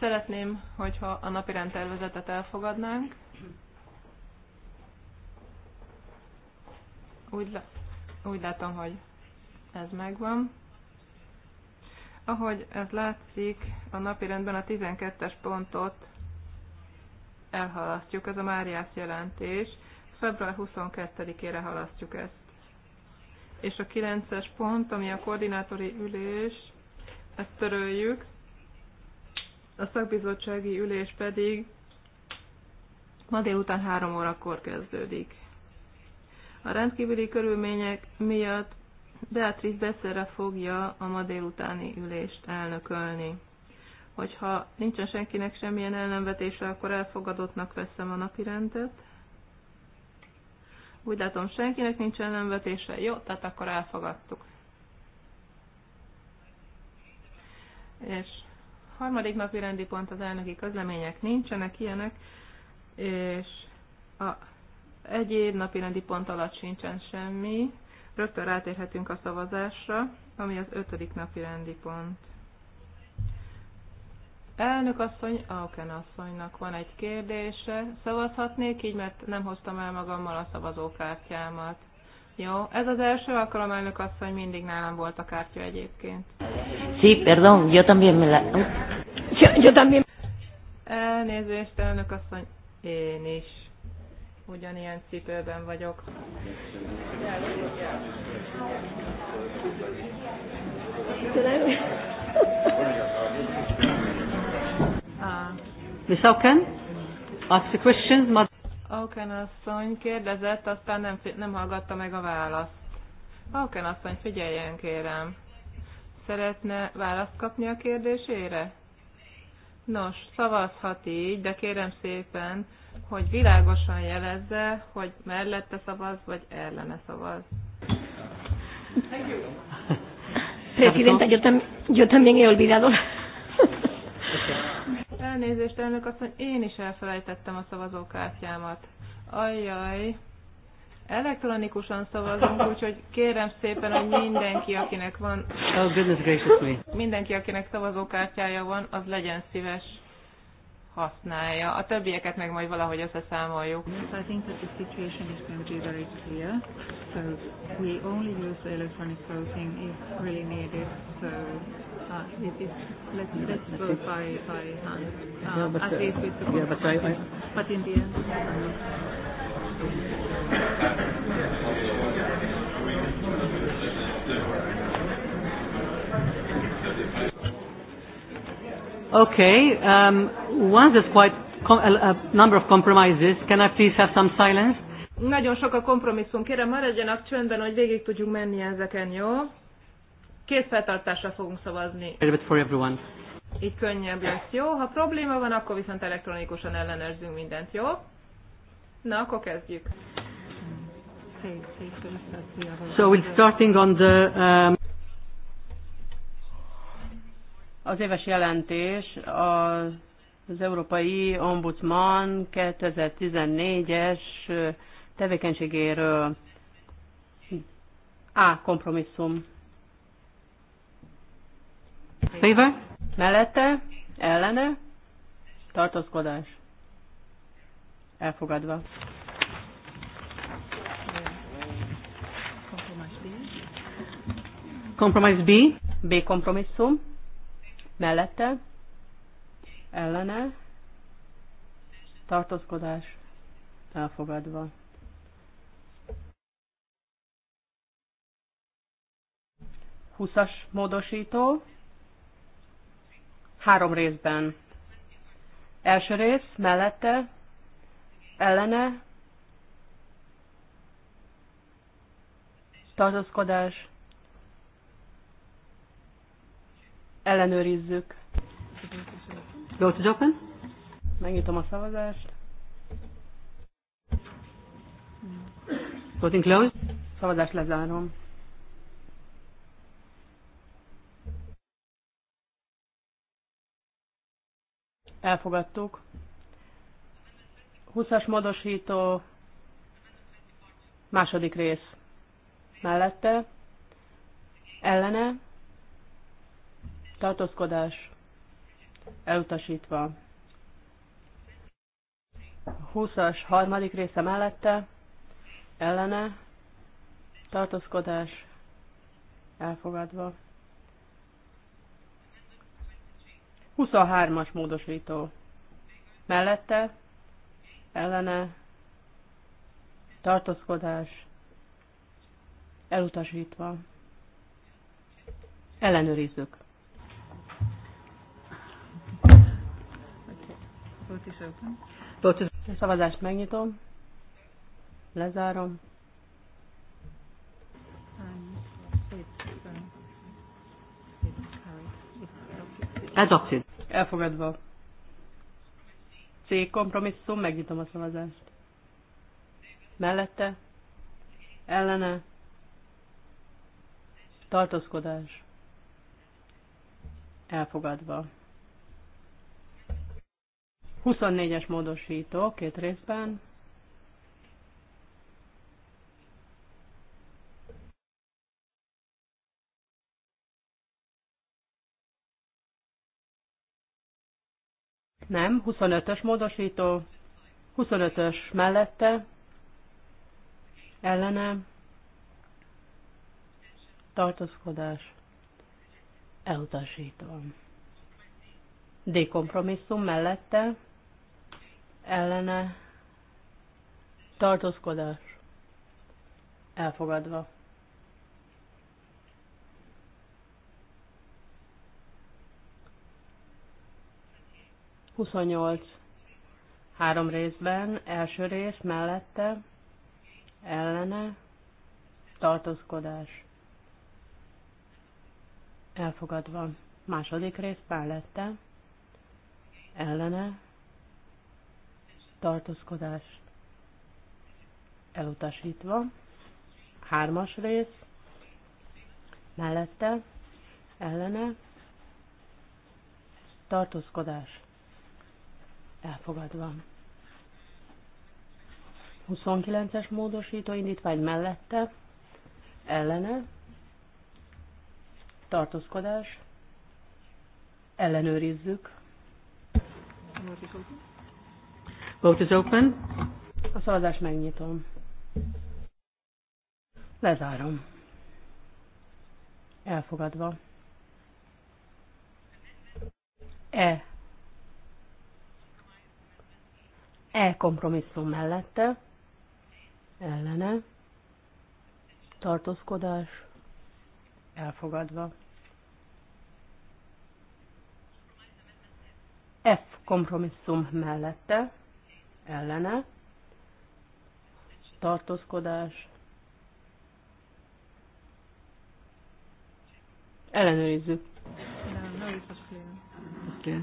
Szeretném, hogyha a napirend rendtervezetet elfogadnánk. Úgy, úgy látom, hogy ez megvan. Ahogy ez látszik, a napirendben a 12-es pontot elhalasztjuk, ez a Máriás jelentés. Február 22-ére halasztjuk ezt és a 9-es pont, ami a koordinátori ülés, ezt töröljük, a szakbizottsági ülés pedig ma délután 3 órakor kezdődik. A rendkívüli körülmények miatt Beatriz Beszere fogja a ma délutáni ülést elnökölni. Hogyha nincsen senkinek semmilyen ellenvetése, akkor elfogadottnak veszem a napirendet. Úgy látom, senkinek nincs ellenvetése. Jó, tehát akkor elfogadtuk. És harmadik napi rendi pont az elnöki közlemények nincsenek ilyenek, és a egyéb napi rendi pont alatt sincsen semmi. Rögtön rátérhetünk a szavazásra, ami az ötödik napi rendi pont. Elnök asszony, Auken asszonynak van egy kérdése. Szavazhatnék így, mert nem hoztam el magammal a szavazókártyámat. Jó, ez az első alkalom, elnök asszony, mindig nálam volt a kártya egyébként. Sí, perdón, yo también me la... Yo, yo también... Elnézést, elnök asszony, én is ugyanilyen cipőben vagyok. Köszönöm. Miss Auken? Ask the question. Auken asszony kérdezett, aztán nem, nem hallgatta meg a választ. Auken asszony, figyeljen kérem. Szeretne választ kapni a kérdésére? Nos, szavazhat így, de kérem szépen, hogy világosan jelezze, hogy mellette szavaz, vagy ellene szavaz. Presidenta, yo, tam yo también he olvidado Elnézést, elnök asszony, én is elfelejtettem a szavazókártyámat. Ajjaj, elektronikusan szavazunk, úgyhogy kérem szépen, hogy mindenki, akinek van... Oh, goodness gracious me. Mindenki, akinek szavazókártyája van, az legyen szíves használja. A többieket meg majd valahogy összeszámoljuk. Yes, I think that the situation is going to be very clear. So we only use the electronic voting if really needed. So uh, it is, let's, let's vote by, by hand. Um, yeah, but, at uh, least with the yeah, but, I, I... but in the end. Um, Okay, um, once there's quite com- a, a number of compromises, can I please have some silence? Nagyon sok a kompromisszum, kérem maradjanak csöndben, hogy végig tudjunk menni ezeken, jó? Két feltartásra fogunk szavazni. For everyone. Így könnyebb lesz, jó? Ha probléma van, akkor viszont elektronikusan ellenőrzünk mindent, jó? Na, akkor kezdjük. So we're starting on the... Um... Az éves jelentés az Európai Ombudsman 2014-es tevékenységéről A. Kompromisszum. Favor? Mellette? Ellene? Tartózkodás. Elfogadva. Compromise B. B kompromisszum mellette, ellene, tartózkodás elfogadva. Huszas módosító, három részben. Első rész, mellette, ellene, tartózkodás, ellenőrizzük. Vote is open. Megnyitom a szavazást. Voting closed. Szavazást lezárom. Elfogadtuk. 20-as módosító második rész mellette, ellene, tartózkodás elutasítva. 20-as harmadik része mellette, ellene, tartózkodás elfogadva. 23-as módosító mellette, ellene, tartózkodás elutasítva. Ellenőrizzük. Vote is open. A szavazást megnyitom. Lezárom. Adopted. Elfogadva. C kompromisszum, megnyitom a szavazást. Mellette? Ellene? Tartózkodás. Elfogadva. 24-es módosító, két részben. Nem, 25-ös módosító, 25-ös mellette, ellene, tartózkodás, elutasítom. Dekompromisszum mellette, ellene tartózkodás elfogadva. Huszonnyolc. Három részben, első rész mellette, ellene, tartózkodás. Elfogadva. Második rész mellette, ellene, tartózkodást elutasítva, hármas rész, mellette, ellene, tartózkodás elfogadva. 29-es módosító indítvány mellette, ellene, tartózkodás, ellenőrizzük. Vote is open. A szavazást megnyitom. Lezárom. Elfogadva. E. E kompromisszum mellette. Ellene. Tartózkodás. Elfogadva. F kompromisszum mellette ellene, tartózkodás, ellenőrizzük. Okay.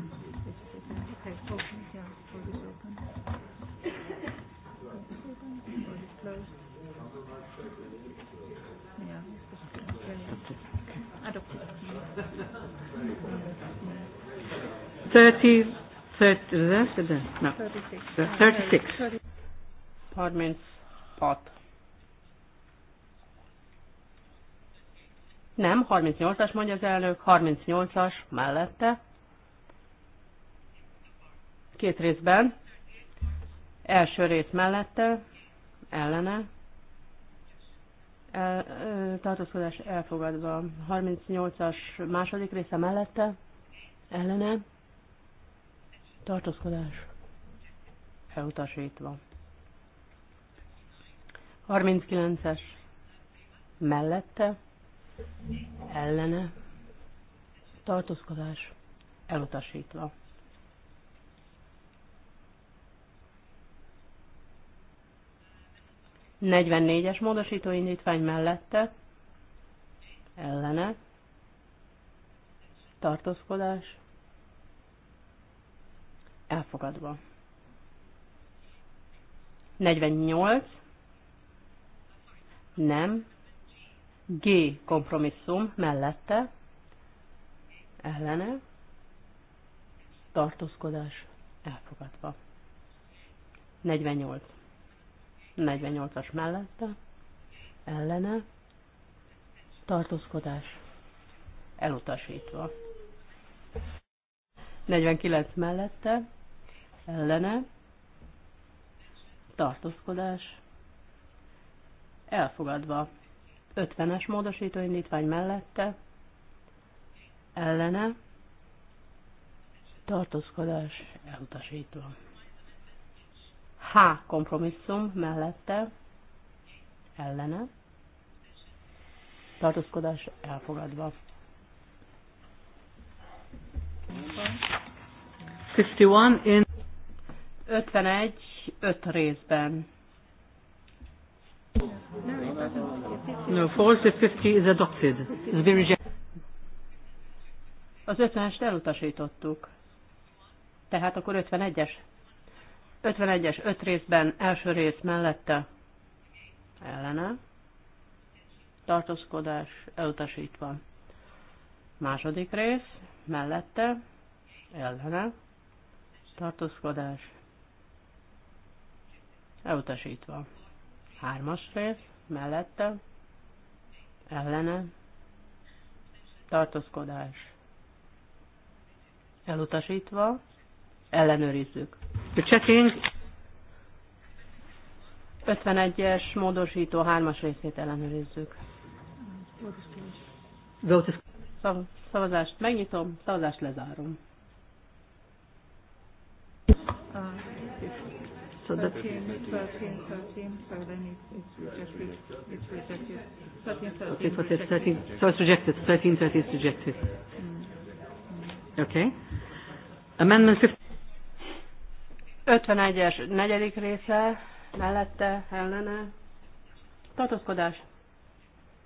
Thirty 36. 36. Nem, 38-as mondja az elnök, 38-as mellette. Két részben. Első rész mellette, ellene. El, tartózkodás elfogadva. 38-as második része mellette, ellene tartózkodás elutasítva. 39-es mellette, ellene, tartózkodás elutasítva. Negyvennégyes módosító indítvány mellette, ellene, tartózkodás elfogadva. 48, nem, G kompromisszum mellette, ellene, tartózkodás elfogadva. 48. 48-as mellette, ellene, tartózkodás elutasítva. 49 mellette, ellene, tartózkodás, elfogadva. 50-es módosító indítvány mellette, ellene, tartózkodás, elutasítva. H kompromisszum mellette, ellene, tartózkodás elfogadva. 51 in 51, 5 részben. No, false 50 is adopted. It's been rejected. Az 50-est elutasítottuk. Tehát akkor 51-es. 51-es, 5 részben, első rész mellette. Ellene. Tartózkodás elutasítva. Második rész, mellette. Ellene. Tartózkodás elutasítva. Hármas rész, mellette, ellene, tartózkodás, elutasítva, ellenőrizzük. Checking. 51-es módosító hármas részét ellenőrizzük. Szav- szavazást megnyitom, szavazást lezárom. Uh. So that's 13, 13, 13, so it's rejected. It's rejected. 13, 13. Okay, 13, 13, 13, 13, 13, 13, 13 13, 13, 13, 13, 13, 50. 13, 13, negyedik 13, mellette, 13, 13,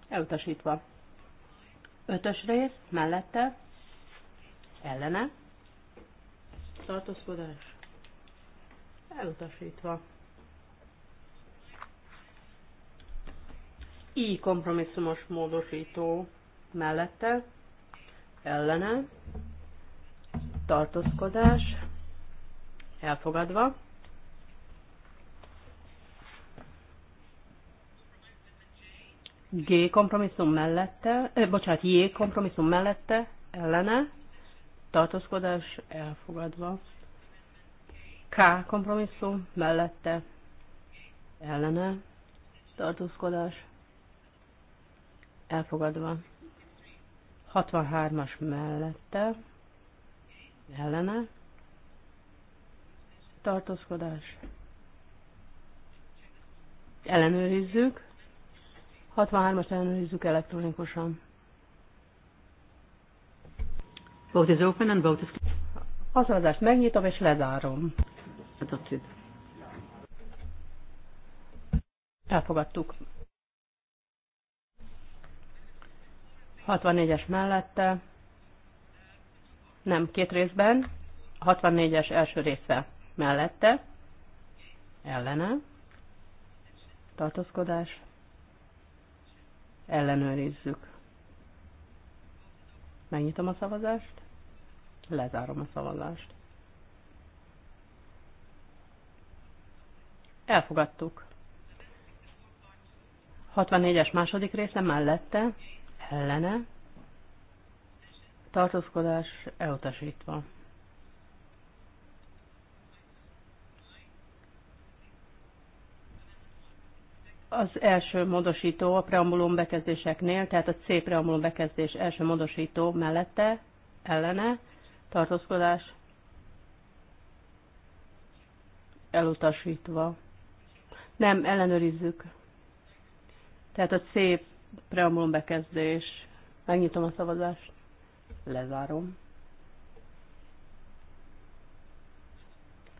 elutasítva. 13, rész, mellette, 13, 13, elutasítva. I kompromisszumos módosító mellette, ellene, tartózkodás, elfogadva. G kompromisszum mellette, eh, bocsánat, J kompromisszum mellette, ellene, tartózkodás elfogadva. K kompromisszum mellette ellene tartózkodás elfogadva. 63-as mellette ellene tartózkodás. Ellenőrizzük. 63-as ellenőrizzük elektronikusan. Vote is open and vote is... A szavazást megnyitom és lezárom. Adopted. Elfogadtuk. 64-es mellette, nem, két részben, 64-es első része mellette, ellene, tartózkodás, ellenőrizzük. Megnyitom a szavazást, lezárom a szavazást. Elfogadtuk. 64-es második része mellette, ellene, tartózkodás elutasítva. Az első módosító a preambulum bekezdéseknél, tehát a C preambulum bekezdés első módosító mellette, ellene, tartózkodás elutasítva. Nem, ellenőrizzük. Tehát a szép preambulum bekezdés. Megnyitom a szavazást. Lezárom.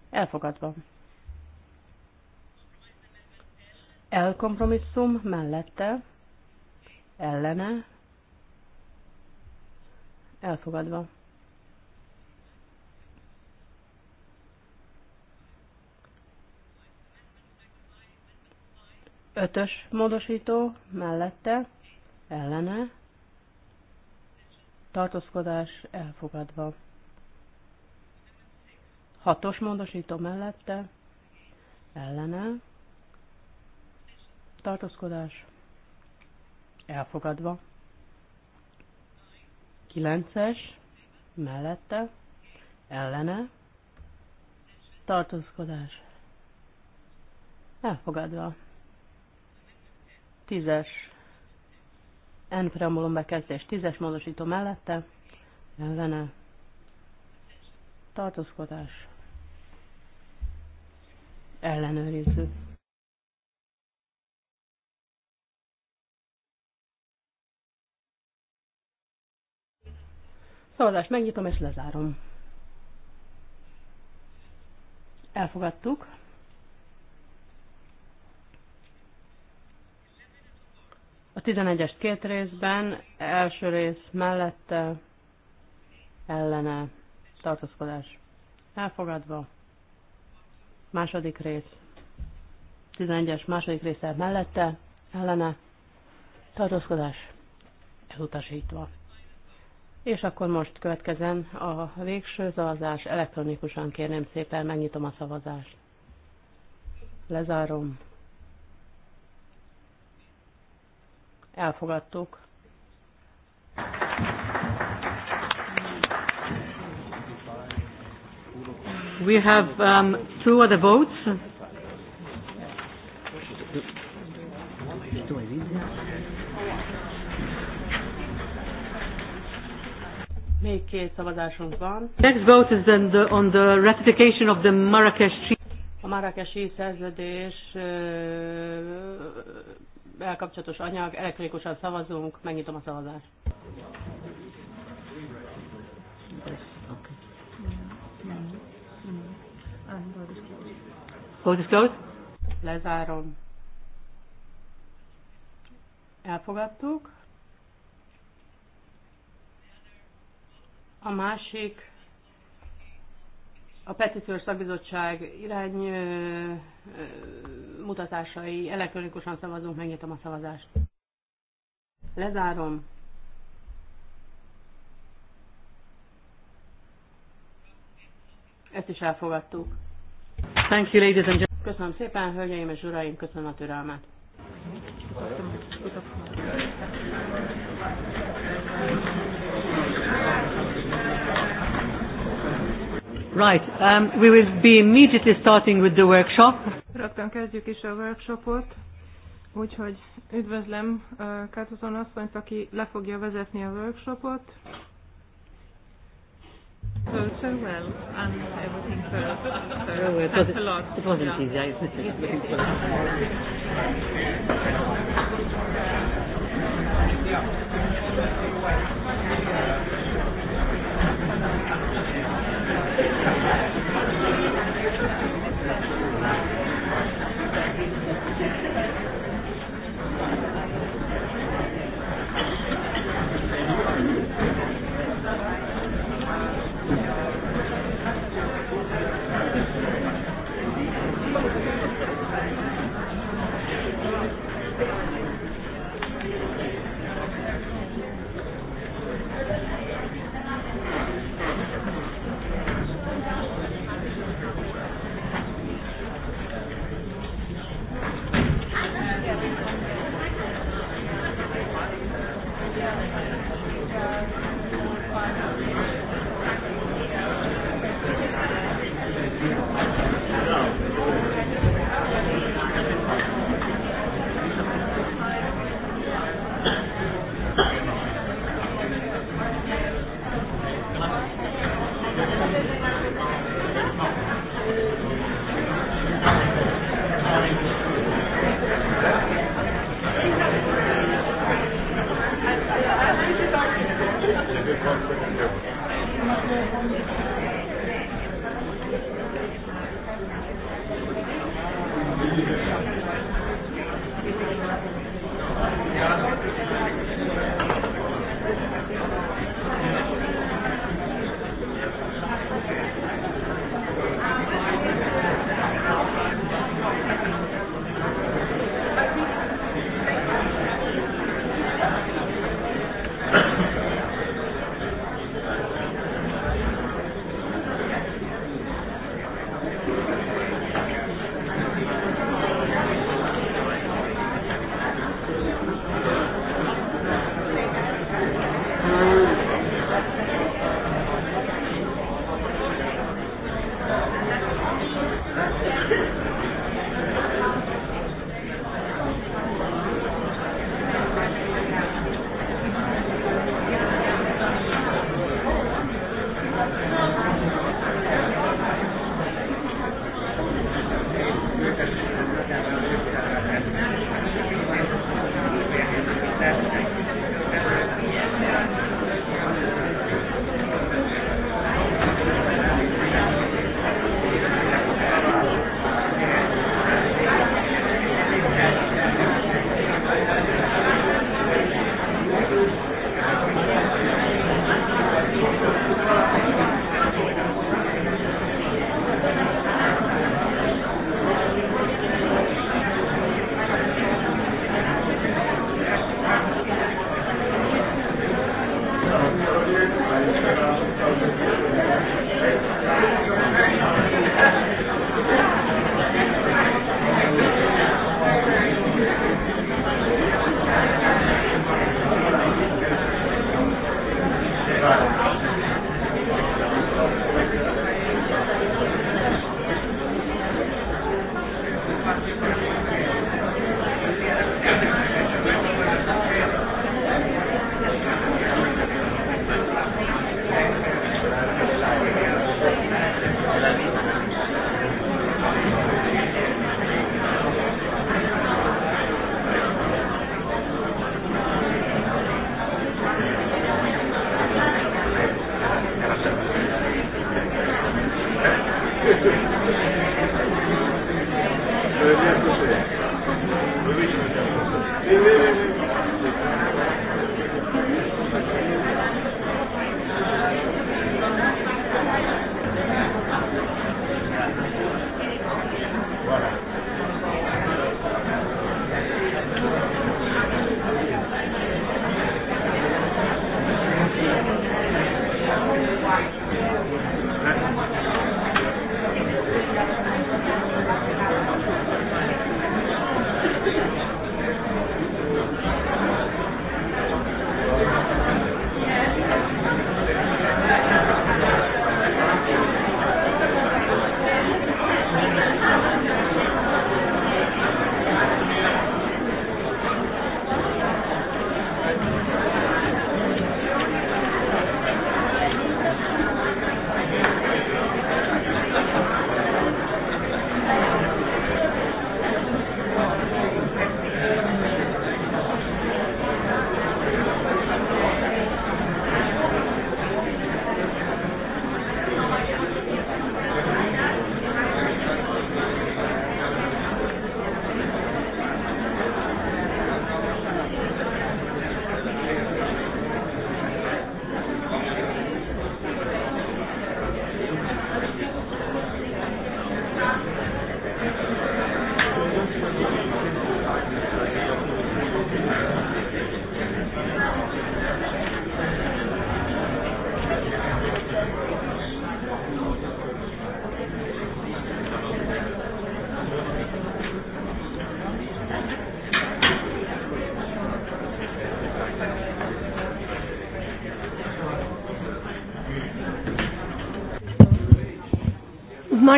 Elfogadva. Elkompromisszum mellette, ellene, elfogadva. Ötös módosító mellette, ellene, tartózkodás elfogadva. Hatos módosító mellette, ellene, tartózkodás elfogadva. Kilences mellette, ellene, tartózkodás elfogadva. Tízes es N preambulum bekezdés tízes módosító mellette ellene tartózkodás ellenőrizzük. Szavazást megnyitom és lezárom. Elfogadtuk. A 11 est két részben, első rész mellette ellene tartózkodás elfogadva, második rész, 11-es második része mellette ellene tartózkodás elutasítva. És akkor most következzen a végső szavazás. Elektronikusan kérném szépen, megnyitom a szavazást. Lezárom. Elfogadtuk. We have um, two other votes. Még két szavazásunk van. Next vote is on the, on the ratification of the Marrakesh Treaty. A Marrakesi szerződés elkapcsolatos anyag, elektronikusan szavazunk, megnyitom a szavazást. Vote is closed. Lezárom. Elfogadtuk. A másik a petíciós szakbizottság irány mutatásai, elektronikusan szavazunk, megnyitom a szavazást. Lezárom. Ezt is elfogadtuk. Thank you, ladies and gentlemen. Köszönöm szépen, hölgyeim és uraim, köszönöm a türelmet. Köszönöm. Right. Um, we will be immediately starting with the workshop. Rögtön kezdjük is a workshopot. Úgyhogy üdvözlöm uh, Kátozon asszonyt, aki le fogja vezetni a workshopot. So, oh, so well, and everything so, so oh, thanks a lot. It wasn't yeah. easy, isn't it?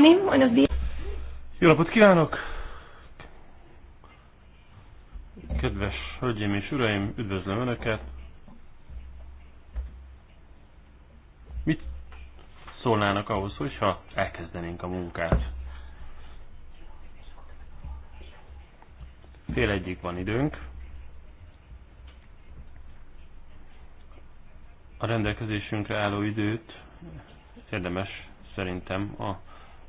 morning, buenos días. Jó napot kívánok! Kedves hölgyeim és uraim, üdvözlöm Önöket! Mit szólnának ahhoz, hogyha elkezdenénk a munkát? Fél egyik van időnk. A rendelkezésünkre álló időt érdemes szerintem a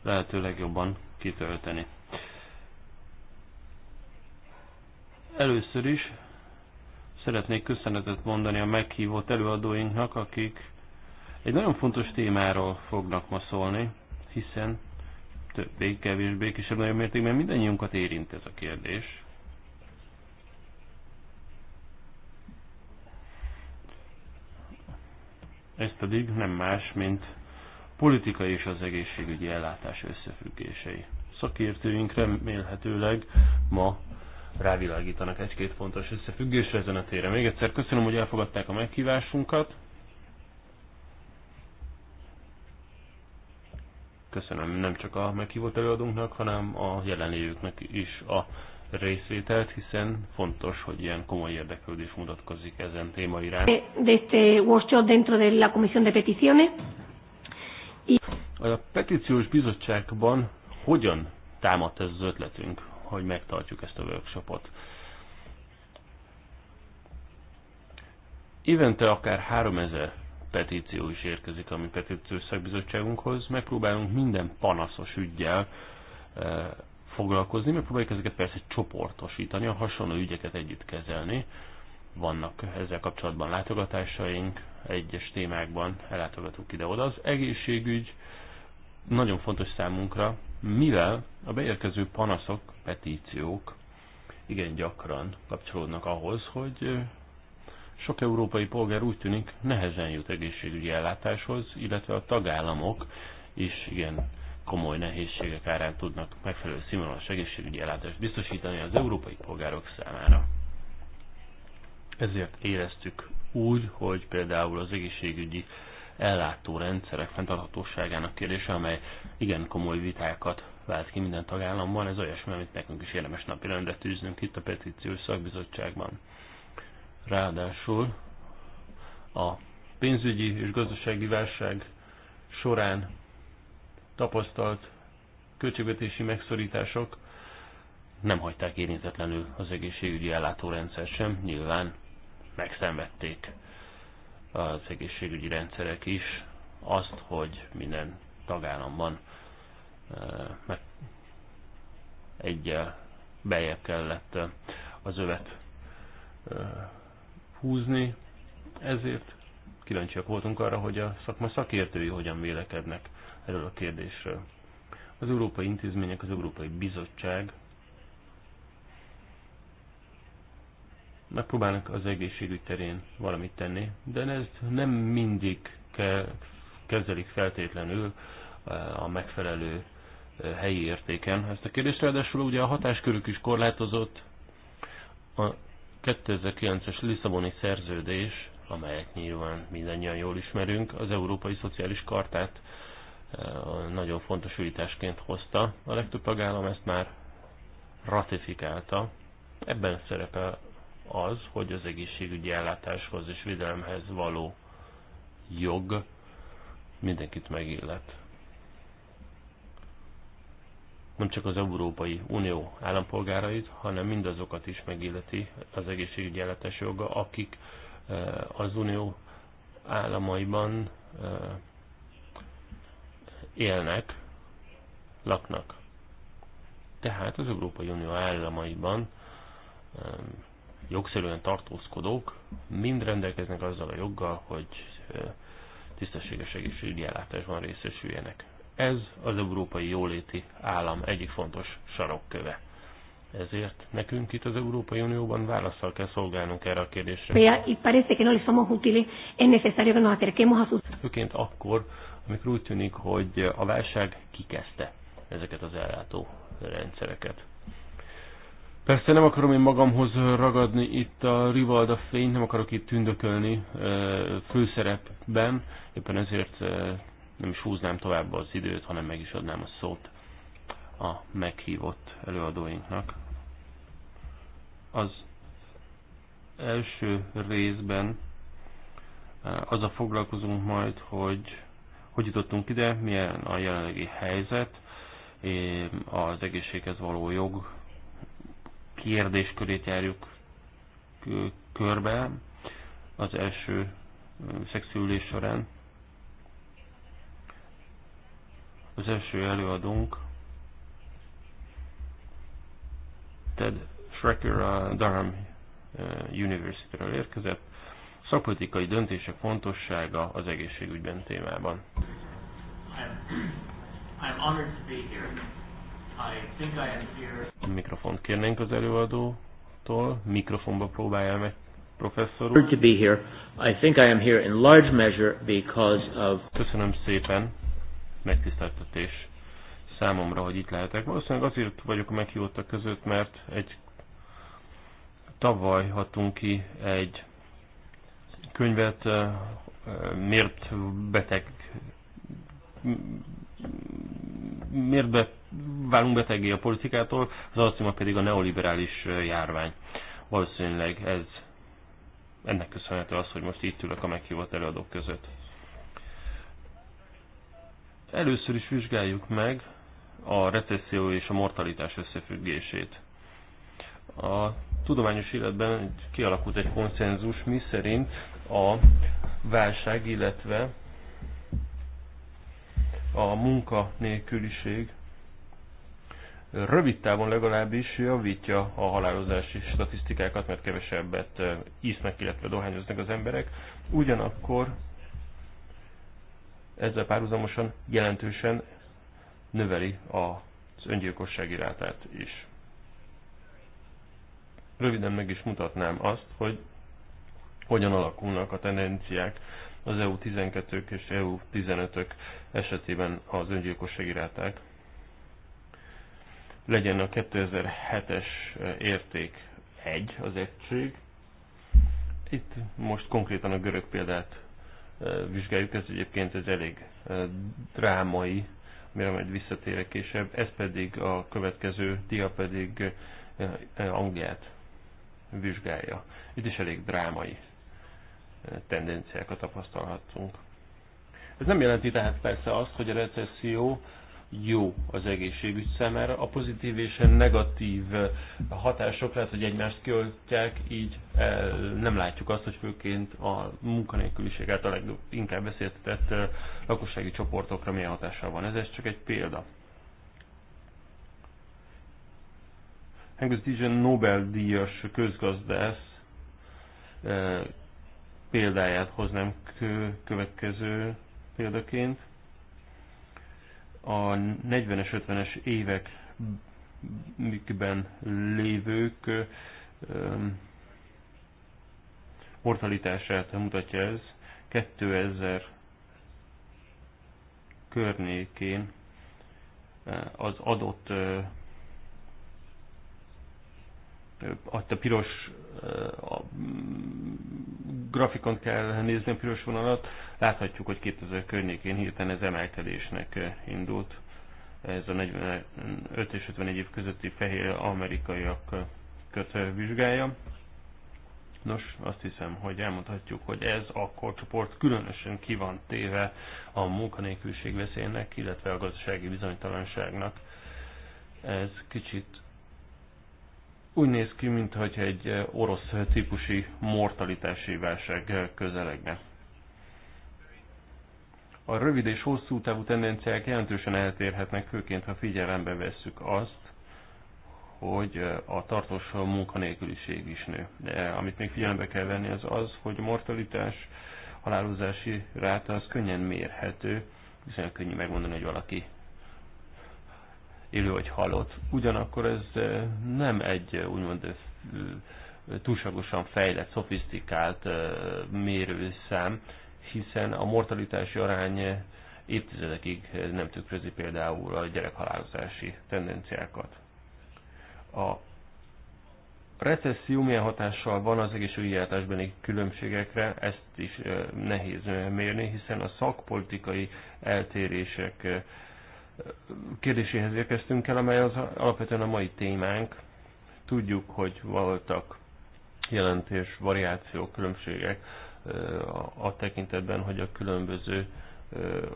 lehető legjobban kitölteni. Először is szeretnék köszönetet mondani a meghívott előadóinknak, akik egy nagyon fontos témáról fognak ma szólni, hiszen többé, kevésbé, kisebb, nagyobb mértékben mindannyiunkat érint ez a kérdés. Ez pedig nem más, mint politikai és az egészségügyi ellátás összefüggései. Szakértőink remélhetőleg ma rávilágítanak egy-két fontos összefüggésre ezen a téren. Még egyszer köszönöm, hogy elfogadták a meghívásunkat. Köszönöm nem csak a meghívott előadónknak, hanem a jelenlévőknek is a részvételt, hiszen fontos, hogy ilyen komoly érdeklődés mutatkozik ezen téma iránt. De este workshop dentro de la Comisión de Peticiones. A petíciós bizottságban hogyan támadt ez az ötletünk, hogy megtartjuk ezt a workshopot? Évente akár 3000 petíció is érkezik a mi petíciós szakbizottságunkhoz. Megpróbálunk minden panaszos ügyjel eh, foglalkozni, megpróbáljuk ezeket persze csoportosítani, a hasonló ügyeket együtt kezelni vannak ezzel kapcsolatban látogatásaink, egyes témákban ellátogatunk ide-oda. Az egészségügy nagyon fontos számunkra, mivel a beérkező panaszok, petíciók igen gyakran kapcsolódnak ahhoz, hogy sok európai polgár úgy tűnik nehezen jut egészségügyi ellátáshoz, illetve a tagállamok is igen komoly nehézségek árán tudnak megfelelő színvonalas egészségügyi ellátást biztosítani az európai polgárok számára. Ezért éreztük úgy, hogy például az egészségügyi ellátó rendszerek fenntarthatóságának kérdése, amely igen komoly vitákat vált ki minden tagállamban, ez olyasmi, amit nekünk is érdemes napirendre tűznünk itt a petíciós szakbizottságban. Ráadásul a pénzügyi és gazdasági válság során tapasztalt költségvetési megszorítások nem hagyták érintetlenül az egészségügyi ellátórendszer sem, nyilván megszenvedték az egészségügyi rendszerek is azt, hogy minden tagállamban eh, meg egy eh, bejebb kellett eh, az övet húzni, ezért kíváncsiak voltunk arra, hogy a szakma szakértői hogyan vélekednek erről a kérdésről. Az európai intézmények, az Európai Bizottság megpróbálnak az egészségügy terén valamit tenni, de ez nem mindig kezelik feltétlenül eh, a megfelelő eh, helyi értéken. Ezt a kérdést ráadásul ugye a hatáskörük is korlátozott. A 2009-es Lisszaboni szerződés, amelyet nyilván mindannyian jól ismerünk, az Európai Szociális Kartát eh, nagyon fontos újításként hozta. A legtöbb tagállam ezt már ratifikálta. Ebben szerepel az, hogy az egészségügyi ellátáshoz és védelemhez való jog mindenkit megillet. Nem csak az Európai Unió állampolgárait, hanem mindazokat is megilleti az egészségügyi ellátás joga, akik eh, az Unió államaiban eh, élnek, laknak. Tehát az Európai Unió államaiban jogszerűen tartózkodók mind rendelkeznek azzal a joggal, hogy tisztességes ellátásban részesüljenek. Ez az európai jóléti állam egyik fontos sarokköve. Ezért nekünk itt az Európai Unióban válaszsal kell szolgálnunk erre a kérdésre. Főként akkor, amikor úgy tűnik, hogy a válság kikezdte ezeket az ellátó rendszereket. Persze nem akarom én magamhoz ragadni itt a Rivalda fényt, nem akarok itt tündökölni főszerepben, éppen ezért nem is húznám tovább az időt, hanem meg is adnám a szót a meghívott előadóinknak. Az első részben az a foglalkozunk majd, hogy hogy jutottunk ide, milyen a jelenlegi helyzet, az egészséghez való jog kérdéskörét járjuk körbe az első szexülés során. Az első előadónk Ted Schrecker a Durham University-ről érkezett. Szakpolitikai döntések fontossága az egészségügyben témában. I'm, honored to be here. A Mikrofont kérnénk az előadótól. Mikrofonba próbálja meg professzor úr. To be here. I think I am here in large measure because of... Köszönöm szépen. Megtiszteltetés számomra, hogy itt lehetek. Valószínűleg azért vagyok a meghívottak között, mert egy tavaly hatunk ki egy könyvet, eh, eh, miért beteg miért be, válunk betegé a politikától, az alszima pedig a neoliberális járvány. Valószínűleg ez ennek köszönhető az, hogy most itt ülök a meghívott előadók között. Először is vizsgáljuk meg a recesszió és a mortalitás összefüggését. A tudományos életben kialakult egy konszenzus, mi szerint a válság, illetve a munkanélküliség rövid távon legalábbis javítja a halálozási statisztikákat, mert kevesebbet isznek, illetve dohányoznak az emberek. Ugyanakkor ezzel párhuzamosan jelentősen növeli az öngyilkossági rátát is. Röviden meg is mutatnám azt, hogy hogyan alakulnak a tendenciák az EU 12-ök és EU 15-ök esetében az öngyilkos ráták legyen a 2007-es érték 1 az egység. Itt most konkrétan a görög példát vizsgáljuk, ez egyébként ez elég drámai, mire majd visszatérek később. Ez pedig a következő dia pedig Angliát vizsgálja. Itt is elég drámai tendenciákat tapasztalhatunk. Ez nem jelenti tehát persze azt, hogy a recesszió jó az egészségügy számára. A pozitív és a negatív hatások lehet, hogy egymást kioltják, így e, nem látjuk azt, hogy főként a munkanélküliség által leginkább beszéltetett e, lakossági csoportokra milyen hatással van. Ez, ez csak egy példa. Angus Dijon Nobel-díjas közgazdász e, példáját hoznám következő példaként. A 40-es, 50-es években lévők mortalitását mutatja ez. 2000 környékén az adott a piros a grafikon kell nézni a piros vonalat, Láthatjuk, hogy 2000 környékén hirtelen ez emelkedésnek eh, indult. Ez a 45 és 51 év közötti fehér amerikaiak eh, köt eh, vizsgálja. Nos, azt hiszem, hogy elmondhatjuk, hogy ez a korcsoport különösen ki van téve a munkanélküliség veszélynek, illetve a gazdasági bizonytalanságnak. Ez kicsit úgy néz ki, mintha egy orosz típusi mortalitási válság közelegne. A rövid és hosszú távú tendenciák jelentősen eltérhetnek, főként ha figyelembe vesszük azt, hogy a tartós munkanélküliség is nő. De amit még figyelembe kell venni az az, hogy a mortalitás, halálozási ráta az könnyen mérhető, hiszen könnyű megmondani, hogy valaki élő vagy halott. Ugyanakkor ez nem egy úgymond túlságosan fejlett, szofisztikált mérőszám, hiszen a mortalitási arány évtizedekig nem tükrözi például a gyerekhalálozási tendenciákat. A recesszió milyen hatással van az egészségügyi ellátásbeni különbségekre, ezt is nehéz mérni, hiszen a szakpolitikai eltérések kérdéséhez érkeztünk el, amely az alapvetően a mai témánk. Tudjuk, hogy voltak jelentés, variációk, különbségek a tekintetben, hogy a különböző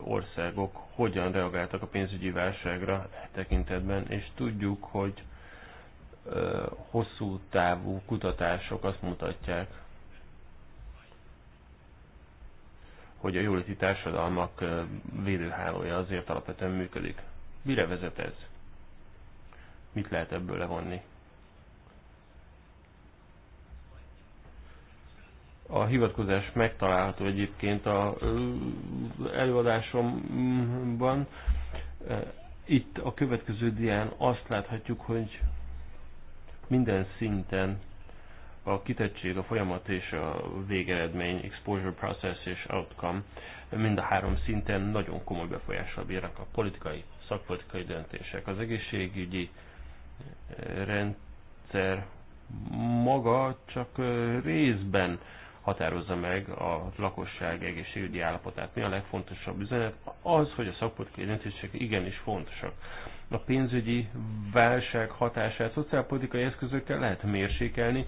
országok hogyan reagáltak a pénzügyi válságra e tekintetben, és tudjuk, hogy hosszú távú kutatások azt mutatják, hogy a jóléti társadalmak védőhálója azért alapvetően működik. Mire vezet ez? Mit lehet ebből levonni? A hivatkozás megtalálható egyébként a előadásomban. Itt a következő dián azt láthatjuk, hogy minden szinten a kitettség, a folyamat és a végeredmény, exposure process és outcome mind a három szinten nagyon komoly befolyással bírnak a politikai, szakpolitikai döntések. Az egészségügyi eh, rendszer maga csak eh, részben határozza meg a lakosság egészségügyi állapotát. Mi a legfontosabb üzenet? Az, hogy a szakpolitikai döntések igenis fontosak. A pénzügyi válság hatását szociálpolitikai eszközökkel lehet mérsékelni,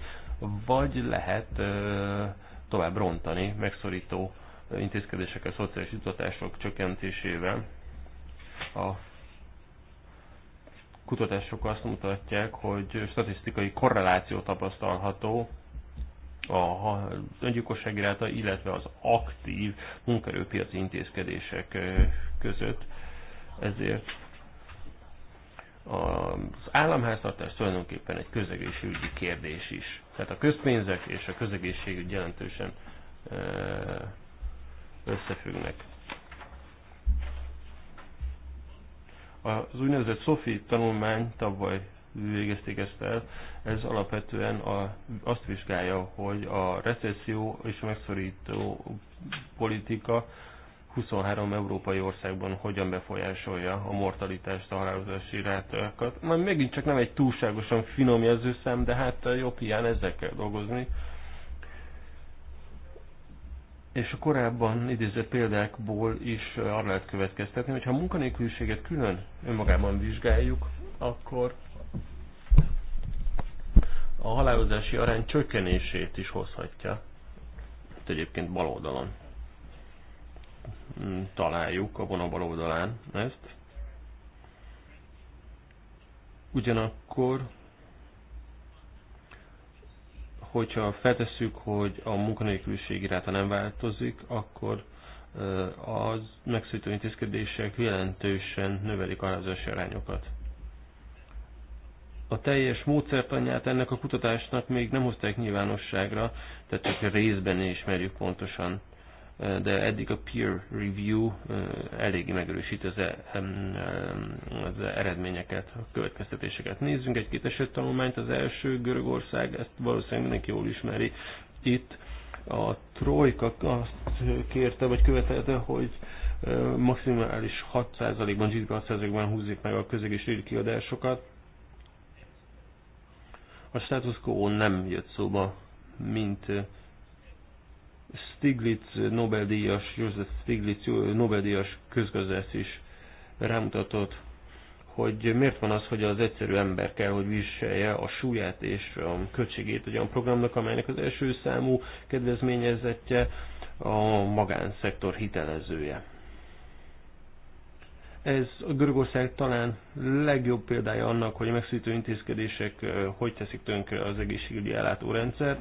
vagy lehet ö, tovább rontani megszorító intézkedésekkel, szociális jutatások csökkentésével. A kutatások azt mutatják, hogy statisztikai korreláció tapasztalható a öngyilkossági ráta, illetve az aktív munkerőpiaci intézkedések között. Ezért az államháztartás tulajdonképpen egy közegészségügyi kérdés is. Tehát a közpénzek és a közegészségügy jelentősen összefüggnek. Az úgynevezett SOFI tanulmány tavaly végezték ezt el, ez alapvetően a, azt vizsgálja, hogy a recesszió és a megszorító politika 23 európai országban hogyan befolyásolja a mortalitást, a halálozási rátákat. Majd megint csak nem egy túlságosan finom jelzőszem, de hát jobb hiány ezzel kell dolgozni. És a korábban idézett példákból is arra lehet következtetni, hogy ha a munkanélküliséget külön önmagában vizsgáljuk, akkor a halálozási arány csökkenését is hozhatja. Itt egyébként bal oldalon hmm, találjuk a vonal bal oldalán ezt. Ugyanakkor, hogyha feltesszük, hogy a munkanélküliség iráta nem változik, akkor az megszűjtő intézkedések jelentősen növelik a arányokat. A teljes módszertanját ennek a kutatásnak még nem hozták nyilvánosságra, tehát csak részben ismerjük pontosan. De eddig a peer review eléggé megerősít az, e, az eredményeket, a következtetéseket. Nézzünk egy-két esettanulmányt. Az első Görögország, ezt valószínűleg mindenki jól ismeri. Itt a trojka azt kérte, vagy követelte, hogy maximális 6%-ban, 6%-ban húzzék meg a közegészségügyi kiadásokat, a status quo nem jött szóba, mint Stiglitz Nobel-díjas, József Stiglitz Nobel-díjas közgazdász is rámutatott, hogy miért van az, hogy az egyszerű ember kell, hogy viselje a súlyát és a költségét egy olyan programnak, amelynek az első számú kedvezményezettje a magánszektor hitelezője. Ez a Görögország talán legjobb példája annak, hogy a megszűjtő intézkedések hogy teszik tönkre az egészségügyi ellátórendszert,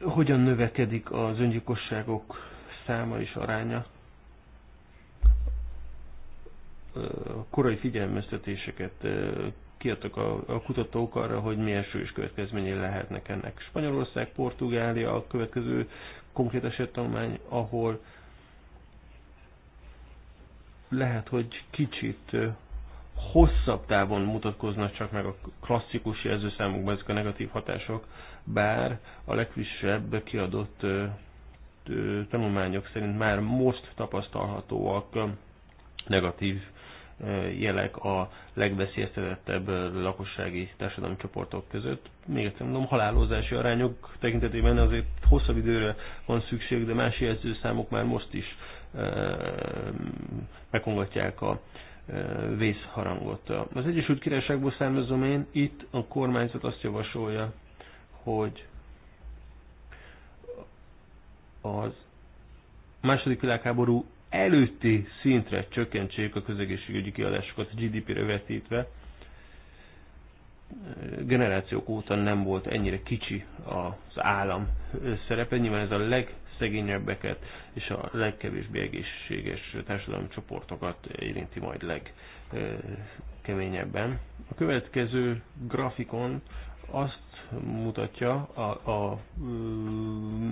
hogyan növekedik az öngyilkosságok száma és aránya, korai figyelmeztetéseket kiadtak a, a kutatók arra, hogy milyen sős következményei lehetnek ennek. Spanyolország, Portugália a következő konkrét esettanulmány, ahol lehet, hogy kicsit hosszabb távon mutatkoznak csak meg a klasszikus jelzőszámokban ezek a negatív hatások, bár a legfrissebb kiadott tanulmányok szerint már most tapasztalhatóak negatív jelek a legveszélyeztetettebb lakossági társadalmi csoportok között. Még egyszer mondom, halálozási arányok tekintetében azért hosszabb időre van szükség, de más jelzőszámok már most is megkongatják a vészharangot. Az Egyesült Királyságból származom én, itt a kormányzat azt javasolja, hogy az második világháború előtti szintre csökkentsék a közegészségügyi kiadásokat a GDP-re vetítve. Generációk óta nem volt ennyire kicsi az állam szerepe, nyilván ez a leg legszegényebbeket és a legkevésbé egészséges társadalmi csoportokat érinti majd legkeményebben. A következő grafikon azt mutatja a, a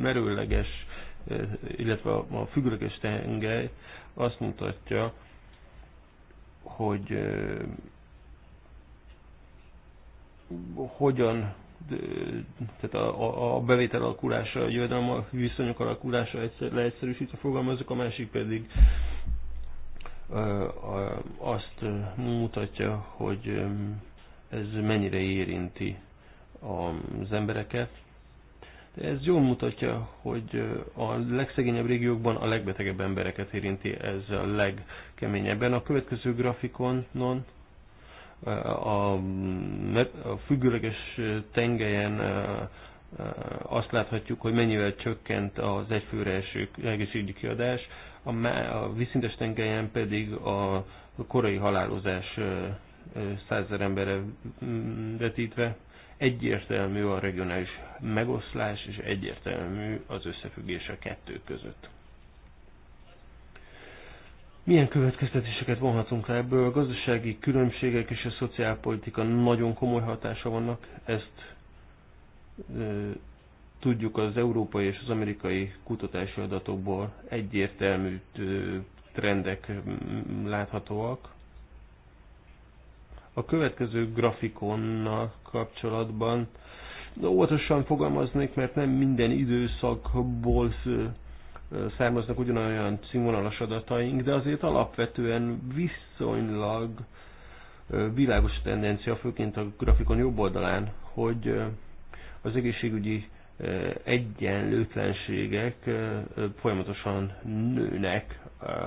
merőleges, illetve a függőleges tengely azt mutatja, hogy eh, hogyan tehát a, a, a bevétel alakulása, a jövedelem viszonyok alakulása egyszer, leegyszerűsítve fogalmazok, a másik pedig azt mutatja, hogy ez mennyire érinti az embereket. De ez jól mutatja, hogy a legszegényebb régiókban a legbetegebb embereket érinti ez a legkeményebben. A következő grafikonon a, függőleges tengelyen e, e, azt láthatjuk, hogy mennyivel csökkent az egyfőre eső egészségügyi kiadás, a, a vízszintes tengelyen pedig a korai halálozás e, százezer emberre mm, vetítve egyértelmű a regionális megoszlás, és egyértelmű az összefüggés a kettő között. Milyen következtetéseket vonhatunk le ebből? A gazdasági különbségek és a szociálpolitika nagyon komoly hatása vannak, ezt e, tudjuk az európai és az amerikai kutatási adatokból egyértelmű trendek láthatóak. A következő grafikonnal kapcsolatban óvatosan fogalmaznék, mert nem minden időszakból származnak ugyanolyan színvonalas adataink, de azért alapvetően viszonylag világos tendencia, főként a grafikon jobb oldalán, hogy az egészségügyi egyenlőtlenségek folyamatosan nőnek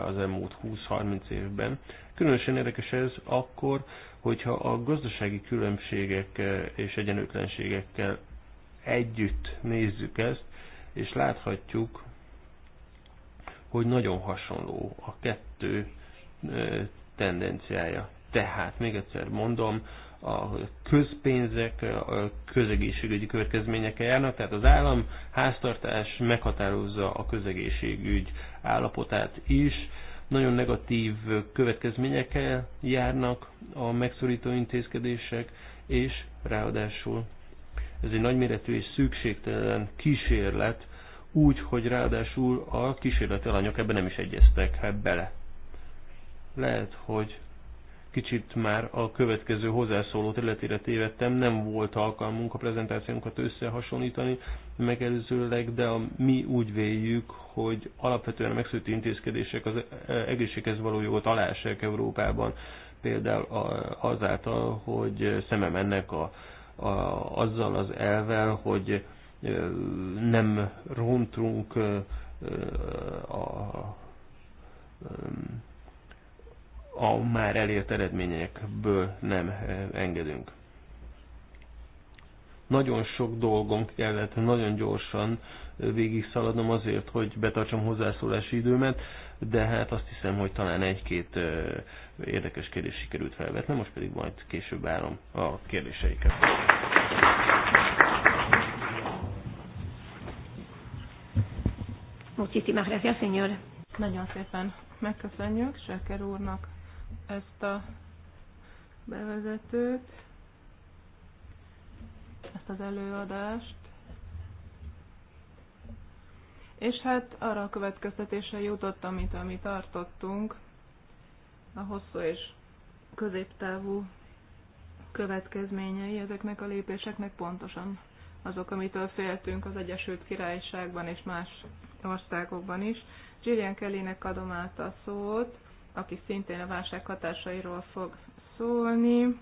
az elmúlt 20-30 évben. Különösen érdekes ez akkor, hogyha a gazdasági különbségek és egyenlőtlenségekkel együtt nézzük ezt, és láthatjuk, hogy nagyon hasonló a kettő tendenciája. Tehát, még egyszer mondom, a közpénzek a közegészségügyi következményekkel járnak, tehát az állam háztartás meghatározza a közegészségügy állapotát is. Nagyon negatív következményekkel járnak a megszorító intézkedések, és ráadásul ez egy nagyméretű és szükségtelen kísérlet úgy, hogy ráadásul a kísérleti alanyok ebben nem is egyeztek hát bele. Lehet, hogy kicsit már a következő hozzászóló területére tévedtem, nem volt alkalmunk a prezentációnkat összehasonlítani megelőzőleg, de a, mi úgy véljük, hogy alapvetően a megszülti intézkedések az e, egészséghez való jogot alássák Európában, például azáltal, hogy szemem ennek a, a, azzal az elvel, hogy nem rontunk a, a már elért eredményekből nem engedünk. Nagyon sok dolgom kellett nagyon gyorsan végig szaladnom azért, hogy betartsam hozzászólási időmet, de hát azt hiszem, hogy talán egy-két érdekes kérdés sikerült felvetni, most pedig majd később állom a kérdéseiket. Muchísimas gracias, señor. Nagyon szépen megköszönjük Seker úrnak ezt a bevezetőt, ezt az előadást. És hát arra a következtetése jutott, amit, amit tartottunk, a hosszú és középtávú következményei ezeknek a lépéseknek pontosan azok, amitől féltünk az Egyesült Királyságban és más országokban is. Gillian Kellynek adom át a szót, aki szintén a válság hatásairól fog szólni.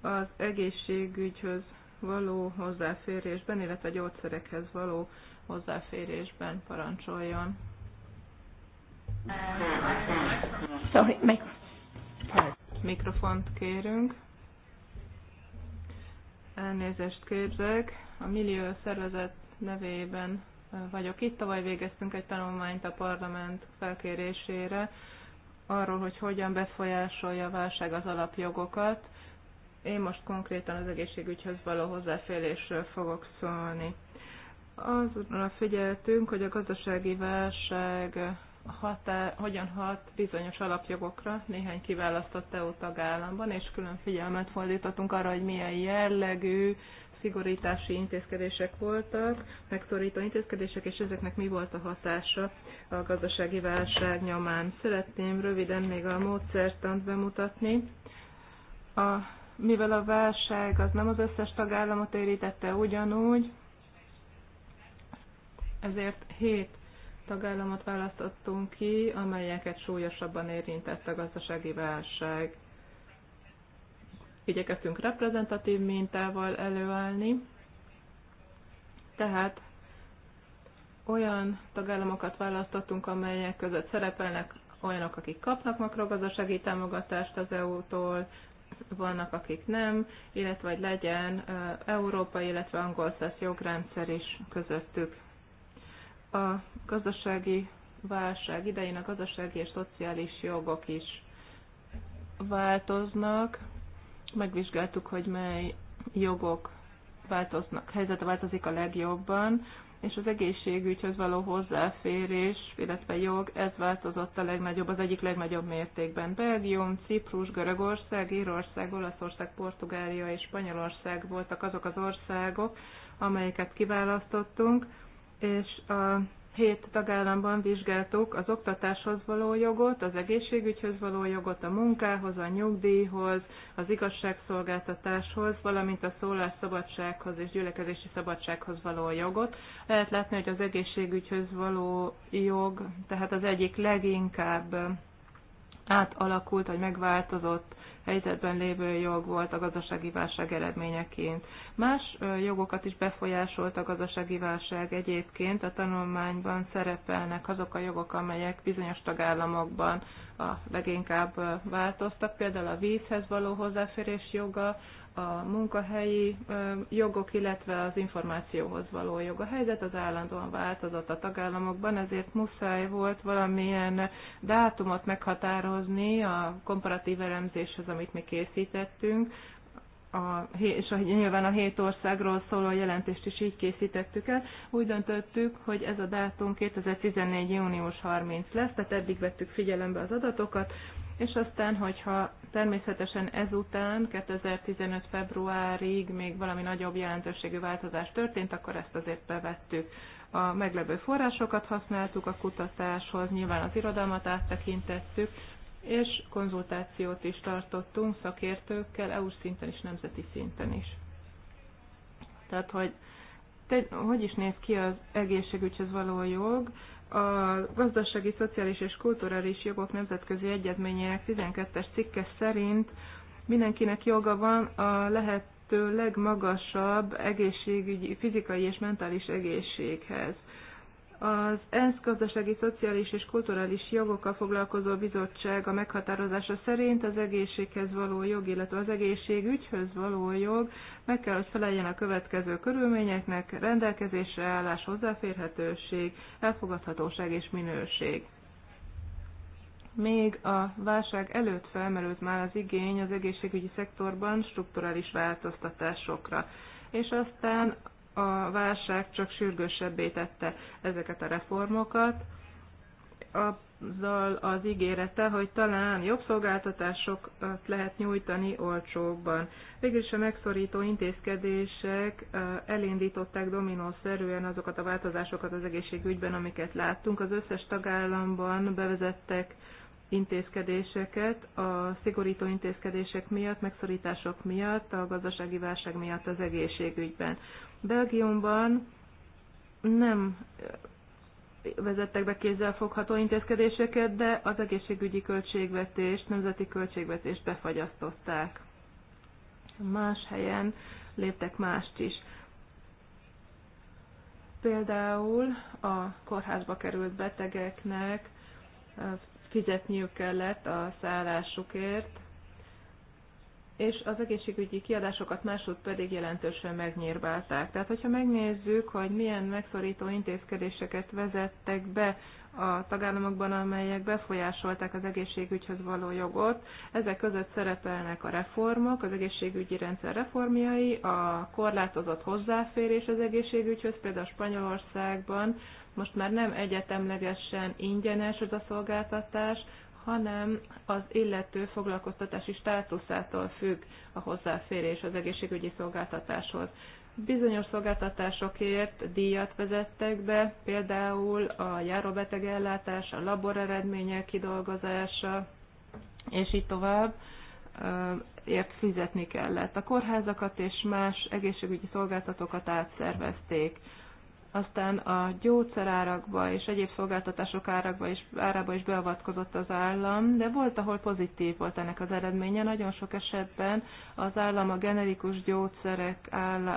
Az egészségügyhöz való hozzáférésben, illetve gyógyszerekhez való hozzáférésben parancsoljon. Sorry, Mikrofont kérünk. Elnézést képzek. A millió szervezet nevében vagyok itt. Tavaly végeztünk egy tanulmányt a parlament felkérésére arról, hogy hogyan befolyásolja a válság az alapjogokat. Én most konkrétan az egészségügyhöz való hozzáférésről fogok szólni. Azonra figyeltünk, hogy a gazdasági válság hatá, hogyan hat bizonyos alapjogokra néhány kiválasztott EU tagállamban, és külön figyelmet fordítottunk arra, hogy milyen jellegű szigorítási intézkedések voltak, megszorító intézkedések, és ezeknek mi volt a hatása a gazdasági válság nyomán. Szeretném röviden még a módszertant bemutatni. A, mivel a válság az nem az összes tagállamot érítette ugyanúgy, ezért hét tagállamot választottunk ki, amelyeket súlyosabban érintett a gazdasági válság igyekeztünk reprezentatív mintával előállni, tehát olyan tagállamokat választottunk, amelyek között szerepelnek olyanok, akik kapnak makrogazdasági támogatást az EU-tól, vannak, akik nem, illetve hogy legyen európai, illetve angol szesz jogrendszer is közöttük. A gazdasági válság idején a gazdasági és szociális jogok is változnak, Megvizsgáltuk, hogy mely jogok változnak, helyzete változik a legjobban, és az egészségügyhöz való hozzáférés, illetve jog, ez változott a legnagyobb, az egyik legnagyobb mértékben. Belgium, Ciprus, Görögország, Írország, Olaszország, Portugália és Spanyolország voltak azok az országok, amelyeket kiválasztottunk, és a hét tagállamban vizsgáltuk az oktatáshoz való jogot, az egészségügyhöz való jogot, a munkához, a nyugdíjhoz, az igazságszolgáltatáshoz, valamint a szólásszabadsághoz és gyülekezési szabadsághoz való jogot. Lehet látni, hogy az egészségügyhöz való jog, tehát az egyik leginkább átalakult, vagy megváltozott helyzetben lévő jog volt a gazdasági válság eredményeként. Más jogokat is befolyásolt a gazdasági válság egyébként. A tanulmányban szerepelnek azok a jogok, amelyek bizonyos tagállamokban a leginkább változtak, például a vízhez való hozzáférés joga, a munkahelyi jogok, illetve az információhoz való jog. A helyzet az állandóan változott a tagállamokban, ezért muszáj volt valamilyen dátumot meghatározni a komparatív elemzéshez, amit mi készítettünk, a, és a, nyilván a hét országról szóló jelentést is így készítettük el. Úgy döntöttük, hogy ez a dátum 2014. június 30 lesz, tehát eddig vettük figyelembe az adatokat, és aztán, hogyha természetesen ezután, 2015. februárig még valami nagyobb jelentőségű változás történt, akkor ezt azért bevettük. A meglevő forrásokat használtuk a kutatáshoz, nyilván az irodalmat áttekintettük, és konzultációt is tartottunk szakértőkkel, eu szinten és nemzeti szinten is. Tehát, hogy te, hogy is néz ki az egészségügyhez való jog, a gazdasági, szociális és kulturális jogok nemzetközi egyezményének 12-es cikke szerint mindenkinek joga van a lehető legmagasabb egészségügyi, fizikai és mentális egészséghez. Az ENSZ gazdasági, szociális és kulturális jogokkal foglalkozó bizottság a meghatározása szerint az egészséghez való jog, illetve az egészségügyhöz való jog meg kell, hogy feleljen a következő körülményeknek, rendelkezésre állás, hozzáférhetőség, elfogadhatóság és minőség. Még a válság előtt felmerült már az igény az egészségügyi szektorban strukturális változtatásokra és aztán a válság csak sürgősebbé tette ezeket a reformokat, azzal az ígérete, hogy talán jobb szolgáltatásokat lehet nyújtani olcsóbban. Végülis a megszorító intézkedések elindították dominószerűen azokat a változásokat az egészségügyben, amiket láttunk. Az összes tagállamban bevezettek intézkedéseket, a szigorító intézkedések miatt, megszorítások miatt, a gazdasági válság miatt az egészségügyben. Belgiumban nem vezettek be kézzelfogható intézkedéseket, de az egészségügyi költségvetést, nemzeti költségvetést befagyasztották. Más helyen léptek mást is. Például a kórházba került betegeknek fizetniük kellett a szállásukért, és az egészségügyi kiadásokat másod pedig jelentősen megnyírbálták. Tehát, hogyha megnézzük, hogy milyen megszorító intézkedéseket vezettek be a tagállamokban, amelyek befolyásolták az egészségügyhöz való jogot, ezek között szerepelnek a reformok, az egészségügyi rendszer reformjai, a korlátozott hozzáférés az egészségügyhöz, például Spanyolországban most már nem egyetemlegesen ingyenes ez a szolgáltatás, hanem az illető foglalkoztatási státuszától függ a hozzáférés az egészségügyi szolgáltatáshoz. Bizonyos szolgáltatásokért díjat vezettek be, például a járóbeteg ellátás, a laboreredmények kidolgozása, és így tovább ért fizetni kellett. A kórházakat és más egészségügyi szolgáltatókat átszervezték aztán a gyógyszerárakba és egyéb szolgáltatások árakba is, árába is beavatkozott az állam, de volt, ahol pozitív volt ennek az eredménye. Nagyon sok esetben az állam a generikus gyógyszerek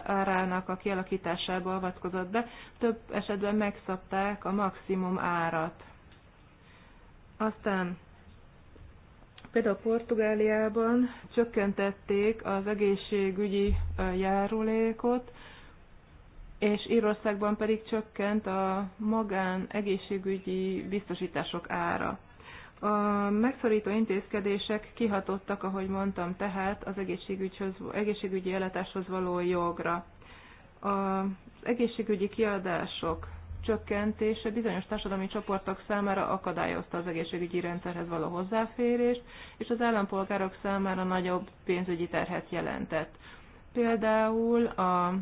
árának a kialakításába avatkozott be, több esetben megszabták a maximum árat. Aztán például Portugáliában csökkentették az egészségügyi járulékot, és Írországban pedig csökkent a magán egészségügyi biztosítások ára. A megszorító intézkedések kihatottak, ahogy mondtam, tehát az egészségügyi ellátáshoz való jogra. Az egészségügyi kiadások csökkentése bizonyos társadalmi csoportok számára akadályozta az egészségügyi rendszerhez való hozzáférést, és az állampolgárok számára nagyobb pénzügyi terhet jelentett. Például a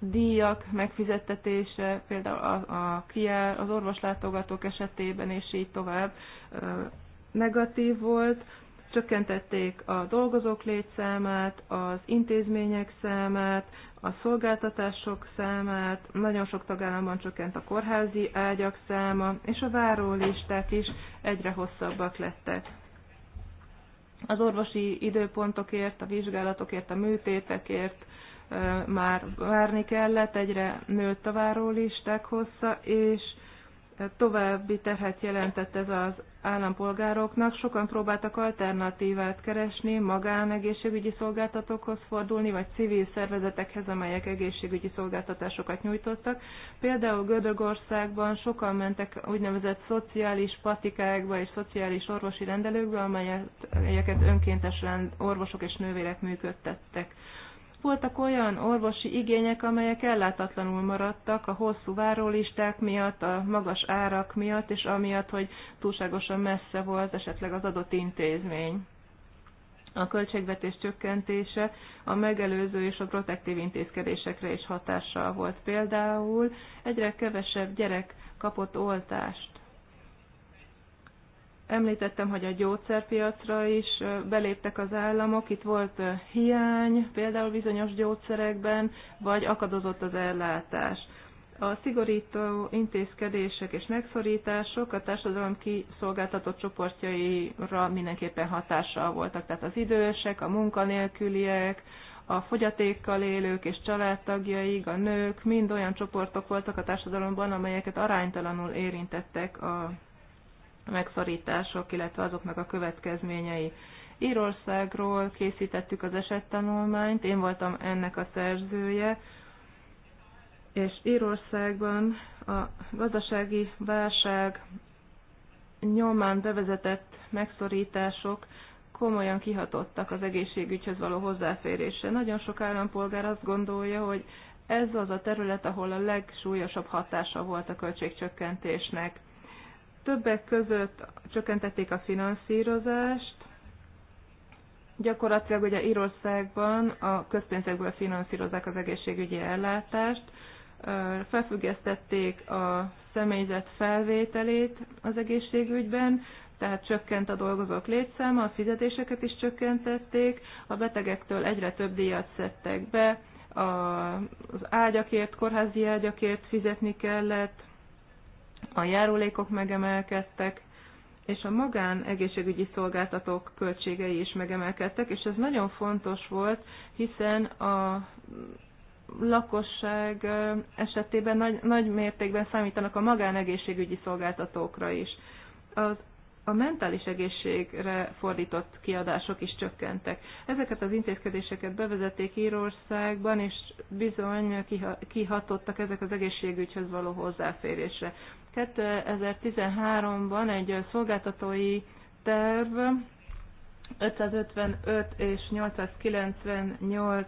díjak megfizettetése, például a, a kiel, az orvoslátogatók esetében, és így tovább negatív volt. Csökkentették a dolgozók létszámát, az intézmények számát, a szolgáltatások számát, nagyon sok tagállamban csökkent a kórházi ágyak száma, és a várólisták is egyre hosszabbak lettek. Az orvosi időpontokért, a vizsgálatokért, a műtétekért, már várni kellett, egyre nőtt a várólisták hossza, és további terhet jelentett ez az állampolgároknak. Sokan próbáltak alternatívát keresni, magánegészségügyi szolgáltatókhoz fordulni, vagy civil szervezetekhez, amelyek egészségügyi szolgáltatásokat nyújtottak. Például Gödögországban sokan mentek úgynevezett szociális patikákba és szociális orvosi rendelőkbe, amelyeket önkéntes orvosok és nővérek működtettek. Voltak olyan orvosi igények, amelyek ellátatlanul maradtak a hosszú várólisták miatt, a magas árak miatt, és amiatt, hogy túlságosan messze volt esetleg az adott intézmény. A költségvetés csökkentése a megelőző és a protektív intézkedésekre is hatással volt. Például egyre kevesebb gyerek kapott oltást Említettem, hogy a gyógyszerpiacra is beléptek az államok, itt volt hiány, például bizonyos gyógyszerekben, vagy akadozott az ellátás. A szigorító intézkedések és megszorítások a társadalom kiszolgáltatott csoportjaira mindenképpen hatással voltak, tehát az idősek, a munkanélküliek, a fogyatékkal élők és családtagjaik, a nők mind olyan csoportok voltak a társadalomban, amelyeket aránytalanul érintettek a megszorítások, illetve azoknak a következményei. Írországról készítettük az esettanulmányt, én voltam ennek a szerzője, és Írországban a gazdasági válság nyomán bevezetett megszorítások komolyan kihatottak az egészségügyhöz való hozzáférésre. Nagyon sok állampolgár azt gondolja, hogy ez az a terület, ahol a legsúlyosabb hatása volt a költségcsökkentésnek. Többek között csökkentették a finanszírozást, gyakorlatilag ugye Írországban a közpénzekből finanszírozzák az egészségügyi ellátást, felfüggesztették a személyzet felvételét az egészségügyben, tehát csökkent a dolgozók létszáma, a fizetéseket is csökkentették, a betegektől egyre több díjat szedtek be, az ágyakért, kórházi ágyakért fizetni kellett, a járulékok megemelkedtek, és a magán egészségügyi szolgáltatók költségei is megemelkedtek, és ez nagyon fontos volt, hiszen a lakosság esetében nagy, nagy mértékben számítanak a magánegészségügyi szolgáltatókra is. Az, a mentális egészségre fordított kiadások is csökkentek. Ezeket az intézkedéseket bevezették Írországban, és bizony kihatottak ezek az egészségügyhöz való hozzáférésre. 2013-ban egy szolgáltatói terv 555 és 898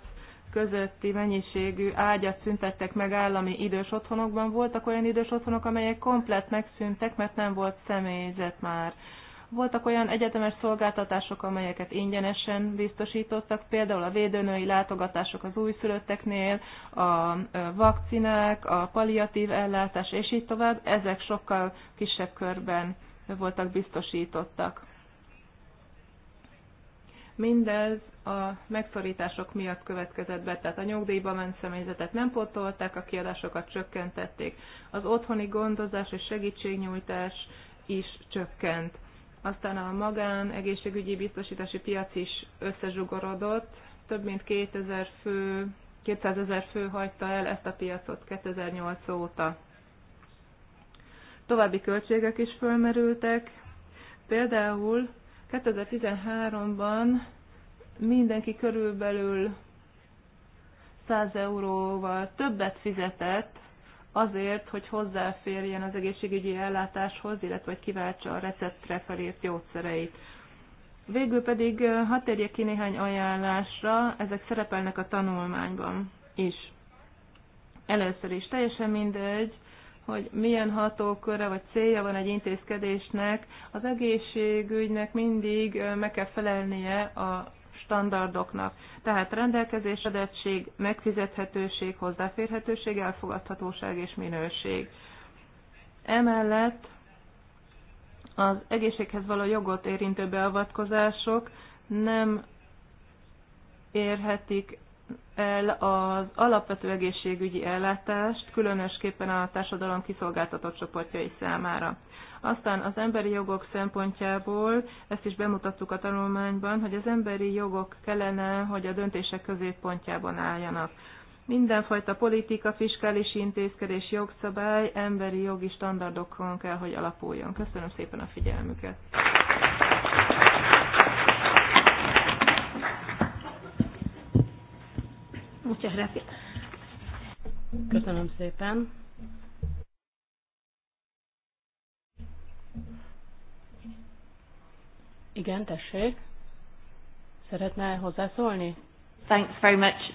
közötti mennyiségű ágyat szüntettek meg állami idős otthonokban. Voltak olyan idős otthonok, amelyek komplet megszűntek, mert nem volt személyzet már. Voltak olyan egyetemes szolgáltatások, amelyeket ingyenesen biztosítottak, például a védőnői látogatások az újszülötteknél, a vakcinák, a palliatív ellátás, és így tovább. Ezek sokkal kisebb körben voltak biztosítottak. Mindez a megszorítások miatt következett be, tehát a nyugdíjba ment személyzetet nem pótolták, a kiadásokat csökkentették. Az otthoni gondozás és segítségnyújtás is csökkent aztán a magán egészségügyi biztosítási piac is összezsugorodott, több mint 2000 fő, 200 ezer fő hagyta el ezt a piacot 2008 óta. További költségek is fölmerültek, például 2013-ban mindenki körülbelül 100 euróval többet fizetett azért, hogy hozzáférjen az egészségügyi ellátáshoz, illetve hogy kiváltsa a receptre felírt gyógyszereit. Végül pedig hadd térjek ki néhány ajánlásra, ezek szerepelnek a tanulmányban is. Először is teljesen mindegy, hogy milyen hatóköre vagy célja van egy intézkedésnek, az egészségügynek mindig meg kell felelnie a standardoknak. Tehát rendelkezésedettség, megfizethetőség, hozzáférhetőség, elfogadhatóság és minőség. Emellett az egészséghez való jogot érintő beavatkozások nem érhetik el az alapvető egészségügyi ellátást, különösképpen a társadalom kiszolgáltatott csoportjai számára. Aztán az emberi jogok szempontjából, ezt is bemutattuk a tanulmányban, hogy az emberi jogok kellene, hogy a döntések középpontjában álljanak. Mindenfajta politika, fiskális intézkedés, jogszabály, emberi jogi standardokon kell, hogy alapuljon. Köszönöm szépen a figyelmüket! Muchas gracias. Köszönöm szépen. Igen, tessék. Szeretne hozzászólni? Thanks very much.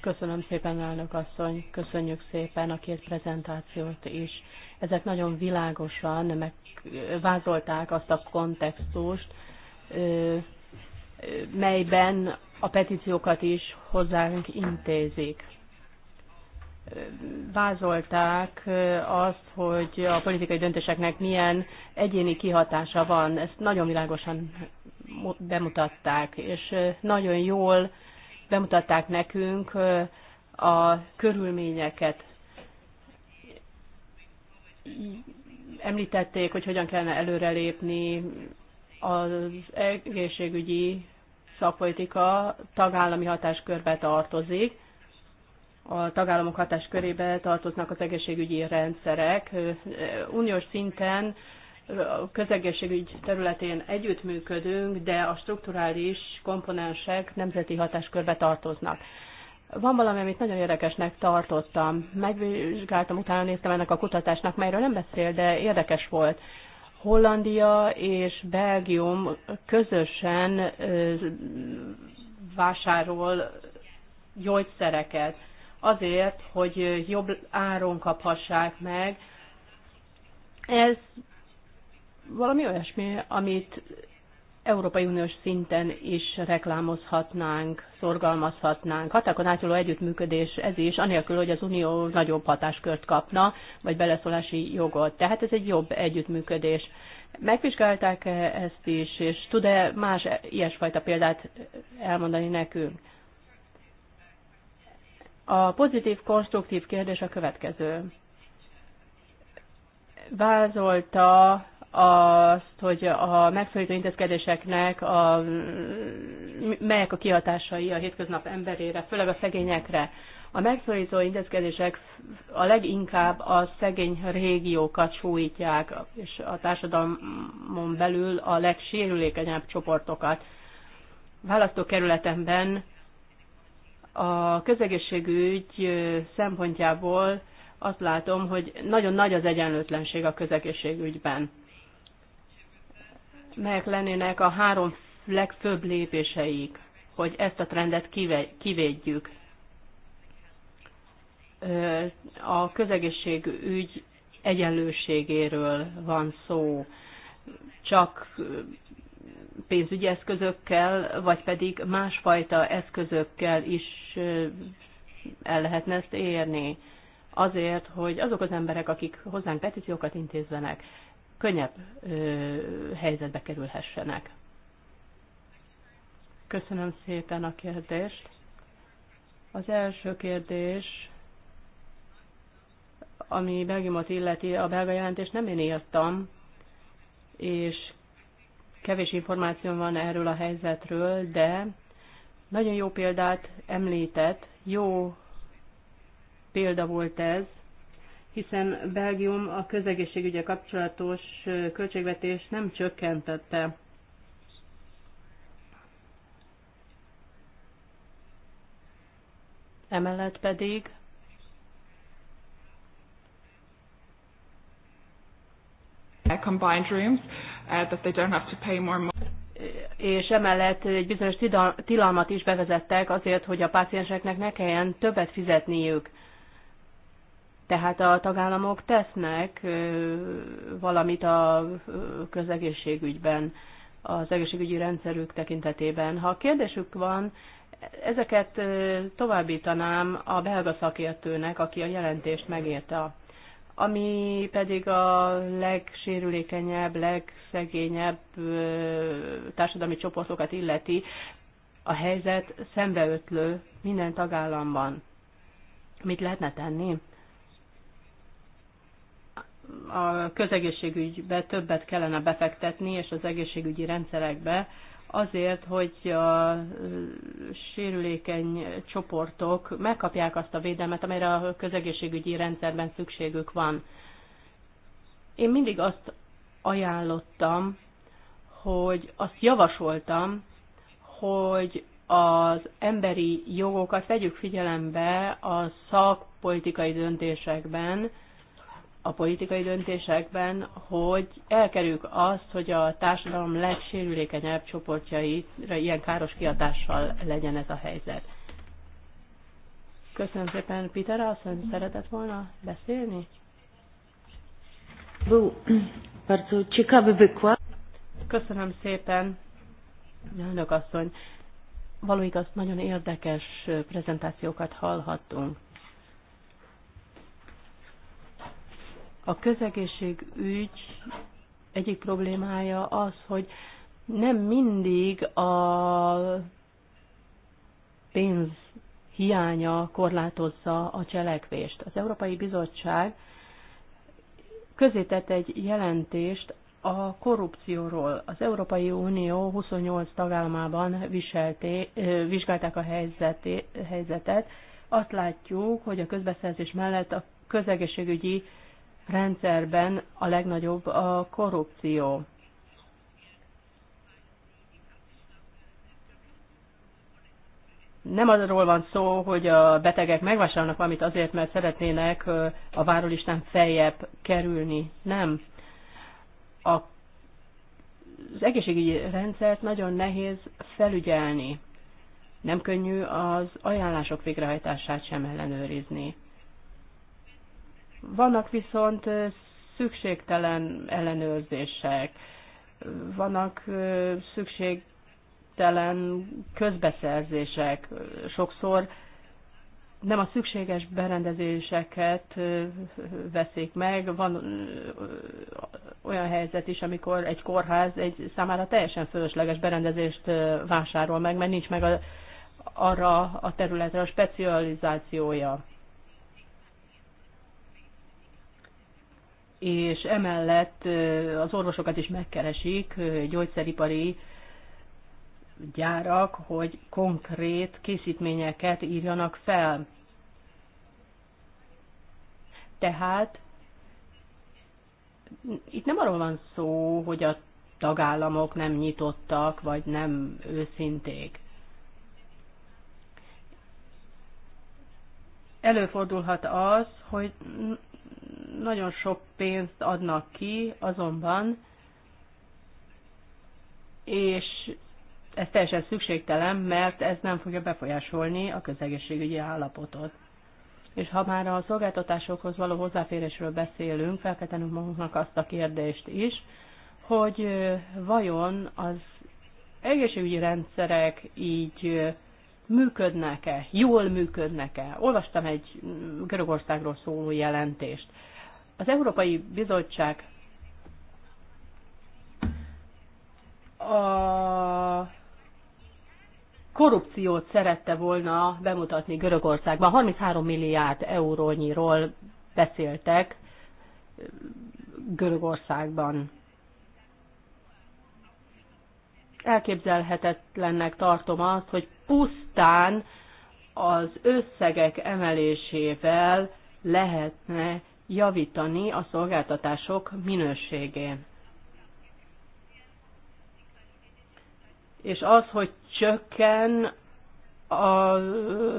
Köszönöm szépen, elnök asszony. Köszönjük szépen a két prezentációt is. Ezek nagyon világosan megvázolták azt a kontextust, melyben a petíciókat is hozzánk intézik. Vázolták azt, hogy a politikai döntéseknek milyen egyéni kihatása van. Ezt nagyon világosan bemutatták, és nagyon jól bemutatták nekünk a körülményeket. Említették, hogy hogyan kellene előrelépni az egészségügyi szakpolitika tagállami hatáskörbe tartozik. A tagállamok hatáskörébe tartoznak az egészségügyi rendszerek. Uniós szinten közegészségügy területén együttműködünk, de a strukturális komponensek nemzeti hatáskörbe tartoznak. Van valami, amit nagyon érdekesnek tartottam. Megvizsgáltam, utána néztem ennek a kutatásnak, melyről nem beszél, de érdekes volt. Hollandia és Belgium közösen vásárol gyógyszereket azért, hogy jobb áron kaphassák meg. Ez valami olyasmi, amit Európai Uniós szinten is reklámozhatnánk, szorgalmazhatnánk. Hatákon átjúló együttműködés ez is, anélkül, hogy az Unió nagyobb hatáskört kapna, vagy beleszólási jogot. Tehát ez egy jobb együttműködés. Megvizsgálták -e ezt is, és tud-e más ilyesfajta példát elmondani nekünk? A pozitív, konstruktív kérdés a következő. Vázolta azt, hogy a megszorító intézkedéseknek a, melyek a kihatásai a hétköznap emberére, főleg a szegényekre. A megszorító intézkedések a leginkább a szegény régiókat sújtják, és a társadalmon belül a legsérülékenyebb csoportokat. Választókerületemben a közegészségügy szempontjából azt látom, hogy nagyon nagy az egyenlőtlenség a közegészségügyben melyek lennének a három legfőbb lépéseik, hogy ezt a trendet kivédjük. A közegészségügy egyenlőségéről van szó, csak pénzügyi eszközökkel, vagy pedig másfajta eszközökkel is el lehetne ezt érni. Azért, hogy azok az emberek, akik hozzánk petíciókat intézzenek, könnyebb helyzetbe kerülhessenek. Köszönöm szépen a kérdést. Az első kérdés, ami Belgiumot illeti, a belga jelentést nem én írtam, és kevés információm van erről a helyzetről, de nagyon jó példát említett, jó példa volt ez, hiszen Belgium a közegészségügye kapcsolatos költségvetés nem csökkentette. Emellett pedig combined rooms uh, that they don't have to pay more money. És emellett egy bizonyos tilalmat is bevezettek azért, hogy a pácienseknek ne kelljen többet fizetniük. Tehát a tagállamok tesznek valamit a közegészségügyben, az egészségügyi rendszerük tekintetében. Ha kérdésük van, ezeket továbbítanám a belga szakértőnek, aki a jelentést megírta. Ami pedig a legsérülékenyebb, legszegényebb társadalmi csoportokat illeti, a helyzet szembeötlő minden tagállamban. Mit lehetne tenni? a közegészségügybe többet kellene befektetni, és az egészségügyi rendszerekbe, azért, hogy a sérülékeny csoportok megkapják azt a védelmet, amelyre a közegészségügyi rendszerben szükségük van. Én mindig azt ajánlottam, hogy azt javasoltam, hogy az emberi jogokat vegyük figyelembe a szakpolitikai döntésekben, a politikai döntésekben, hogy elkerüljük azt, hogy a társadalom legsérülékenyebb csoportjaira ilyen káros kiadással legyen ez a helyzet. Köszönöm szépen, Peter, azt mondja, szeretett volna beszélni? Köszönöm szépen, elnök asszony. Való igaz, nagyon érdekes prezentációkat hallhattunk. A közegészség ügy egyik problémája az, hogy nem mindig a pénz hiánya korlátozza a cselekvést. Az Európai Bizottság közétett egy jelentést a korrupcióról. Az Európai Unió 28 tagállamában viselté, vizsgálták a helyzeti, helyzetet. Azt látjuk, hogy a közbeszerzés mellett a közegészségügyi rendszerben a legnagyobb a korrupció. Nem arról van szó, hogy a betegek megvásárolnak valamit azért, mert szeretnének a várólistán feljebb kerülni. Nem. A, az egészségügyi rendszert nagyon nehéz felügyelni. Nem könnyű az ajánlások végrehajtását sem ellenőrizni vannak viszont szükségtelen ellenőrzések, vannak szükségtelen közbeszerzések, sokszor nem a szükséges berendezéseket veszik meg. Van olyan helyzet is, amikor egy kórház egy számára teljesen fölösleges berendezést vásárol meg, mert nincs meg a, arra a területre a specializációja. és emellett az orvosokat is megkeresik gyógyszeripari gyárak, hogy konkrét készítményeket írjanak fel. Tehát itt nem arról van szó, hogy a tagállamok nem nyitottak, vagy nem őszinték. Előfordulhat az, hogy nagyon sok pénzt adnak ki, azonban, és ez teljesen szükségtelen, mert ez nem fogja befolyásolni a közegészségügyi állapotot. És ha már a szolgáltatásokhoz való hozzáférésről beszélünk, fel kell tennünk magunknak azt a kérdést is, hogy vajon az egészségügyi rendszerek így működnek-e, jól működnek-e. Olvastam egy Görögországról szóló jelentést. Az Európai Bizottság a korrupciót szerette volna bemutatni Görögországban. 33 milliárd eurónyiról beszéltek Görögországban. Elképzelhetetlennek tartom azt, hogy pusztán az összegek emelésével lehetne javítani a szolgáltatások minőségén. És az, hogy csökken a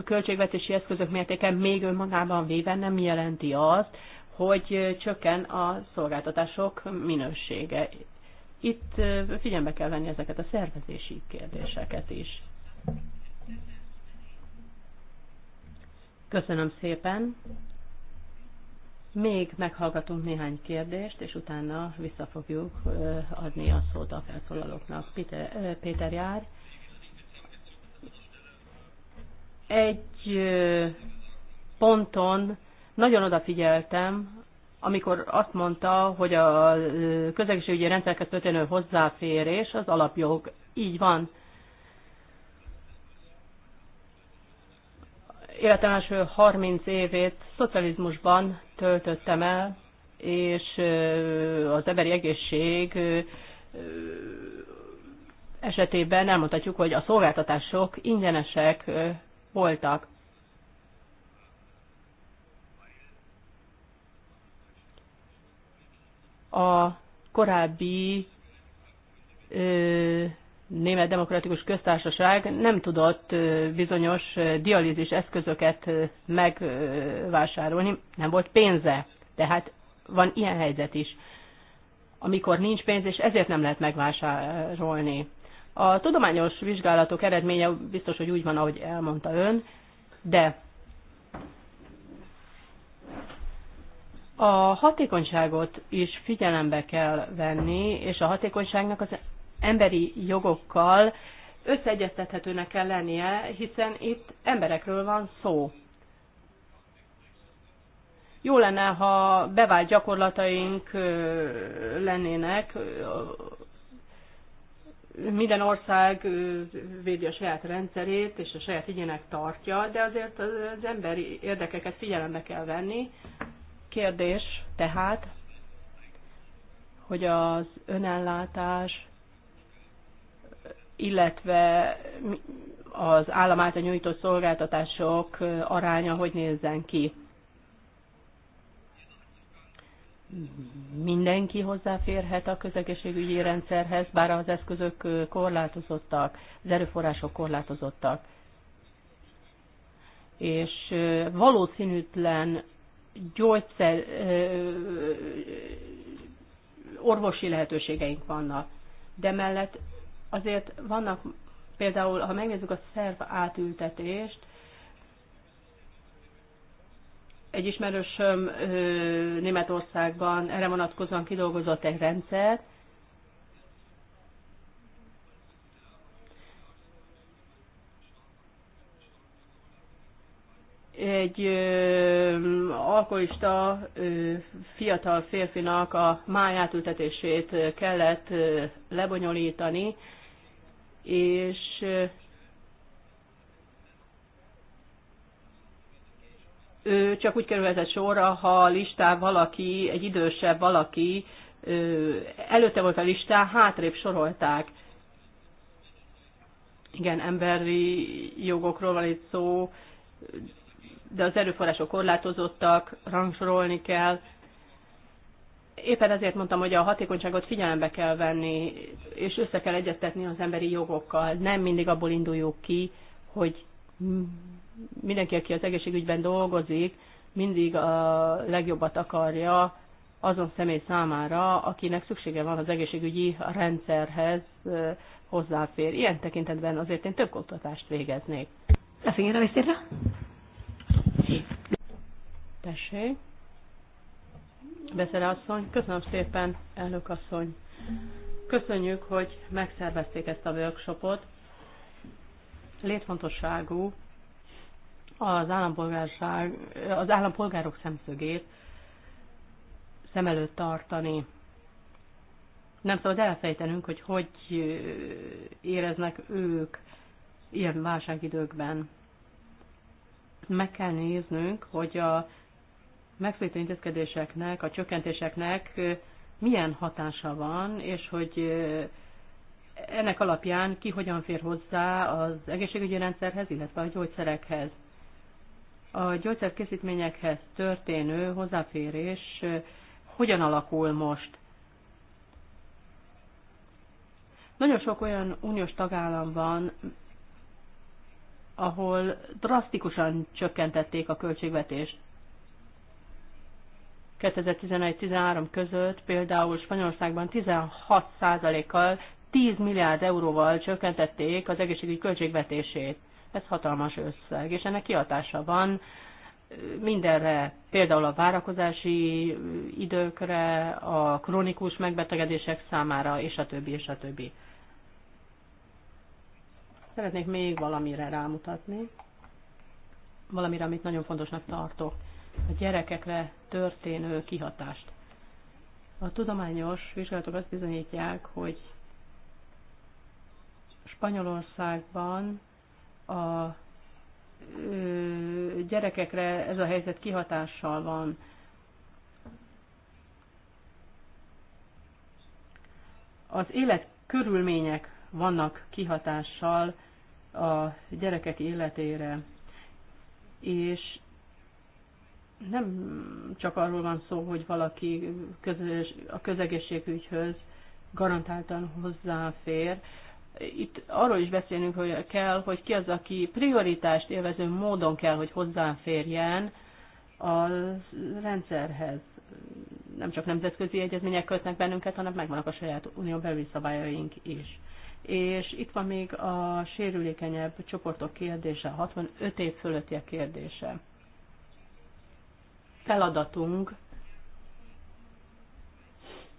költségvetési eszközök mértéke még önmagában véve nem jelenti azt, hogy csökken a szolgáltatások minősége. Itt figyelme kell venni ezeket a szervezési kérdéseket is. Köszönöm szépen! Még meghallgatunk néhány kérdést, és utána vissza fogjuk adni a szót a felszólalóknak. Péter, Péter jár. Egy ponton nagyon odafigyeltem, amikor azt mondta, hogy a közegészségügyi rendszerhez történő hozzáférés az alapjog. Így van. életem első 30 évét szocializmusban töltöttem el, és az emberi egészség esetében elmondhatjuk, hogy a szolgáltatások ingyenesek voltak. A korábbi Német Demokratikus Köztársaság nem tudott bizonyos dialízis eszközöket megvásárolni, nem volt pénze. Tehát van ilyen helyzet is, amikor nincs pénz, és ezért nem lehet megvásárolni. A tudományos vizsgálatok eredménye biztos, hogy úgy van, ahogy elmondta ön, de a hatékonyságot is figyelembe kell venni, és a hatékonyságnak az emberi jogokkal összeegyeztethetőnek kell lennie, hiszen itt emberekről van szó. Jó lenne, ha bevált gyakorlataink lennének, minden ország védi a saját rendszerét és a saját igyének tartja, de azért az emberi érdekeket figyelembe kell venni. Kérdés tehát, hogy az önellátás illetve az állam által nyújtott szolgáltatások aránya hogy nézzen ki. Mindenki hozzáférhet a közegészségügyi rendszerhez, bár az eszközök korlátozottak, az erőforrások korlátozottak. És valószínűtlen gyógyszer, orvosi lehetőségeink vannak. De mellett azért vannak például, ha megnézzük a szerv átültetést, egy ismerősöm Németországban erre vonatkozóan kidolgozott egy rendszert, egy ö, alkoholista ö, fiatal férfinak a májátültetését kellett ö, lebonyolítani, és ő csak úgy kerülhetett sorra, ha listán valaki, egy idősebb valaki előtte volt a listán, hátrébb sorolták. Igen, emberi jogokról van itt szó, de az erőforrások korlátozottak, rangsorolni kell, Éppen ezért mondtam, hogy a hatékonyságot figyelembe kell venni, és össze kell egyeztetni az emberi jogokkal. Nem mindig abból induljuk ki, hogy mindenki, aki az egészségügyben dolgozik, mindig a legjobbat akarja azon személy számára, akinek szüksége van az egészségügyi rendszerhez hozzáfér. Ilyen tekintetben azért én több kutatást végeznék. La a Becerra. Tessék. Beszere asszony, köszönöm szépen, elnök asszony. Köszönjük, hogy megszervezték ezt a workshopot. Létfontosságú az, állampolgárság, az állampolgárok szemszögét szem előtt tartani. Nem szabad elfejtenünk, hogy hogy éreznek ők ilyen válságidőkben. Meg kell néznünk, hogy a megszólító intézkedéseknek, a csökkentéseknek milyen hatása van, és hogy ennek alapján ki hogyan fér hozzá az egészségügyi rendszerhez, illetve a gyógyszerekhez. A gyógyszerkészítményekhez történő hozzáférés hogyan alakul most? Nagyon sok olyan uniós tagállam van, ahol drasztikusan csökkentették a költségvetést. 2011-13 között például Spanyolországban 16%-kal 10 milliárd euróval csökkentették az egészségügyi költségvetését. Ez hatalmas összeg, és ennek kihatása van mindenre, például a várakozási időkre, a krónikus megbetegedések számára, és a többi, és a többi. Szeretnék még valamire rámutatni, valamire, amit nagyon fontosnak tartok a gyerekekre történő kihatást. A tudományos vizsgálatok azt bizonyítják, hogy Spanyolországban a gyerekekre ez a helyzet kihatással van. Az élet körülmények vannak kihatással a gyerekek életére, és nem csak arról van szó, hogy valaki közös, a közegészségügyhöz garantáltan hozzáfér. Itt arról is beszélünk, hogy kell, hogy ki az, aki prioritást élvező módon kell, hogy hozzáférjen a rendszerhez. Nem csak nemzetközi egyezmények kötnek bennünket, hanem megvannak a saját unió belüli szabályaink is. És itt van még a sérülékenyebb csoportok kérdése, 65 év fölöttiek kérdése feladatunk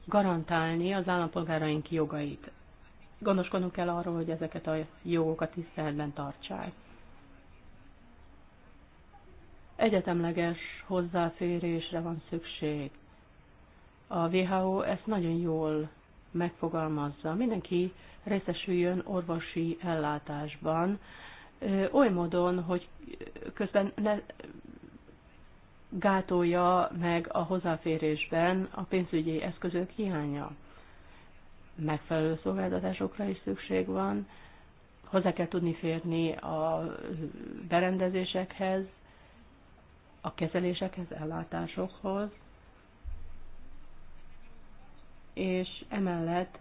garantálni az állampolgáraink jogait. Gondoskodnunk kell arról, hogy ezeket a jogokat tiszteletben tartsák. Egyetemleges hozzáférésre van szükség. A WHO ezt nagyon jól megfogalmazza. Mindenki részesüljön orvosi ellátásban, oly módon, hogy közben ne gátolja meg a hozzáférésben a pénzügyi eszközök hiánya. Megfelelő szolgáltatásokra is szükség van, hozzá kell tudni férni a berendezésekhez, a kezelésekhez, ellátásokhoz, és emellett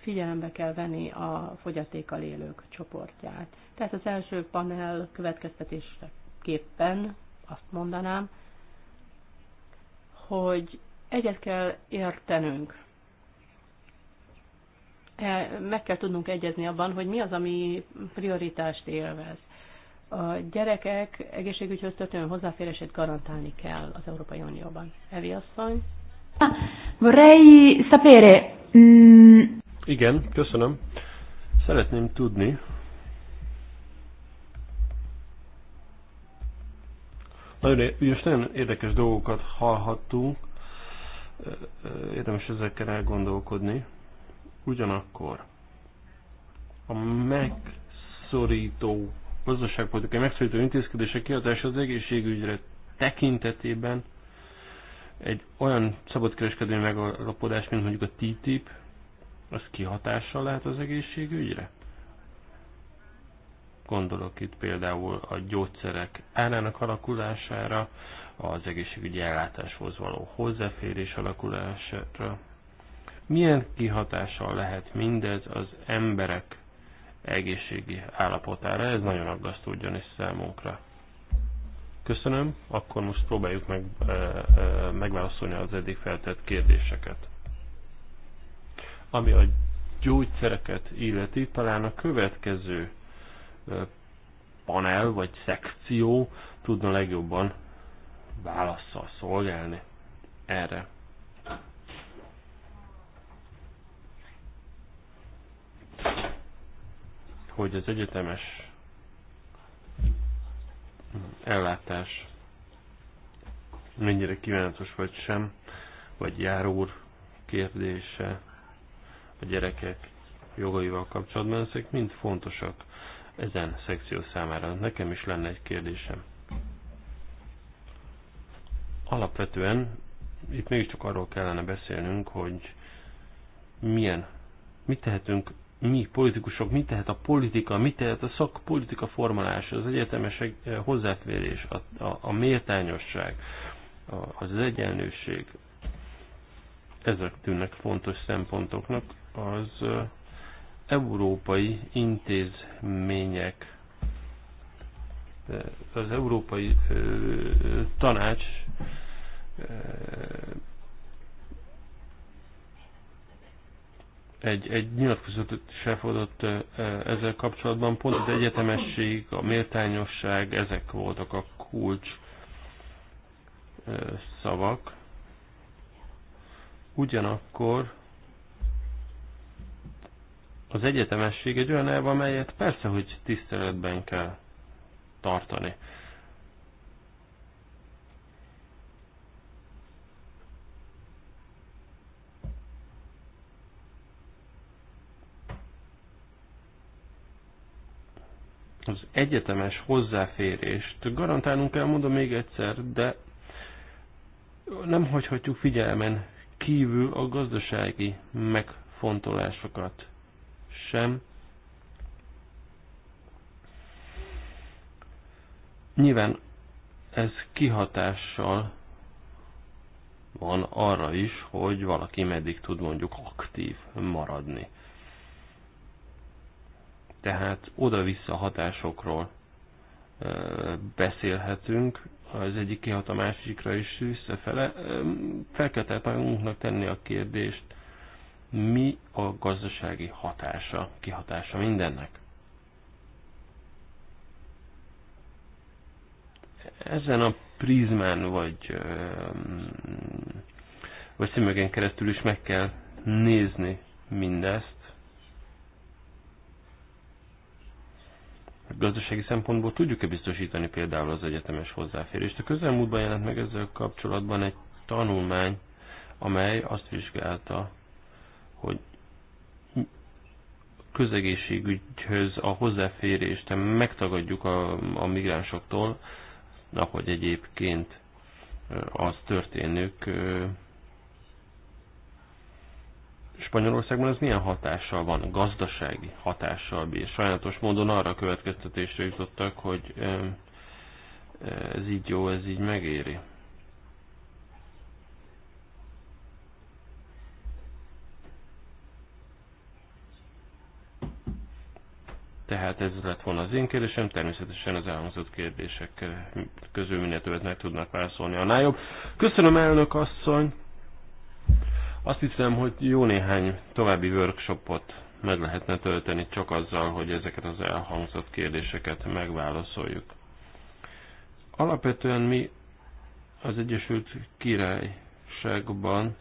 figyelembe kell venni a fogyatékkal élők csoportját. Tehát az első panel következtetésképpen azt mondanám, hogy egyet kell értenünk. E, meg kell tudnunk egyezni abban, hogy mi az, ami prioritást élvez. A gyerekek egészségügyhöz történő hozzáférését garantálni kell az Európai Unióban. Evi asszony? Vorrei sapere. Mm, Igen, köszönöm. Szeretném tudni, Nagyon, most nagyon érdekes dolgokat hallhattunk, érdemes ezekkel elgondolkodni. Ugyanakkor a megszorító gazdaságpolitikai megszorító intézkedések kiadása az egészségügyre tekintetében egy olyan szabadkereskedelmi megalapodás, mint mondjuk a TTIP, az kihatással lehet az egészségügyre? Gondolok itt például a gyógyszerek árának alakulására, az egészségügyi ellátáshoz való hozzáférés alakulására. Milyen kihatással lehet mindez az emberek egészségi állapotára? Ez nagyon aggasztó ugyanis számunkra. Köszönöm, akkor most próbáljuk meg, e, e, megválaszolni az eddig feltett kérdéseket. Ami a gyógyszereket illeti, talán a következő panel vagy szekció tudna legjobban válaszsal szolgálni erre. Hogy az egyetemes ellátás mennyire kívánatos vagy sem, vagy járúr kérdése a gyerekek jogaival kapcsolatban, ezek mind fontosak ezen szekció számára. Nekem is lenne egy kérdésem. Alapvetően itt mégiscsak arról kellene beszélnünk, hogy milyen, mit tehetünk mi politikusok, mit tehet a politika, mit tehet a szakpolitika formálása, az egyetemes eh, hozzáférés, a, a, a méltányosság, a, az egyenlőség. Ezek tűnnek fontos szempontoknak az eh, európai intézmények az Európai Tanács egy, egy nyilatkozatot is elfogadott ezzel kapcsolatban. Pont az egyetemesség, a méltányosság, ezek voltak a kulcs szavak. Ugyanakkor az egyetemesség egy olyan elv, amelyet persze, hogy tiszteletben kell tartani. az egyetemes hozzáférést garantálnunk kell, mondom még egyszer, de nem hagyhatjuk figyelmen kívül a gazdasági megfontolásokat sem. Nyilván ez kihatással van arra is, hogy valaki meddig tud mondjuk aktív maradni. Tehát oda-vissza hatásokról beszélhetünk, az egyik kihat a másikra is visszafele. Fel kell tenni a kérdést, mi a gazdasági hatása, kihatása mindennek. Ezen a prizmán vagy, vagy szemögen keresztül is meg kell nézni mindezt. Gazdasági szempontból tudjuk-e biztosítani például az egyetemes hozzáférést? A közelmúltban jelent meg ezzel kapcsolatban egy tanulmány, amely azt vizsgálta, hogy közegészségügyhöz a hozzáférést megtagadjuk a, a migránsoktól, ahogy egyébként az történők Spanyolországban ez milyen hatással van? Gazdasági hatással bír. Sajnálatos módon arra a következtetésre jutottak, hogy ez így jó, ez így megéri. Tehát ez lett volna az én kérdésem, természetesen az elhangzott kérdések közül minél többet meg tudnak válaszolni, annál jobb. Köszönöm elnök asszony! Azt hiszem, hogy jó néhány további workshopot meg lehetne tölteni csak azzal, hogy ezeket az elhangzott kérdéseket megválaszoljuk. Alapvetően mi az Egyesült Királyságban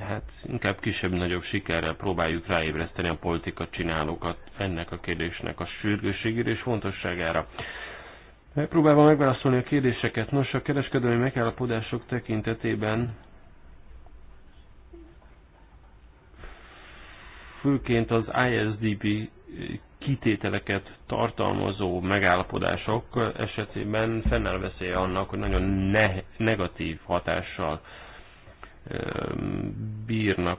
hát inkább kisebb-nagyobb sikerrel próbáljuk ráébreszteni a politika csinálókat ennek a kérdésnek a sürgőségére és fontosságára. Megpróbálva megválaszolni a kérdéseket, nos a kereskedelmi megállapodások tekintetében főként az ISDB kitételeket tartalmazó megállapodások esetében fennáll veszélye annak, hogy nagyon ne negatív hatással bírnak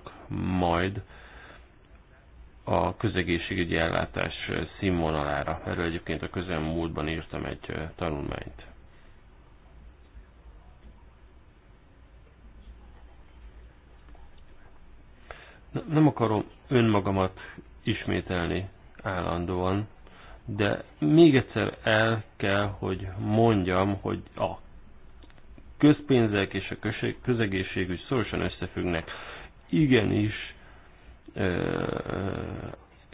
majd a közegészségügyi ellátás színvonalára. Erről egyébként a közelmúltban írtam egy tanulmányt. Nem akarom önmagamat ismételni állandóan, de még egyszer el kell, hogy mondjam, hogy a közpénzek és a közegészségügy szorosan összefüggnek. Igenis,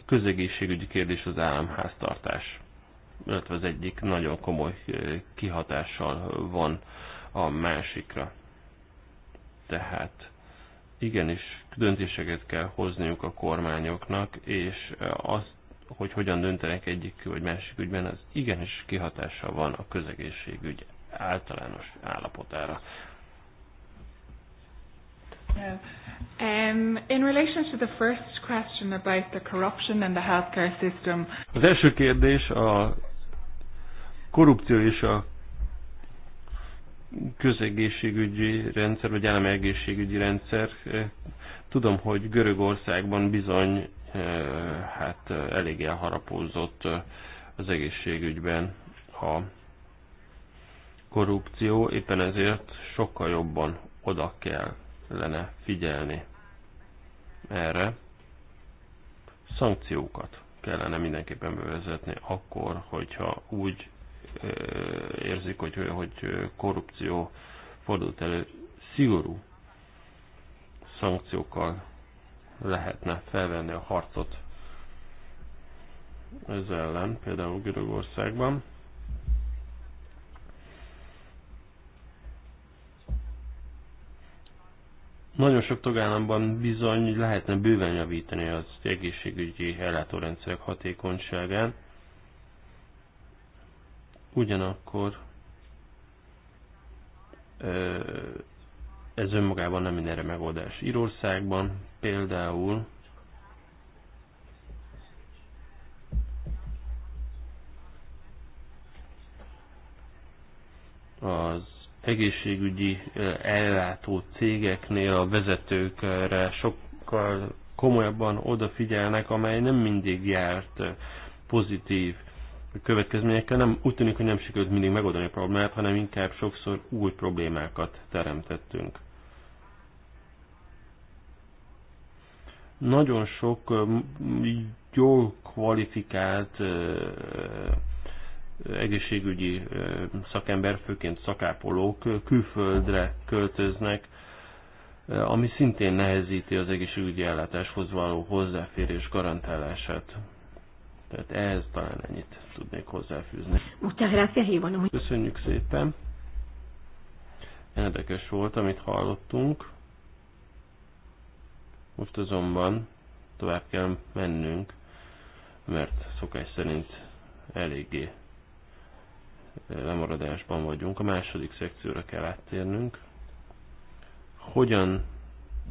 közegészségügyi kérdés az államháztartás, illetve az egyik nagyon komoly kihatással van a másikra. Tehát igenis döntéseket kell hozniuk a kormányoknak, és azt, hogy hogyan döntenek egyik vagy másik ügyben, az igenis kihatással van a közegészségügy általános állapotára. Um, in relation to the first question about the corruption in the healthcare system. Az első kérdés a korrupció és a közegészségügyi rendszer, vagy állami egészségügyi rendszer. Tudom, hogy Görögországban bizony eh, hát eh, elég elharapózott eh, az egészségügyben a korrupció, éppen ezért sokkal jobban oda kellene figyelni erre. Szankciókat kellene mindenképpen bevezetni akkor, hogyha úgy érzik, hogy, hogy korrupció fordult elő, szigorú szankciókkal lehetne felvenni a harcot ez ellen, például Görögországban. Nagyon sok tagállamban bizony lehetne bőven javítani az egészségügyi ellátórendszerek hatékonyságán. Ugyanakkor ez önmagában nem mindenre megoldás. Írországban például az egészségügyi ellátó cégeknél a vezetőkre sokkal komolyabban odafigyelnek, amely nem mindig járt pozitív következményekkel. Nem, úgy tűnik, hogy nem sikerült mindig megoldani a problémát, hanem inkább sokszor új problémákat teremtettünk. Nagyon sok jól kvalifikált egészségügyi szakember, főként szakápolók külföldre költöznek, ami szintén nehezíti az egészségügyi ellátáshoz való hozzáférés garantálását. Tehát ehhez talán ennyit tudnék hozzáfűzni. Köszönjük szépen! Érdekes volt, amit hallottunk. Most azonban tovább kell mennünk, mert szokás szerint eléggé lemaradásban vagyunk. A második szekcióra kell áttérnünk. Hogyan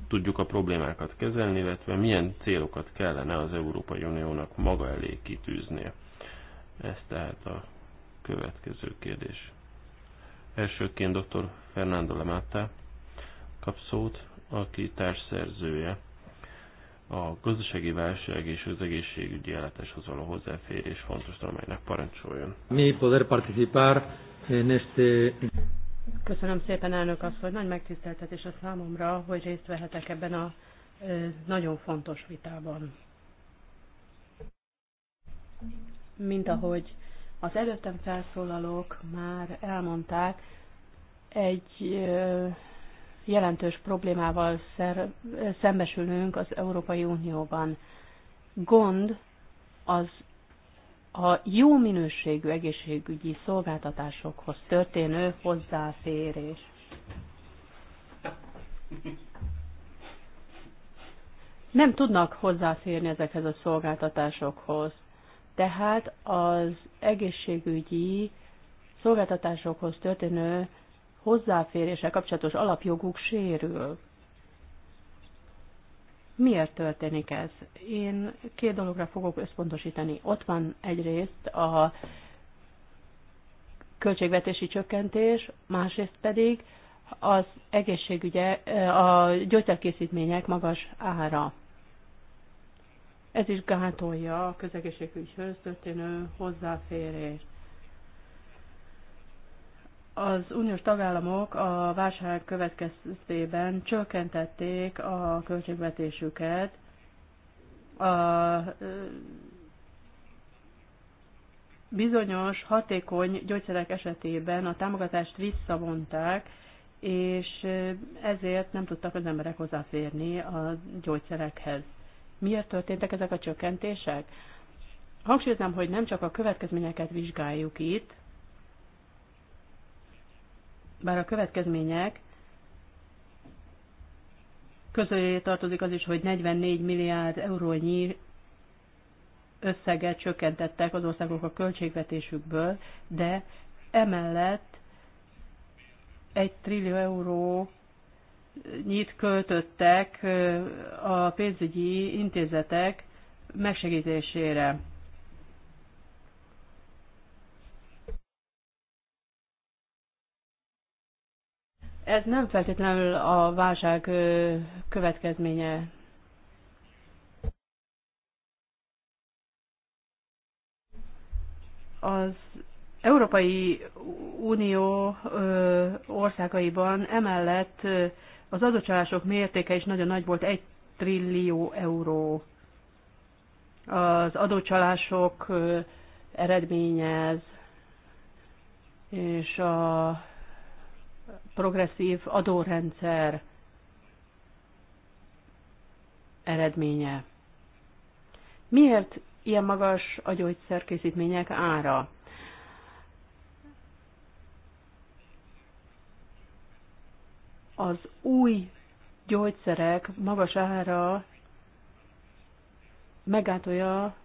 tudjuk a problémákat kezelni, illetve milyen célokat kellene az Európai Uniónak maga elé kitűznie. Ez tehát a következő kérdés. Elsőként dr. Fernando Lemata kap szót, aki társszerzője a gazdasági válság és az egészségügyi ellátáshoz való hozzáférés fontos tanulmánynak parancsoljon. Mi poder participar en este... Köszönöm szépen, elnök asszony. Nagy megtiszteltetés a számomra, hogy részt vehetek ebben a nagyon fontos vitában. Mint ahogy az előttem felszólalók már elmondták, egy jelentős problémával szer, szembesülünk az Európai Unióban. Gond az a jó minőségű egészségügyi szolgáltatásokhoz történő hozzáférés. Nem tudnak hozzáférni ezekhez a szolgáltatásokhoz. Tehát az egészségügyi szolgáltatásokhoz történő hozzáférése kapcsolatos alapjoguk sérül. Miért történik ez? Én két dologra fogok összpontosítani. Ott van egyrészt a költségvetési csökkentés, másrészt pedig az egészségügye, a gyógyszerkészítmények magas ára. Ez is gátolja a közegészségügyhöz történő hozzáférést az uniós tagállamok a válság következtében csökkentették a költségvetésüket, a bizonyos hatékony gyógyszerek esetében a támogatást visszavonták, és ezért nem tudtak az emberek hozzáférni a gyógyszerekhez. Miért történtek ezek a csökkentések? Hangsúlyoznám, hogy nem csak a következményeket vizsgáljuk itt, bár a következmények közöljé tartozik az is, hogy 44 milliárd eurónyi összeget csökkentettek az országok a költségvetésükből, de emellett egy trillió euró nyit költöttek a pénzügyi intézetek megsegítésére. Ez nem feltétlenül a válság következménye. Az Európai Unió országaiban emellett az adócsalások mértéke is nagyon nagy volt, egy trillió euró. Az adócsalások eredménye ez, és a progresszív adórendszer eredménye. Miért ilyen magas a gyógyszerkészítmények ára? Az új gyógyszerek magas ára megátolja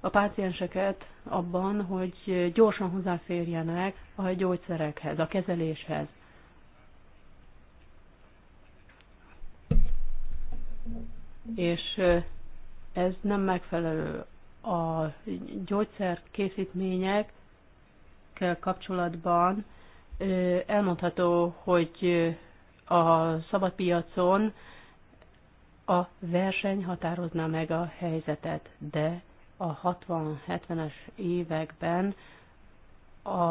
a pácienseket abban, hogy gyorsan hozzáférjenek a gyógyszerekhez, a kezeléshez. és ez nem megfelelő. A gyógyszer készítményekkel kapcsolatban elmondható, hogy a szabadpiacon a verseny határozná meg a helyzetet, de a 60-70-es években a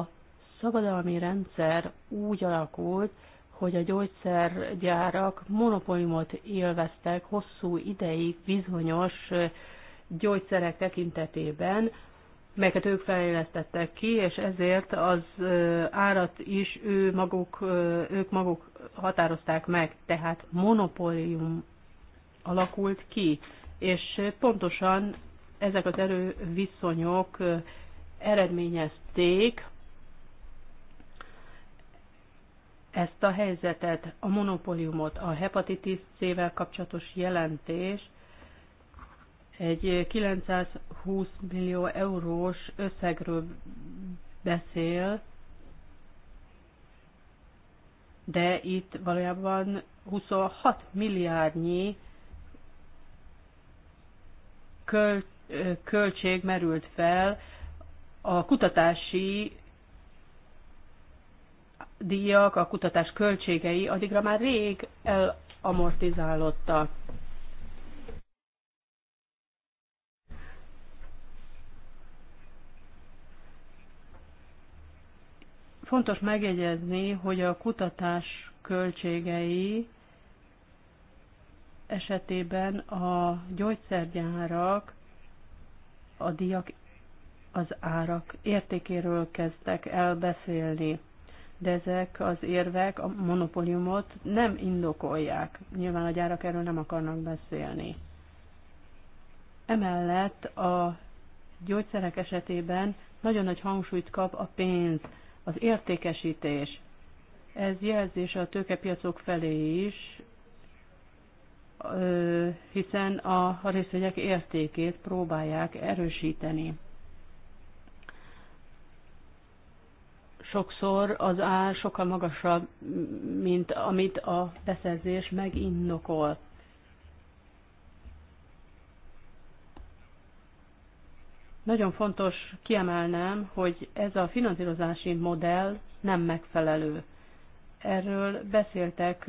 szabadalmi rendszer úgy alakult, hogy a gyógyszergyárak monopóliumot élveztek hosszú ideig bizonyos gyógyszerek tekintetében, melyeket ők fejlesztettek ki, és ezért az árat is ő maguk, ők maguk határozták meg, tehát monopólium alakult ki, és pontosan ezek az erőviszonyok eredményezték ezt a helyzetet, a monopóliumot, a hepatitis C-vel kapcsolatos jelentés egy 920 millió eurós összegről beszél, de itt valójában 26 milliárdnyi költség merült fel a kutatási díjak, a kutatás költségei addigra már rég elamortizálódtak. Fontos megjegyezni, hogy a kutatás költségei esetében a gyógyszergyárak a díjak az árak értékéről kezdtek elbeszélni. beszélni de ezek az érvek a monopóliumot nem indokolják. Nyilván a gyárak erről nem akarnak beszélni. Emellett a gyógyszerek esetében nagyon nagy hangsúlyt kap a pénz, az értékesítés. Ez jelzés a tőkepiacok felé is, hiszen a részvények értékét próbálják erősíteni. sokszor az ár sokkal magasabb, mint amit a beszerzés megindokol. Nagyon fontos kiemelnem, hogy ez a finanszírozási modell nem megfelelő. Erről beszéltek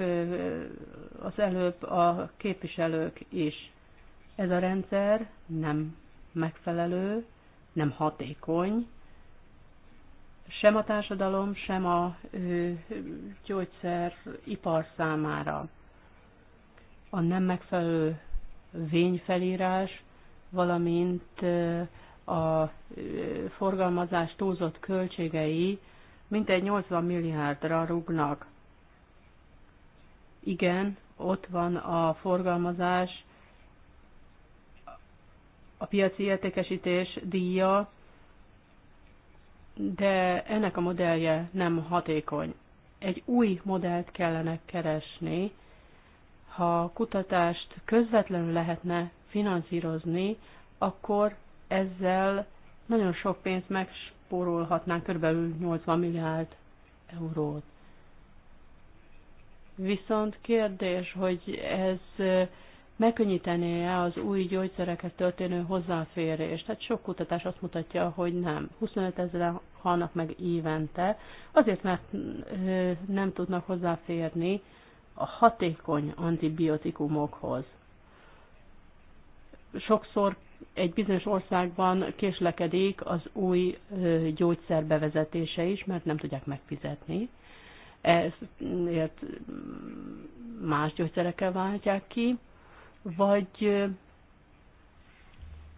az előbb a képviselők is. Ez a rendszer nem megfelelő, nem hatékony, sem a társadalom, sem a gyógyszeripar számára. A nem megfelelő vényfelírás, valamint a forgalmazás túlzott költségei mintegy 80 milliárdra rúgnak. Igen, ott van a forgalmazás, a piaci értékesítés díja, de ennek a modellje nem hatékony. Egy új modellt kellene keresni, ha a kutatást közvetlenül lehetne finanszírozni, akkor ezzel nagyon sok pénzt megspórolhatnánk, kb. 80 milliárd eurót. Viszont kérdés, hogy ez megkönnyítené-e az új gyógyszerekhez történő hozzáférést? Tehát sok kutatás azt mutatja, hogy nem. 25 ezeren halnak meg évente, azért, mert nem tudnak hozzáférni a hatékony antibiotikumokhoz. Sokszor egy bizonyos országban késlekedik az új gyógyszer bevezetése is, mert nem tudják megfizetni. Ezért más gyógyszerekkel váltják ki vagy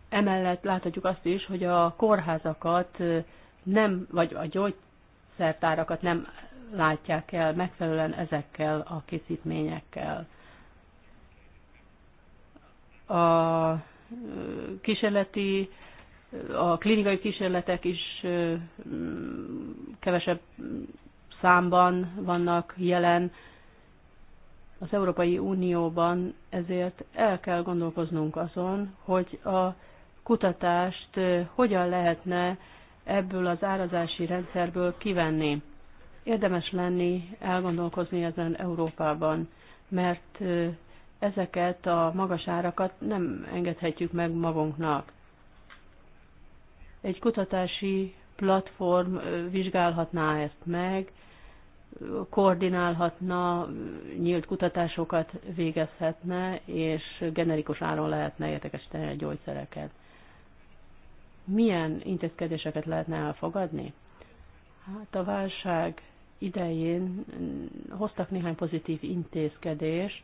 emellett láthatjuk azt is, hogy a kórházakat nem, vagy a gyógyszertárakat nem látják el megfelelően ezekkel a készítményekkel. A kísérleti, a klinikai kísérletek is kevesebb számban vannak jelen, az Európai Unióban ezért el kell gondolkoznunk azon, hogy a kutatást hogyan lehetne ebből az árazási rendszerből kivenni. Érdemes lenni elgondolkozni ezen Európában, mert ezeket a magas árakat nem engedhetjük meg magunknak. Egy kutatási platform vizsgálhatná ezt meg, koordinálhatna, nyílt kutatásokat végezhetne, és generikus áron lehetne értekesíteni a gyógyszereket. Milyen intézkedéseket lehetne elfogadni? Hát a válság idején hoztak néhány pozitív intézkedést,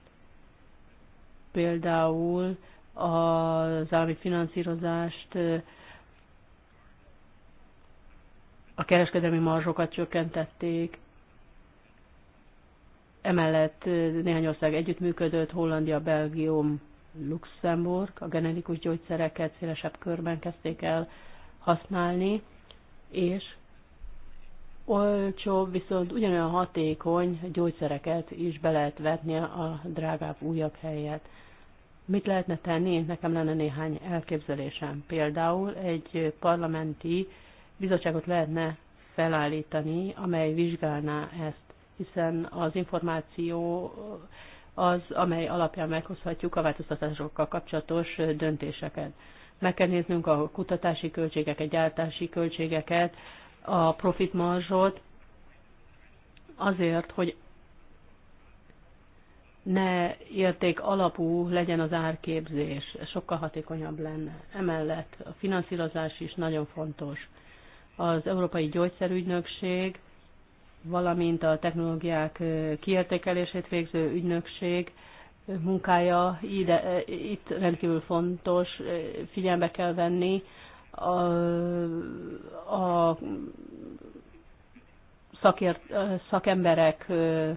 például az állami finanszírozást, a kereskedelmi marzsokat csökkentették, Emellett néhány ország együttműködött, Hollandia, Belgium, Luxemburg a generikus gyógyszereket szélesebb körben kezdték el használni, és olcsóbb, viszont ugyanolyan hatékony gyógyszereket is be lehet vetni a drágább újabb helyet. Mit lehetne tenni? Nekem lenne néhány elképzelésem. Például egy parlamenti bizottságot lehetne felállítani, amely vizsgálná ezt hiszen az információ az, amely alapján meghozhatjuk a változtatásokkal kapcsolatos döntéseket. Meg kell néznünk a kutatási költségeket, gyártási költségeket, a profit marzsot, azért, hogy ne érték alapú legyen az árképzés, sokkal hatékonyabb lenne. Emellett a finanszírozás is nagyon fontos. Az Európai Gyógyszerügynökség valamint a technológiák kiértékelését végző ügynökség munkája ide, itt rendkívül fontos, figyelembe kell venni a, a szakért, szakemberek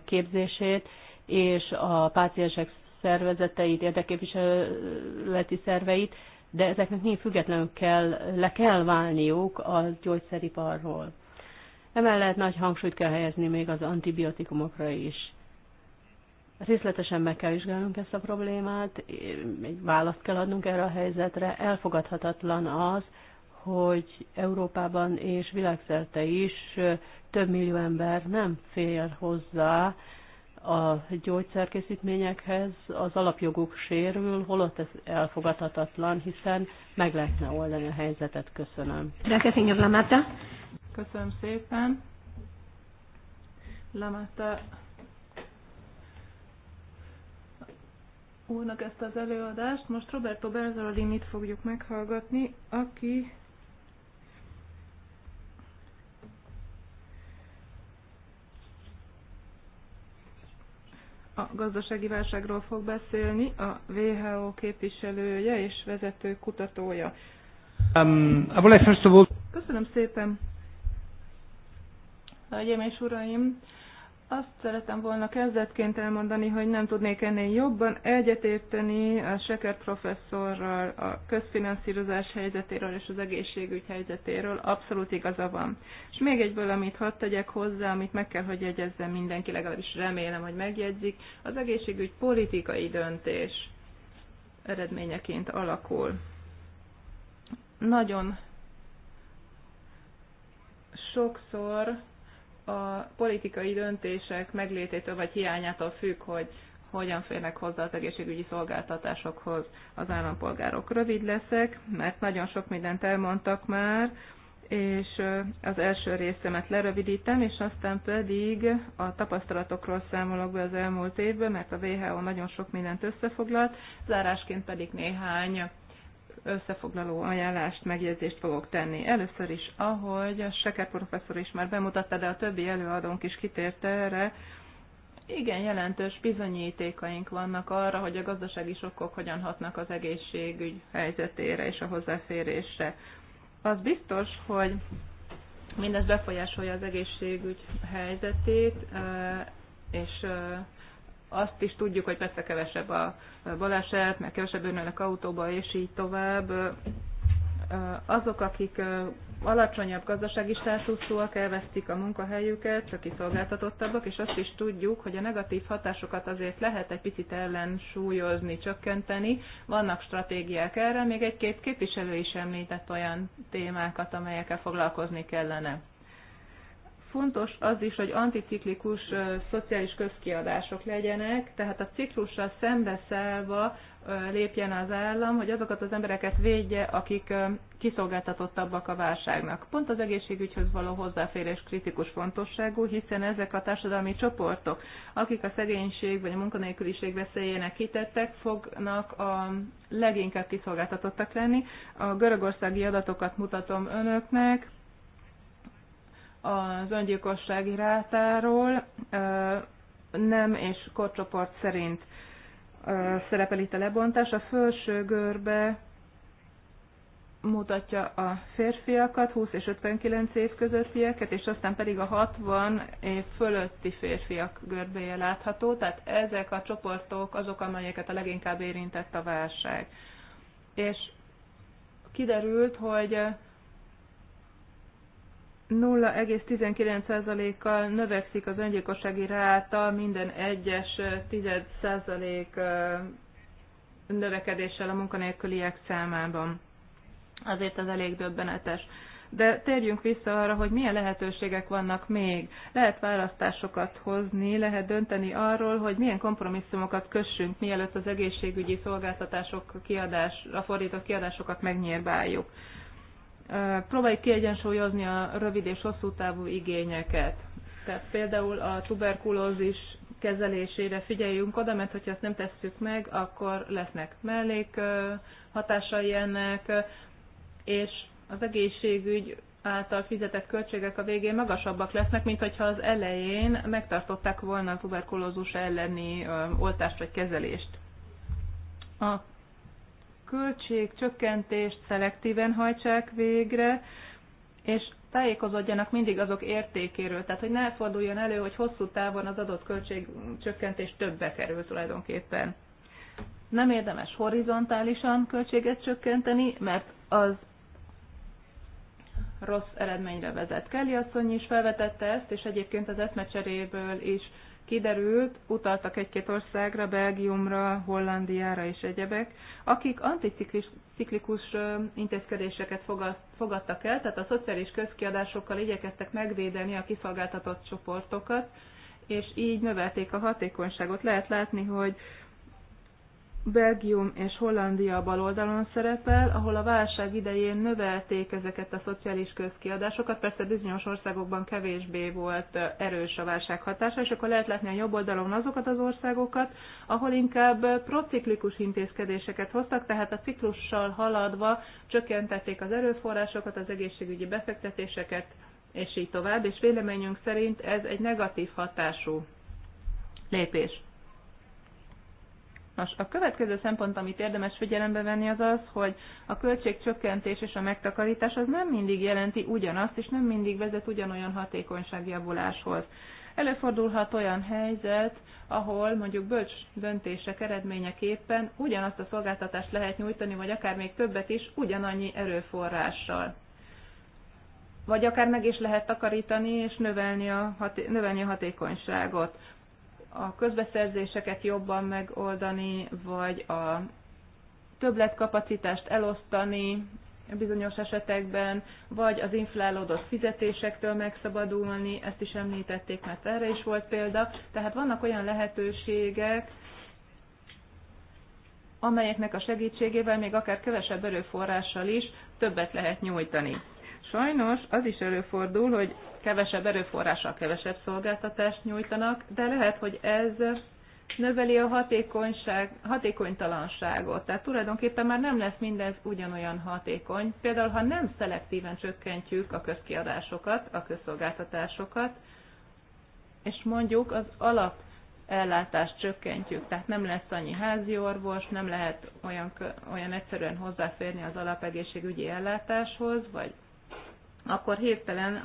képzését és a páciensek szervezeteit, érdekképviseleti szerveit, de ezeknek mind függetlenül kell, le kell válniuk a gyógyszeriparról. Emellett nagy hangsúlyt kell helyezni még az antibiotikumokra is. Részletesen meg kell vizsgálnunk ezt a problémát, egy választ kell adnunk erre a helyzetre. Elfogadhatatlan az, hogy Európában és világszerte is több millió ember nem fér hozzá a gyógyszerkészítményekhez, az alapjoguk sérül, holott ez elfogadhatatlan, hiszen meg lehetne oldani a helyzetet. Köszönöm. Köszönöm szépen. Lamata úrnak ezt az előadást. Most Roberto Berzalinit fogjuk meghallgatni, aki a gazdasági válságról fog beszélni, a WHO képviselője és vezető kutatója. Um, first of all... Köszönöm szépen. Hölgyeim és uraim, azt szeretem volna kezdetként elmondani, hogy nem tudnék ennél jobban egyetérteni a Seker professzorral a közfinanszírozás helyzetéről és az egészségügy helyzetéről. Abszolút igaza van. És még egy valamit hadd tegyek hozzá, amit meg kell, hogy jegyezzem mindenki, legalábbis remélem, hogy megjegyzik. Az egészségügy politikai döntés eredményeként alakul. Nagyon sokszor a politikai döntések meglététől vagy hiányától függ, hogy hogyan férnek hozzá az egészségügyi szolgáltatásokhoz az állampolgárok. Rövid leszek, mert nagyon sok mindent elmondtak már, és az első részemet lerövidítem, és aztán pedig a tapasztalatokról számolok be az elmúlt évben, mert a WHO nagyon sok mindent összefoglalt, zárásként pedig néhány összefoglaló ajánlást, megjegyzést fogok tenni. Először is, ahogy a Seker professzor is már bemutatta, de a többi előadónk is kitért erre, igen, jelentős bizonyítékaink vannak arra, hogy a gazdasági sokkok hogyan hatnak az egészségügy helyzetére és a hozzáférésre. Az biztos, hogy mindez befolyásolja az egészségügy helyzetét, és azt is tudjuk, hogy persze kevesebb a baleset, mert kevesebb önnek autóba, és így tovább. Azok, akik alacsonyabb gazdasági státuszúak elvesztik a munkahelyüket, csak kiszolgáltatottabbak, és azt is tudjuk, hogy a negatív hatásokat azért lehet egy picit ellensúlyozni, csökkenteni. Vannak stratégiák erre, még egy-két képviselő is említett olyan témákat, amelyekkel foglalkozni kellene fontos az is, hogy anticiklikus szociális közkiadások legyenek, tehát a ciklussal szembeszállva lépjen az állam, hogy azokat az embereket védje, akik kiszolgáltatottabbak a válságnak. Pont az egészségügyhöz való hozzáférés kritikus fontosságú, hiszen ezek a társadalmi csoportok, akik a szegénység vagy a munkanélküliség veszélyének kitettek, fognak a leginkább kiszolgáltatottak lenni. A görögországi adatokat mutatom önöknek, az öngyilkossági rátáról nem és korcsoport szerint szerepel itt a lebontás. A felső görbe mutatja a férfiakat, 20 és 59 év közöttieket, és aztán pedig a 60 év fölötti férfiak görbéje látható, tehát ezek a csoportok azok, amelyeket a leginkább érintett a válság. És kiderült, hogy 0,19%-kal növekszik az öngyilkossági ráta minden egyes 10% növekedéssel a munkanélküliek számában. Azért az elég döbbenetes. De térjünk vissza arra, hogy milyen lehetőségek vannak még. Lehet választásokat hozni, lehet dönteni arról, hogy milyen kompromisszumokat kössünk, mielőtt az egészségügyi szolgáltatások kiadás, a fordított kiadásokat megnyírbáljuk próbáljuk kiegyensúlyozni a rövid és hosszú távú igényeket. Tehát például a tuberkulózis kezelésére figyeljünk oda, mert hogyha ezt nem tesszük meg, akkor lesznek mellék hatásai ennek, és az egészségügy által fizetett költségek a végén magasabbak lesznek, mint hogyha az elején megtartották volna a tuberkulózus elleni oltást vagy kezelést. A költségcsökkentést szelektíven hajtsák végre, és tájékozódjanak mindig azok értékéről, tehát hogy ne forduljon elő, hogy hosszú távon az adott költségcsökkentés többbe kerül tulajdonképpen. Nem érdemes horizontálisan költséget csökkenteni, mert az rossz eredményre vezet. Kelly asszony is felvetette ezt, és egyébként az eszmecseréből is kiderült, utaltak egy-két országra, Belgiumra, Hollandiára és egyebek, akik anticiklikus intézkedéseket fogadtak el, tehát a szociális közkiadásokkal igyekeztek megvédeni a kiszolgáltatott csoportokat, és így növelték a hatékonyságot. Lehet látni, hogy Belgium és Hollandia baloldalon szerepel, ahol a válság idején növelték ezeket a szociális közkiadásokat, persze bizonyos országokban kevésbé volt erős a válság hatása, és akkor lehet látni a jobb oldalon azokat az országokat, ahol inkább prociklikus intézkedéseket hoztak, tehát a ciklussal haladva csökkentették az erőforrásokat, az egészségügyi befektetéseket, és így tovább, és véleményünk szerint ez egy negatív hatású lépés. Nos, a következő szempont, amit érdemes figyelembe venni, az az, hogy a költségcsökkentés és a megtakarítás az nem mindig jelenti ugyanazt, és nem mindig vezet ugyanolyan hatékonyságjavuláshoz. Előfordulhat olyan helyzet, ahol mondjuk bölcs döntések eredményeképpen ugyanazt a szolgáltatást lehet nyújtani, vagy akár még többet is, ugyanannyi erőforrással. Vagy akár meg is lehet takarítani és növelni a, haté- növelni a hatékonyságot a közbeszerzéseket jobban megoldani, vagy a többletkapacitást elosztani bizonyos esetekben, vagy az inflálódott fizetésektől megszabadulni, ezt is említették, mert erre is volt példa. Tehát vannak olyan lehetőségek, amelyeknek a segítségével még akár kevesebb erőforrással is többet lehet nyújtani. Sajnos az is előfordul, hogy kevesebb erőforrással kevesebb szolgáltatást nyújtanak, de lehet, hogy ez növeli a hatékonyság, hatékonytalanságot. Tehát tulajdonképpen már nem lesz mindez ugyanolyan hatékony. Például, ha nem szelektíven csökkentjük a közkiadásokat, a közszolgáltatásokat, és mondjuk az alap ellátást csökkentjük, tehát nem lesz annyi házi orvos, nem lehet olyan, olyan egyszerűen hozzáférni az alapegészségügyi ellátáshoz, vagy akkor hirtelen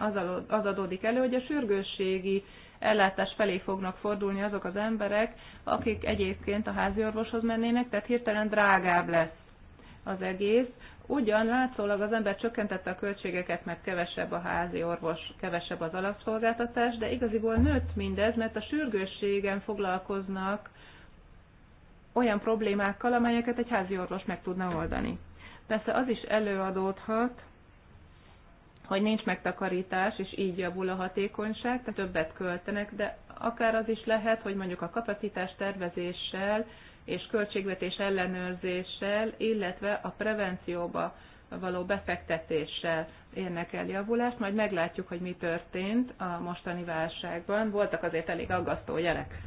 az, adódik elő, hogy a sürgősségi ellátás felé fognak fordulni azok az emberek, akik egyébként a háziorvoshoz mennének, tehát hirtelen drágább lesz az egész. Ugyan látszólag az ember csökkentette a költségeket, mert kevesebb a házi orvos, kevesebb az alapszolgáltatás, de igaziból nőtt mindez, mert a sürgősségen foglalkoznak olyan problémákkal, amelyeket egy házi orvos meg tudna oldani. Persze az is előadódhat, hogy nincs megtakarítás, és így javul a hatékonyság, tehát többet költenek, de akár az is lehet, hogy mondjuk a kapacitás tervezéssel és költségvetés ellenőrzéssel, illetve a prevencióba való befektetéssel érnek el javulást, majd meglátjuk, hogy mi történt a mostani válságban. Voltak azért elég aggasztó jelek.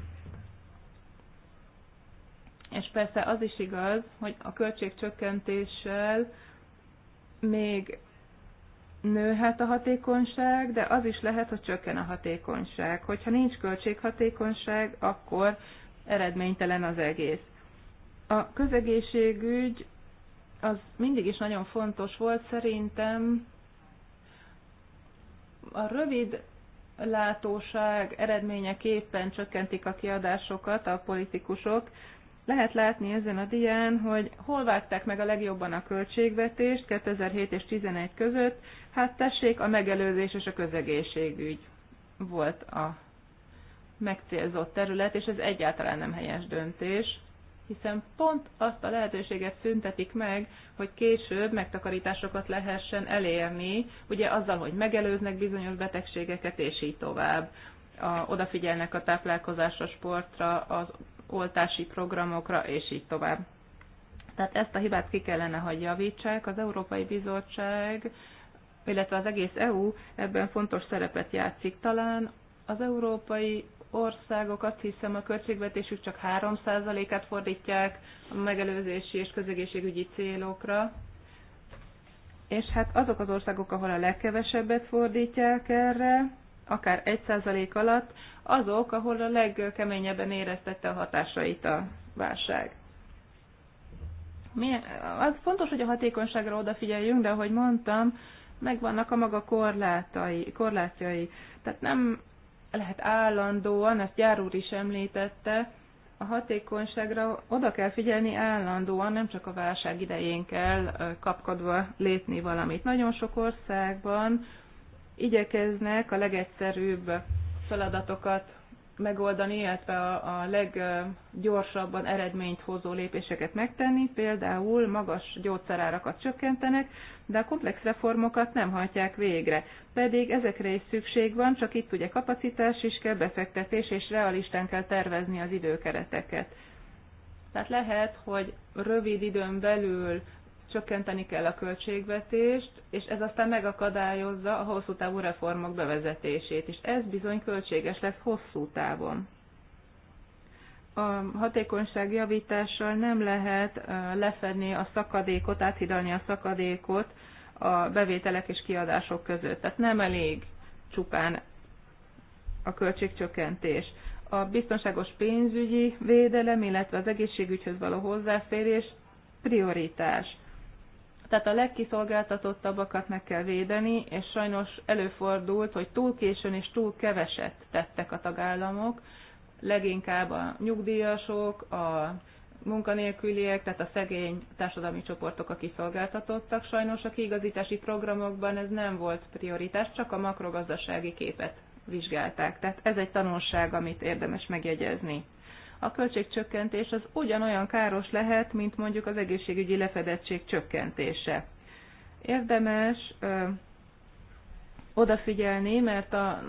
És persze az is igaz, hogy a költségcsökkentéssel még nőhet a hatékonyság, de az is lehet, hogy csökken a hatékonyság. Hogyha nincs költséghatékonyság, akkor eredménytelen az egész. A közegészségügy az mindig is nagyon fontos volt szerintem. A rövid látóság eredményeképpen csökkentik a kiadásokat a politikusok. Lehet látni ezen a dián, hogy hol vágták meg a legjobban a költségvetést 2007 és 2011 között, Hát tessék, a megelőzés és a közegészségügy volt a megcélzott terület, és ez egyáltalán nem helyes döntés, hiszen pont azt a lehetőséget szüntetik meg, hogy később megtakarításokat lehessen elérni, ugye azzal, hogy megelőznek bizonyos betegségeket, és így tovább. A, odafigyelnek a táplálkozásra, sportra, az oltási programokra, és így tovább. Tehát ezt a hibát ki kellene, hogy javítsák. Az Európai Bizottság illetve az egész EU ebben fontos szerepet játszik. Talán az európai országok azt hiszem a költségvetésük csak 3%-át fordítják a megelőzési és közegészségügyi célokra, és hát azok az országok, ahol a legkevesebbet fordítják erre, akár 1% alatt, azok, ahol a legkeményebben éreztette a hatásait a válság. Milyen, az fontos, hogy a hatékonyságra odafigyeljünk, de ahogy mondtam, megvannak a maga korlátai, korlátjai. Tehát nem lehet állandóan, ezt Gyár úr is említette, a hatékonyságra oda kell figyelni állandóan, nem csak a válság idején kell kapkodva lépni valamit. Nagyon sok országban igyekeznek a legegyszerűbb feladatokat megoldani, illetve a, a leggyorsabban eredményt hozó lépéseket megtenni, például magas gyógyszerárakat csökkentenek, de a komplex reformokat nem hajtják végre. Pedig ezekre is szükség van, csak itt ugye kapacitás is kell, befektetés, és realistán kell tervezni az időkereteket. Tehát lehet, hogy rövid időn belül csökkenteni kell a költségvetést, és ez aztán megakadályozza a hosszú távú reformok bevezetését, és ez bizony költséges lesz hosszú távon. A hatékonyság javítással nem lehet lefedni a szakadékot, áthidalni a szakadékot a bevételek és kiadások között. Tehát nem elég csupán a költségcsökkentés a biztonságos pénzügyi védelem, illetve az egészségügyhöz való hozzáférés prioritás. Tehát a legkiszolgáltatottabbakat meg kell védeni, és sajnos előfordult, hogy túl későn és túl keveset tettek a tagállamok, leginkább a nyugdíjasok, a munkanélküliek, tehát a szegény társadalmi csoportok a kiszolgáltatottak. Sajnos a kiigazítási programokban ez nem volt prioritás, csak a makrogazdasági képet vizsgálták. Tehát ez egy tanulság, amit érdemes megjegyezni a költségcsökkentés az ugyanolyan káros lehet, mint mondjuk az egészségügyi lefedettség csökkentése. Érdemes ö, odafigyelni, mert a,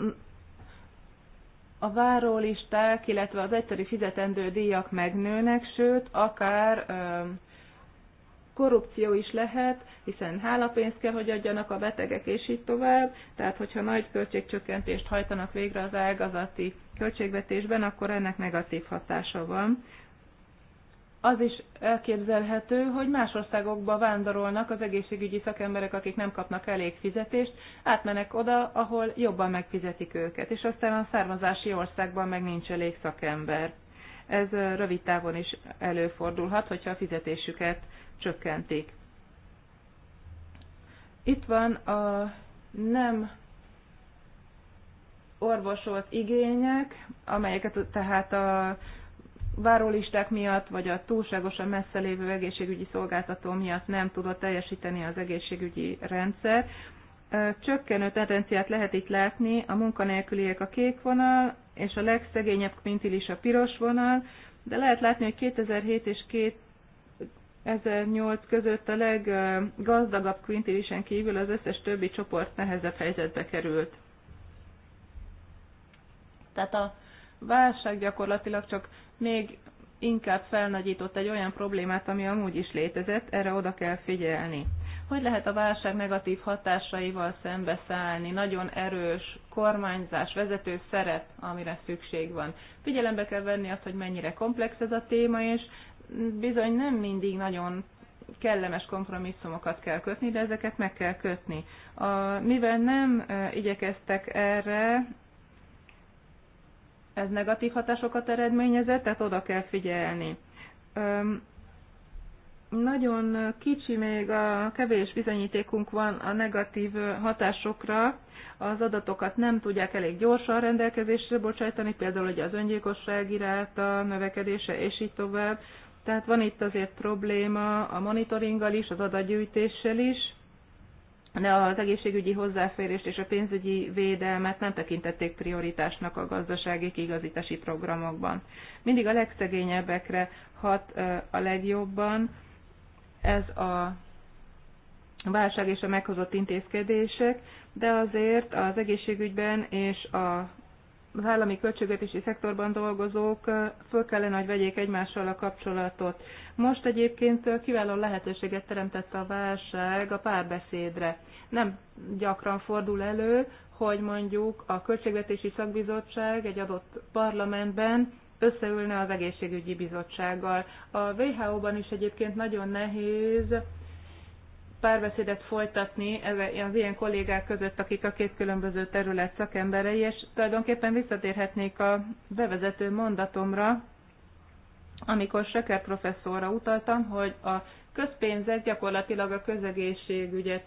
a várólisták, illetve az egyszerű fizetendő díjak megnőnek, sőt, akár ö, korrupció is lehet, hiszen hálapénzt kell, hogy adjanak a betegek, és így tovább. Tehát, hogyha nagy költségcsökkentést hajtanak végre az ágazati költségvetésben, akkor ennek negatív hatása van. Az is elképzelhető, hogy más országokba vándorolnak az egészségügyi szakemberek, akik nem kapnak elég fizetést, átmenek oda, ahol jobban megfizetik őket, és aztán a származási országban meg nincs elég szakember. Ez rövid távon is előfordulhat, hogyha a fizetésüket csökkentik. Itt van a nem orvosolt igények, amelyeket tehát a várólisták miatt, vagy a túlságosan messze lévő egészségügyi szolgáltató miatt nem tudott teljesíteni az egészségügyi rendszer. Csökkenő tendenciát lehet itt látni, a munkanélküliek a kék vonal, és a legszegényebb kvintilis a piros vonal, de lehet látni, hogy 2007 és 2008 között a leggazdagabb kvintilisen kívül az összes többi csoport nehezebb helyzetbe került. Tehát a válság gyakorlatilag csak még inkább felnagyított egy olyan problémát, ami amúgy is létezett, erre oda kell figyelni. Hogy lehet a válság negatív hatásaival szembeszállni? Nagyon erős kormányzás, vezető szeret, amire szükség van. Figyelembe kell venni azt, hogy mennyire komplex ez a téma, és bizony nem mindig nagyon kellemes kompromisszumokat kell kötni, de ezeket meg kell kötni. A, mivel nem igyekeztek erre ez negatív hatásokat eredményezett, tehát oda kell figyelni. Nagyon kicsi még a kevés bizonyítékunk van a negatív hatásokra, az adatokat nem tudják elég gyorsan rendelkezésre bocsájtani, például hogy az öngyilkosság a növekedése és így tovább. Tehát van itt azért probléma a monitoringgal is, az adatgyűjtéssel is, de az egészségügyi hozzáférést és a pénzügyi védelmet nem tekintették prioritásnak a gazdasági kiigazítási programokban. Mindig a legszegényebbekre hat a legjobban ez a válság és a meghozott intézkedések, de azért az egészségügyben és a az állami költségvetési szektorban dolgozók föl kellene, hogy vegyék egymással a kapcsolatot. Most egyébként kiváló lehetőséget teremtett a válság a párbeszédre. Nem gyakran fordul elő, hogy mondjuk a Költségvetési Szakbizottság egy adott parlamentben összeülne az egészségügyi bizottsággal. A WHO-ban is egyébként nagyon nehéz párbeszédet folytatni az ilyen kollégák között, akik a két különböző terület szakemberei, és tulajdonképpen visszatérhetnék a bevezető mondatomra, amikor Seker professzorra utaltam, hogy a közpénzek gyakorlatilag a közegészségügyet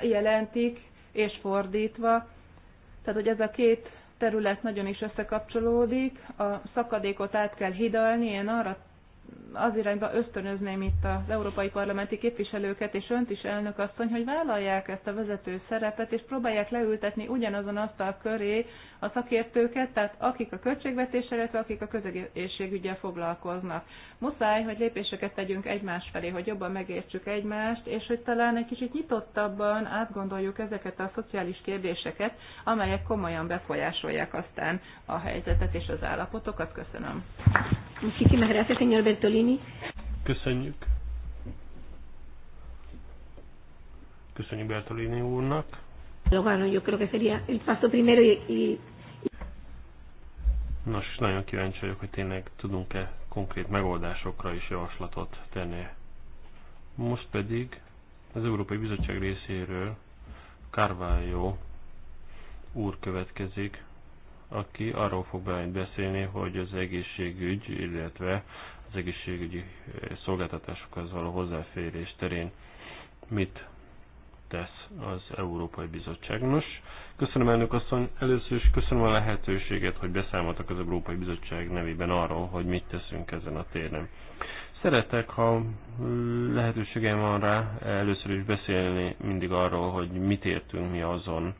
jelentik, és fordítva. Tehát, hogy ez a két terület nagyon is összekapcsolódik, a szakadékot át kell hidalni, én arra az irányba ösztönözném itt az európai parlamenti képviselőket, és önt is elnök asszony, hogy vállalják ezt a vezető szerepet, és próbálják leültetni ugyanazon asztal köré a szakértőket, tehát akik a költségvetéssel, illetve akik a közegészségügyel foglalkoznak. Muszáj, hogy lépéseket tegyünk egymás felé, hogy jobban megértsük egymást, és hogy talán egy kicsit nyitottabban átgondoljuk ezeket a szociális kérdéseket, amelyek komolyan befolyásolják aztán a helyzetet és az állapotokat. Köszönöm. Köszönöm. Bertolini. Köszönjük. Köszönjük Bertolini úrnak. Logano, yo creo que sería el paso primero y, y... Nos, nagyon kíváncsi vagyok, hogy tényleg tudunk-e konkrét megoldásokra is javaslatot tenni. Most pedig az Európai Bizottság részéről Carvalho úr következik, aki arról fog beszélni, hogy az egészségügy, illetve az egészségügyi szolgáltatásokhoz való hozzáférés terén mit tesz az Európai Bizottság. Nos, köszönöm elnök asszony, először is köszönöm a lehetőséget, hogy beszámoltak az Európai Bizottság nevében arról, hogy mit teszünk ezen a téren. Szeretek, ha lehetőségem van rá, először is beszélni mindig arról, hogy mit értünk mi azon,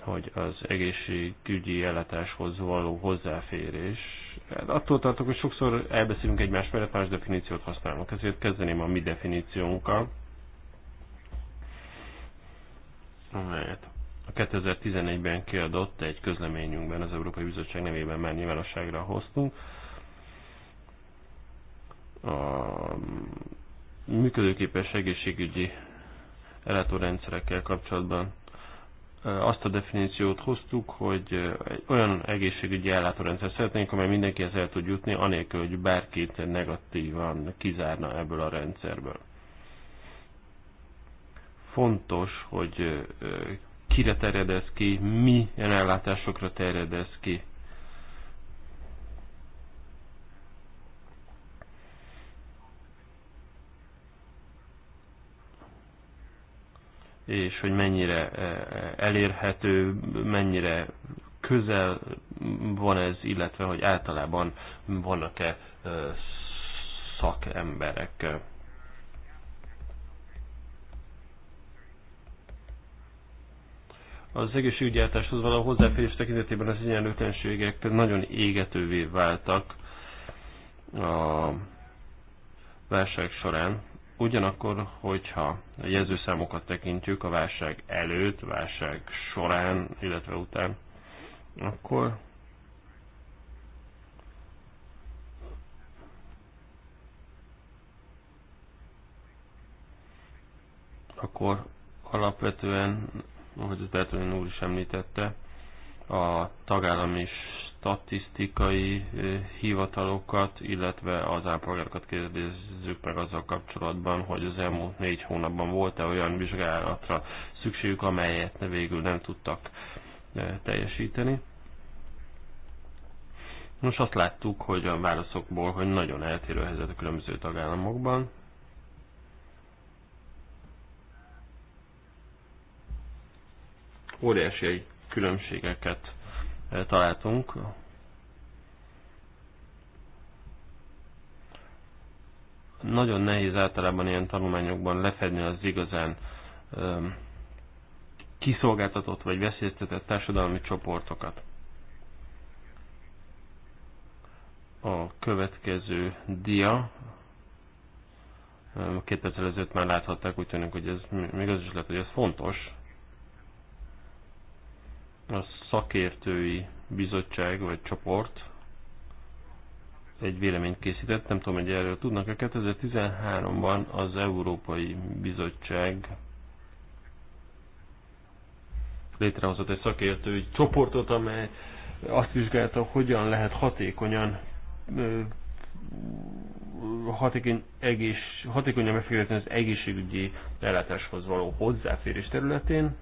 hogy az egészségügyi ellátáshoz való hozzáférés attól tartok, hogy sokszor elbeszélünk egymás mellett, más definíciót használunk. Ezért kezdeném a mi definíciónkkal, amelyet a 2011-ben kiadott egy közleményünkben az Európai Bizottság nevében már nyilvánosságra hoztunk. A működőképes egészségügyi ellátórendszerekkel kapcsolatban azt a definíciót hoztuk, hogy egy olyan egészségügyi ellátórendszer szeretnénk, amely mindenkihez el tud jutni, anélkül, hogy bárkit negatívan kizárna ebből a rendszerből. Fontos, hogy kire terjed ez ki, milyen ellátásokra terjed ez ki, és hogy mennyire eh, eh, elérhető, mennyire közel van ez, illetve hogy általában vannak-e eh, szakemberek. Az egészségügyártáshoz való hozzáférés tekintetében az egyenlőtlenségek nagyon égetővé váltak a válság során. Ugyanakkor, hogyha a jelzőszámokat tekintjük a válság előtt, válság során, illetve után, akkor akkor alapvetően, ahogy az Bertolin úr is említette, a tagállami statisztikai hivatalokat, illetve az állapolgárokat kérdezzük meg azzal kapcsolatban, hogy az elmúlt négy hónapban volt-e olyan vizsgálatra szükségük, amelyet végül nem tudtak teljesíteni. Most azt láttuk, hogy a válaszokból, hogy nagyon eltérő helyzet a különböző tagállamokban. Óriási különbségeket találtunk. Nagyon nehéz általában ilyen tanulmányokban lefedni az igazán kiszolgáltatott vagy veszélyeztetett társadalmi csoportokat. A következő dia, két perccel ezelőtt már láthatták, úgy tűnik, hogy ez még az is lehet, hogy ez fontos, a szakértői bizottság vagy csoport egy véleményt készített, nem tudom, hogy erről tudnak-e. 2013-ban az Európai Bizottság létrehozott egy szakértői csoportot, amely azt vizsgálta, hogyan lehet hatékonyan hatékony egész, hatékonyan megfigyelni az egészségügyi ellátáshoz való hozzáférés területén,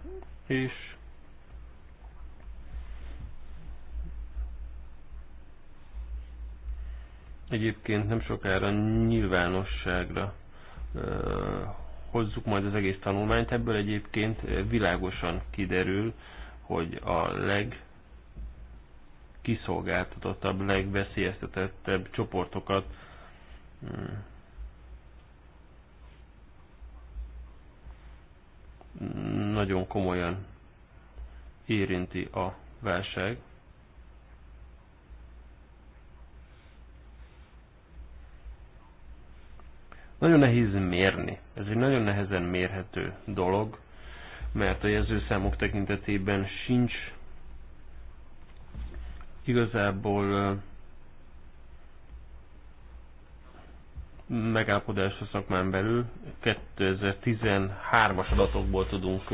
és Egyébként nem sokára nyilvánosságra hozzuk majd az egész tanulmányt. Ebből egyébként világosan kiderül, hogy a leg kiszolgáltatottabb, legveszélyeztetettebb csoportokat nagyon komolyan érinti a válság. Nagyon nehéz mérni. Ez egy nagyon nehezen mérhető dolog, mert a jelzőszámok tekintetében sincs igazából megállapodás a szakmán belül. 2013-as adatokból tudunk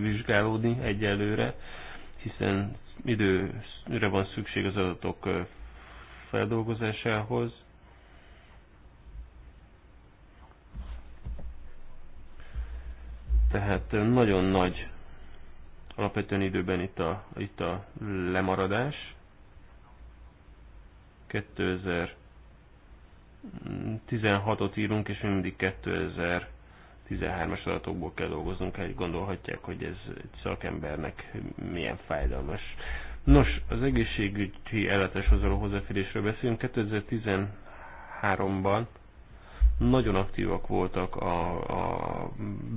vizsgálódni egyelőre, hiszen időre van szükség az adatok feldolgozásához. Tehát nagyon nagy alapvetően időben itt a, itt a lemaradás. 2016-ot írunk, és mindig 2013-as adatokból kell dolgoznunk, hát gondolhatják, hogy ez egy szakembernek milyen fájdalmas. Nos, az egészségügyi ellátáshoz való hozzáférésről beszélünk. 2013-ban nagyon aktívak voltak a, a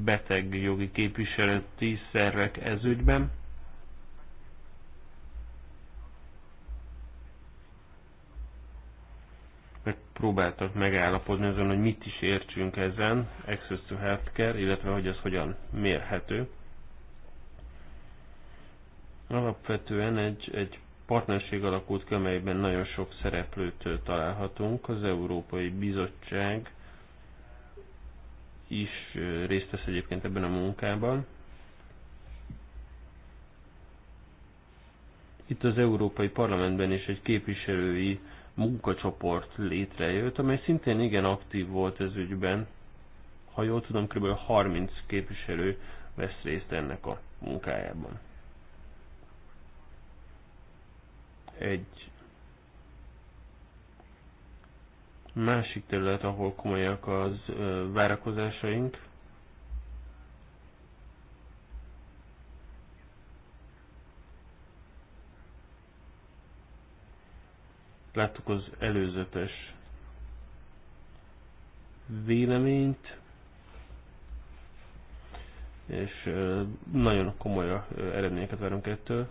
beteg jogi képviseleti szervek ezügyben. megpróbáltak megállapodni azon, hogy mit is értsünk ezen, access to healthcare, illetve hogy ez hogyan mérhető. Alapvetően egy, egy partnerség alakult ki, amelyben nagyon sok szereplőt találhatunk. Az Európai Bizottság is részt vesz egyébként ebben a munkában. Itt az Európai Parlamentben is egy képviselői munkacsoport létrejött, amely szintén igen aktív volt ez ügyben. Ha jól tudom, kb. 30 képviselő vesz részt ennek a munkájában. Egy Másik terület, ahol komolyak az várakozásaink, láttuk az előzetes véleményt, és nagyon komoly eredményeket várunk ettől.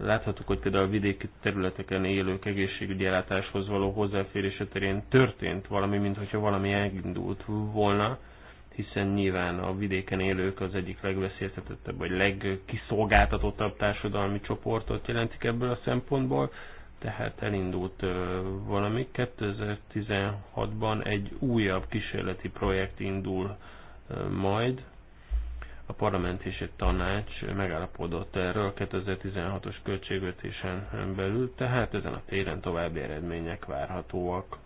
Láthatjuk, hogy például a vidéki területeken élők egészségügyi ellátáshoz való hozzáférése terén történt valami, mintha valami elindult volna, hiszen nyilván a vidéken élők az egyik legveszélyeztetettebb vagy legkiszolgáltatottabb társadalmi csoportot jelentik ebből a szempontból, tehát elindult valami. 2016-ban egy újabb kísérleti projekt indul majd, a parlament és a tanács megállapodott erről 2016-os költségvetésen belül, tehát ezen a téren további eredmények várhatóak.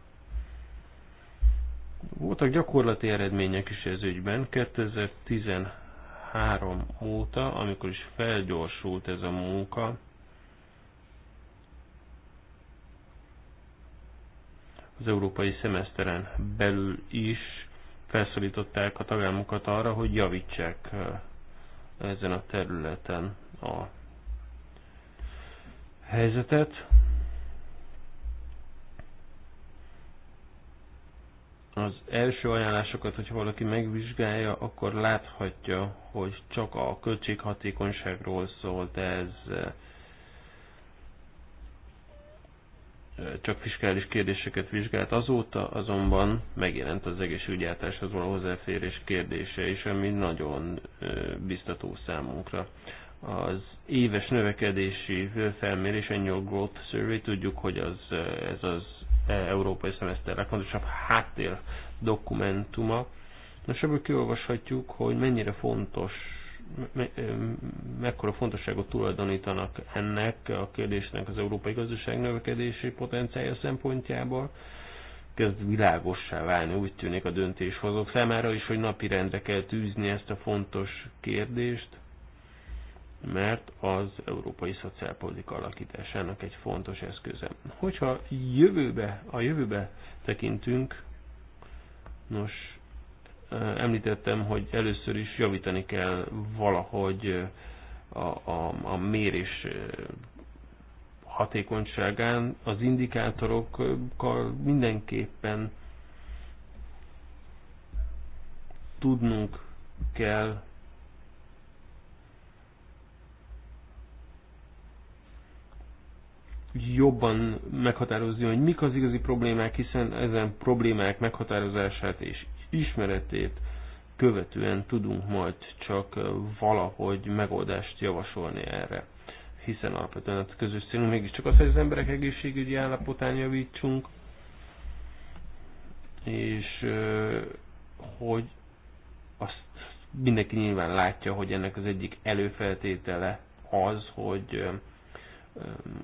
Voltak gyakorlati eredmények is ez ügyben. 2013 óta, amikor is felgyorsult ez a munka, az európai szemeszteren belül is felszólították a tagállamokat arra, hogy javítsák ezen a területen a helyzetet. Az első ajánlásokat, hogyha valaki megvizsgálja, akkor láthatja, hogy csak a költséghatékonyságról szólt ez, csak fiskális kérdéseket vizsgált. Azóta azonban megjelent az egészségügyártáshoz való hozzáférés kérdése is, ami nagyon biztató számunkra. Az éves növekedési felmérés, Annual Growth Survey, tudjuk, hogy az, ez az e, európai szemeszter legfontosabb háttér dokumentuma. Most ebből kiolvashatjuk, hogy mennyire fontos me, mekkora fontosságot tulajdonítanak ennek a kérdésnek az európai gazdaság növekedési potenciája szempontjából. Kezd világossá válni, úgy tűnik a döntéshozók számára is, hogy rendre kell tűzni ezt a fontos kérdést, mert az európai szociálpolitika alakításának egy fontos eszköze. Hogyha jövőbe, a jövőbe tekintünk, nos, említettem, hogy először is javítani kell valahogy a, a, a mérés hatékonyságán, az indikátorokkal mindenképpen tudnunk kell jobban meghatározni, hogy mik az igazi problémák, hiszen ezen problémák meghatározását és ismeretét követően tudunk majd csak valahogy megoldást javasolni erre. Hiszen alapvetően a közös célunk mégiscsak az, hogy az emberek egészségügyi állapotán javítsunk, és hogy azt mindenki nyilván látja, hogy ennek az egyik előfeltétele az, hogy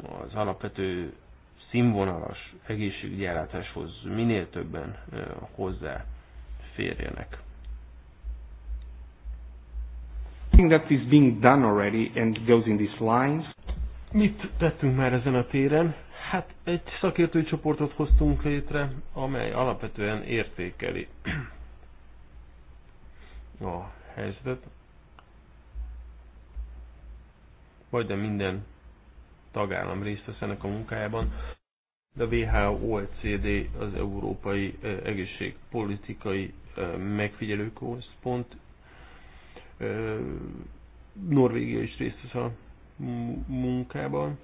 az alapvető színvonalas egészségügyi ellátáshoz minél többen hozzá Think That is being done already and goes in these lines. Mit tettünk már ezen a téren? Hát egy szakértői csoportot hoztunk létre, amely alapvetően értékeli a helyzetet. Majdnem minden tagállam részt vesz ennek a munkájában, de a WHO, OECD, az Európai eh, Egészségpolitikai megfigyelő központ. Norvégia is részt vesz a munkában.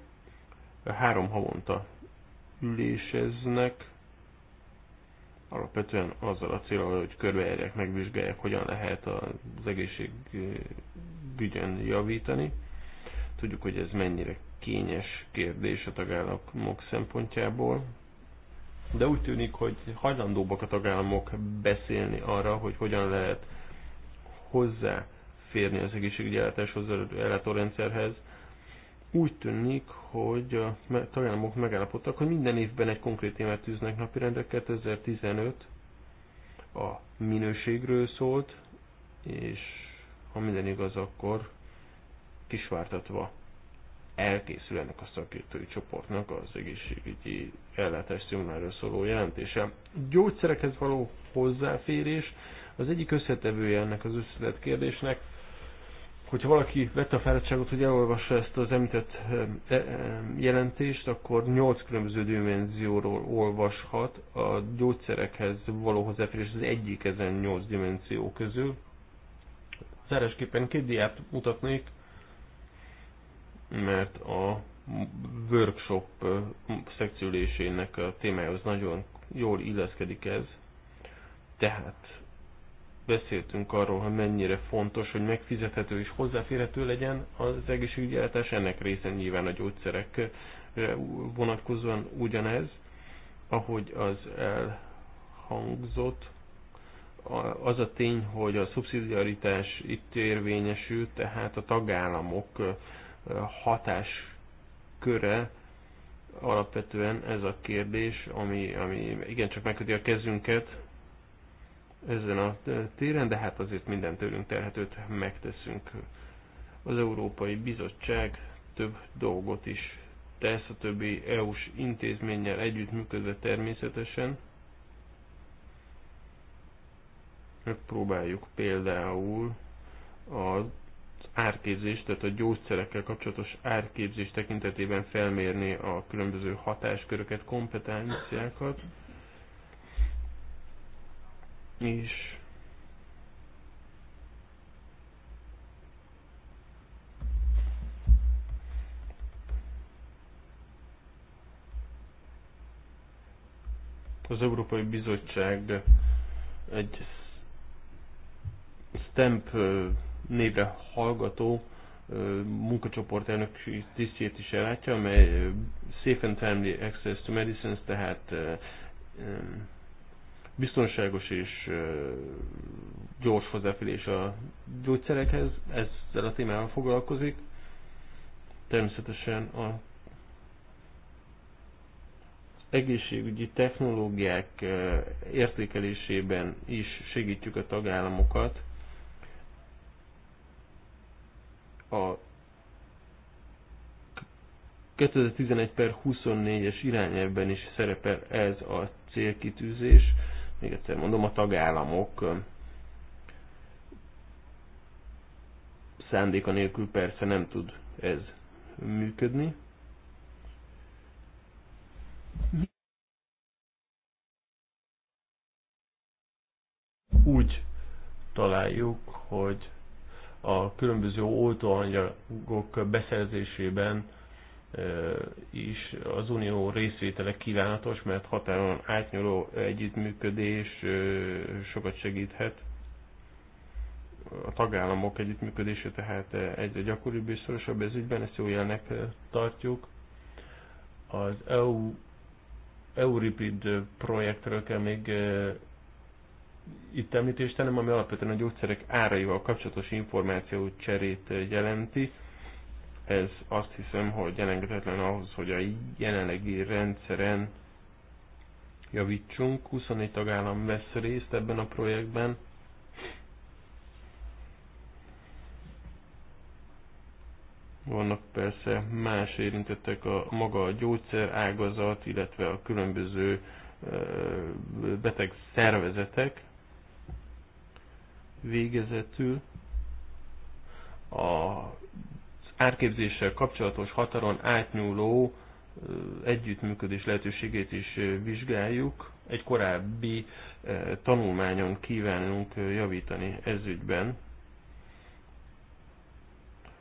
Három havonta üléseznek, alapvetően azzal a célral, hogy körbejárják, megvizsgálják, hogyan lehet az egészségügyen javítani. Tudjuk, hogy ez mennyire kényes kérdés a tagállamok szempontjából de úgy tűnik, hogy hajlandóbbak a tagállamok beszélni arra, hogy hogyan lehet hozzáférni az egészségügyi ellátáshoz, ellátórendszerhez. Úgy tűnik, hogy a tagállamok megállapodtak, hogy minden évben egy konkrét témát tűznek napirendre. 2015 a minőségről szólt, és ha minden igaz, akkor kisvártatva elkészül ennek a szakértői csoportnak az egészségügyi ellátás szimuláról szóló jelentése. Gyógyszerekhez való hozzáférés az egyik összetevője ennek az összetett kérdésnek, Hogyha valaki vette a fáradtságot, hogy elolvassa ezt az említett e, e, jelentést, akkor 8 különböző dimenzióról olvashat. A gyógyszerekhez való hozzáférés az egyik ezen 8 dimenzió közül. Zárásképpen két diát mutatnék, mert a workshop szekciülésének a témájához nagyon jól illeszkedik ez. Tehát beszéltünk arról, hogy mennyire fontos, hogy megfizethető és hozzáférhető legyen az egészségügyi ellátás, ennek része nyilván a gyógyszerek vonatkozóan ugyanez, ahogy az elhangzott, az a tény, hogy a szubszidiaritás itt érvényesül, tehát a tagállamok hatás köre alapvetően ez a kérdés, ami, ami igencsak megköti a kezünket ezen a téren, de hát azért minden tőlünk terhetőt megteszünk. Az Európai Bizottság több dolgot is tesz a többi EU-s intézménnyel együttműködve természetesen. Megpróbáljuk például a árképzést, tehát a gyógyszerekkel kapcsolatos árképzés tekintetében felmérni a különböző hatásköröket, kompetenciákat, és az Európai Bizottság egy STEMP névre hallgató munkacsoport elnök tisztjét is ellátja, amely Safe and Family Access to Medicines, tehát biztonságos és gyors hozzáférés a gyógyszerekhez, ezzel a témával foglalkozik. Természetesen a egészségügyi technológiák értékelésében is segítjük a tagállamokat, a 2011 per 24-es irányelvben is szerepel ez a célkitűzés. Még egyszer mondom, a tagállamok szándéka nélkül persze nem tud ez működni. Úgy találjuk, hogy a különböző oltóanyagok beszerzésében is az unió részvétele kívánatos, mert határon átnyúló együttműködés sokat segíthet. A tagállamok együttműködése tehát egyre gyakoribb és szorosabb ez ügyben, ezt jó jelnek tartjuk. Az EU Euripid projektről kell még itt említést tennem, ami alapvetően a gyógyszerek áraival kapcsolatos információ cserét jelenti. Ez azt hiszem, hogy elengedhetetlen ahhoz, hogy a jelenlegi rendszeren javítsunk. 24 tagállam vesz részt ebben a projektben. Vannak persze más érintettek a maga a gyógyszer ágazat, illetve a különböző beteg szervezetek, Végezetül az árképzéssel kapcsolatos határon átnyúló együttműködés lehetőségét is vizsgáljuk. Egy korábbi tanulmányon kívánunk javítani ezügyben.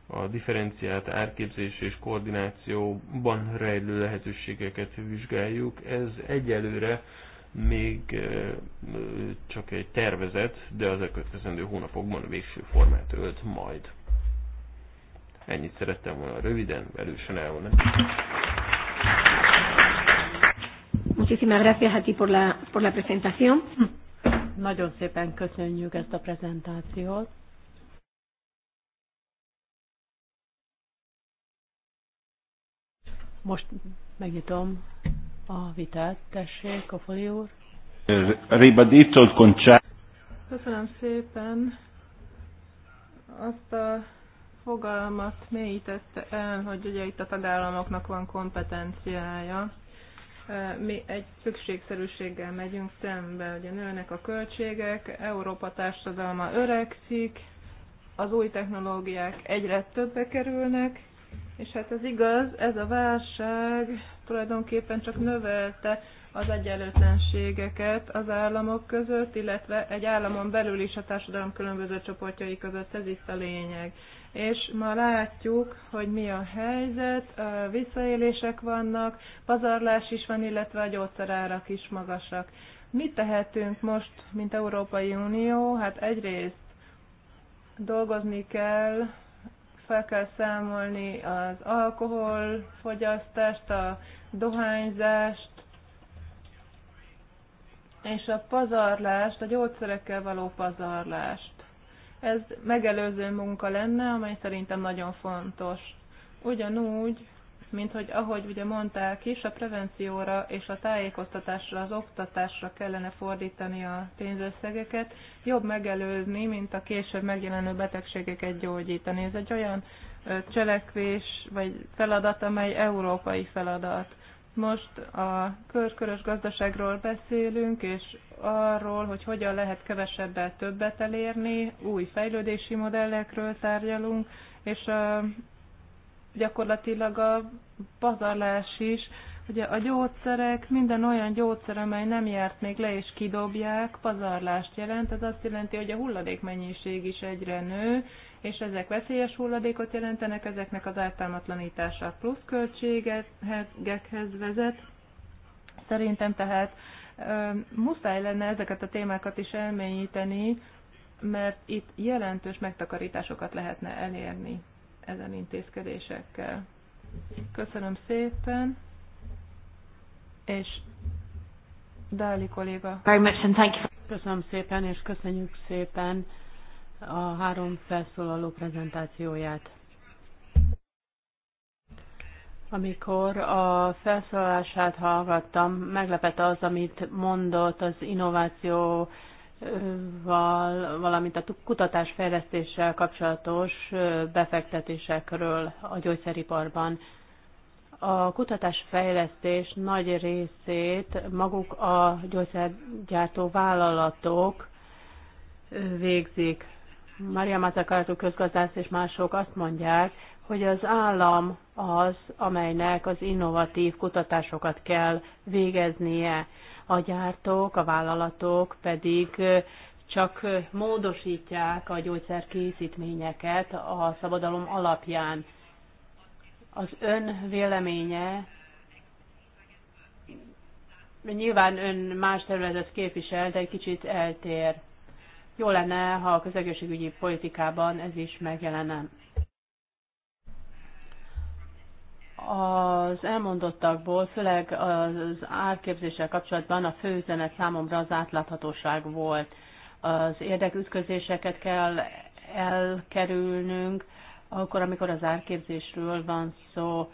A differenciált árképzés és koordinációban rejlő lehetőségeket vizsgáljuk. Ez egyelőre még csak egy tervezet, de az elkövetkezendő hónapokban végső formát ölt majd. Ennyit szerettem volna röviden, erősen elmondani. Muchísimas gracias a ti por la, por la presentación. Nagyon szépen köszönjük ezt a prezentációt. Most megnyitom a vitát. Tessék, a foli úr. Köszönöm szépen. Azt a fogalmat mélyítette el, hogy ugye itt a tagállamoknak van kompetenciája. Mi egy szükségszerűséggel megyünk szembe, ugye nőnek a költségek, Európa társadalma öregszik, az új technológiák egyre többbe kerülnek, és hát ez igaz, ez a válság tulajdonképpen csak növelte az egyenlőtlenségeket az államok között, illetve egy államon belül is a társadalom különböző csoportjai között, ez itt a lényeg. És ma látjuk, hogy mi a helyzet, visszaélések vannak, pazarlás is van, illetve a gyógyszerárak is magasak. Mit tehetünk most, mint Európai Unió? Hát egyrészt dolgozni kell fel kell számolni az alkoholfogyasztást, a dohányzást, és a pazarlást, a gyógyszerekkel való pazarlást. Ez megelőző munka lenne, amely szerintem nagyon fontos. Ugyanúgy, mint hogy ahogy ugye mondták is, a prevencióra és a tájékoztatásra, az oktatásra kellene fordítani a pénzösszegeket, jobb megelőzni, mint a később megjelenő betegségeket gyógyítani. Ez egy olyan cselekvés vagy feladat, amely európai feladat. Most a körkörös gazdaságról beszélünk, és arról, hogy hogyan lehet kevesebbel többet elérni, új fejlődési modellekről tárgyalunk, és gyakorlatilag a pazarlás is. Ugye a gyógyszerek, minden olyan gyógyszer, amely nem járt még le és kidobják, pazarlást jelent. Ez azt jelenti, hogy a hulladék mennyiség is egyre nő, és ezek veszélyes hulladékot jelentenek, ezeknek az ártalmatlanítása plusz költségekhez vezet. Szerintem tehát muszáj lenne ezeket a témákat is elmélyíteni, mert itt jelentős megtakarításokat lehetne elérni ezen intézkedésekkel. Köszönöm szépen, és Dáli kolléga. Very much and thank you. Köszönöm szépen, és köszönjük szépen a három felszólaló prezentációját. Amikor a felszólalását hallgattam, meglepett az, amit mondott az innováció val, valamint a fejlesztéssel kapcsolatos befektetésekről a gyógyszeriparban. A kutatásfejlesztés nagy részét maguk a gyógyszergyártó vállalatok végzik. Maria Mazzacato közgazdász és mások azt mondják, hogy az állam az, amelynek az innovatív kutatásokat kell végeznie a gyártók, a vállalatok pedig csak módosítják a gyógyszerkészítményeket a szabadalom alapján. Az ön véleménye nyilván ön más területet képvisel, de egy kicsit eltér. Jó lenne, ha a közegészségügyi politikában ez is megjelenne. Az elmondottakból, főleg az árképzéssel kapcsolatban a fő üzenet számomra az átláthatóság volt. Az érdekütközéseket kell elkerülnünk, akkor, amikor az árképzésről van szó.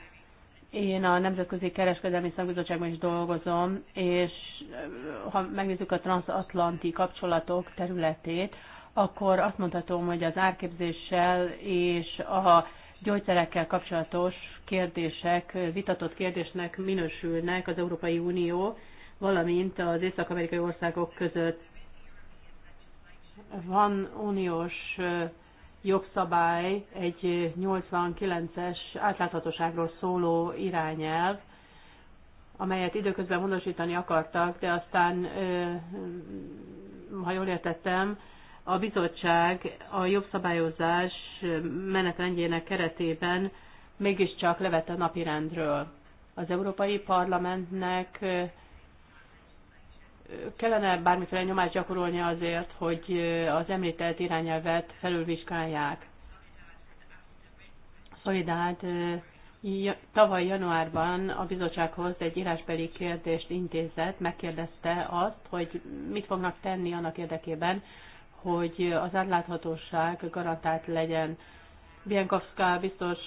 Én a Nemzetközi Kereskedelmi Szakbizottságban is dolgozom, és ha megnézzük a transatlanti kapcsolatok területét, akkor azt mondhatom, hogy az árképzéssel és a gyógyszerekkel kapcsolatos kérdések, vitatott kérdésnek minősülnek az Európai Unió, valamint az észak-amerikai országok között. Van uniós jogszabály, egy 89-es átláthatóságról szóló irányelv, amelyet időközben módosítani akartak, de aztán, ha jól értettem, a bizottság a jobb szabályozás menetrendjének keretében mégiscsak levette napirendről. Az Európai Parlamentnek kellene bármiféle nyomást gyakorolni azért, hogy az említett irányelvet felülvizsgálják. Szolidált tavaly januárban a bizottsághoz egy írásbeli kérdést intézett, megkérdezte azt, hogy mit fognak tenni annak érdekében, hogy az átláthatóság garantált legyen. Bienkowska biztos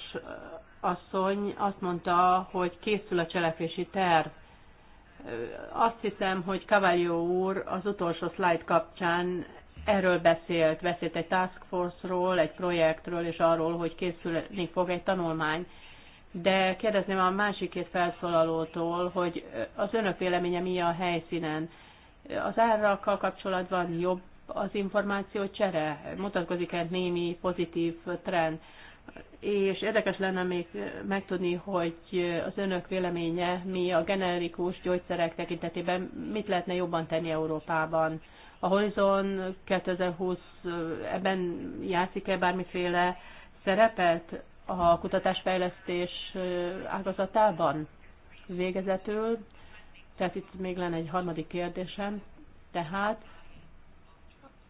asszony azt mondta, hogy készül a cselekvési terv. Azt hiszem, hogy Cavaglio úr az utolsó slide kapcsán erről beszélt, beszélt egy task force-ról, egy projektről, és arról, hogy készülni fog egy tanulmány. De kérdezném a másik két felszólalótól, hogy az önök véleménye mi a helyszínen. Az árakkal kapcsolatban jobb az információ csere, mutatkozik egy némi pozitív trend, és érdekes lenne még megtudni, hogy az önök véleménye mi a generikus gyógyszerek tekintetében mit lehetne jobban tenni Európában. A Horizon 2020 ebben játszik-e bármiféle szerepet a kutatásfejlesztés ágazatában? Végezetül, tehát itt még lenne egy harmadik kérdésem, tehát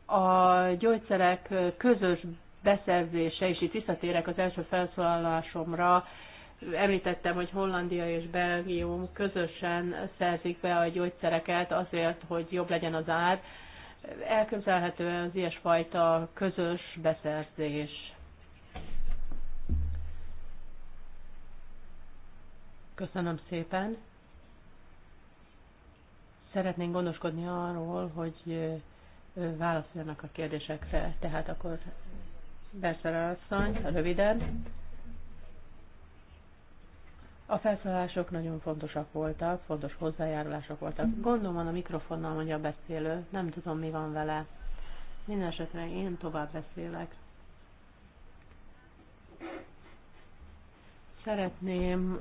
a gyógyszerek közös beszerzése, és itt visszatérek az első felszólalásomra, említettem, hogy Hollandia és Belgium közösen szerzik be a gyógyszereket azért, hogy jobb legyen az ár. Elképzelhető az ilyesfajta közös beszerzés. Köszönöm szépen. Szeretnénk gondoskodni arról, hogy válaszoljanak a kérdésekre. Tehát akkor Berszara asszony, röviden. A felszólások nagyon fontosak voltak, fontos hozzájárulások voltak. Gondolom, van a mikrofonnal, mondja a beszélő, nem tudom, mi van vele. Minden esetre én tovább beszélek. Szeretném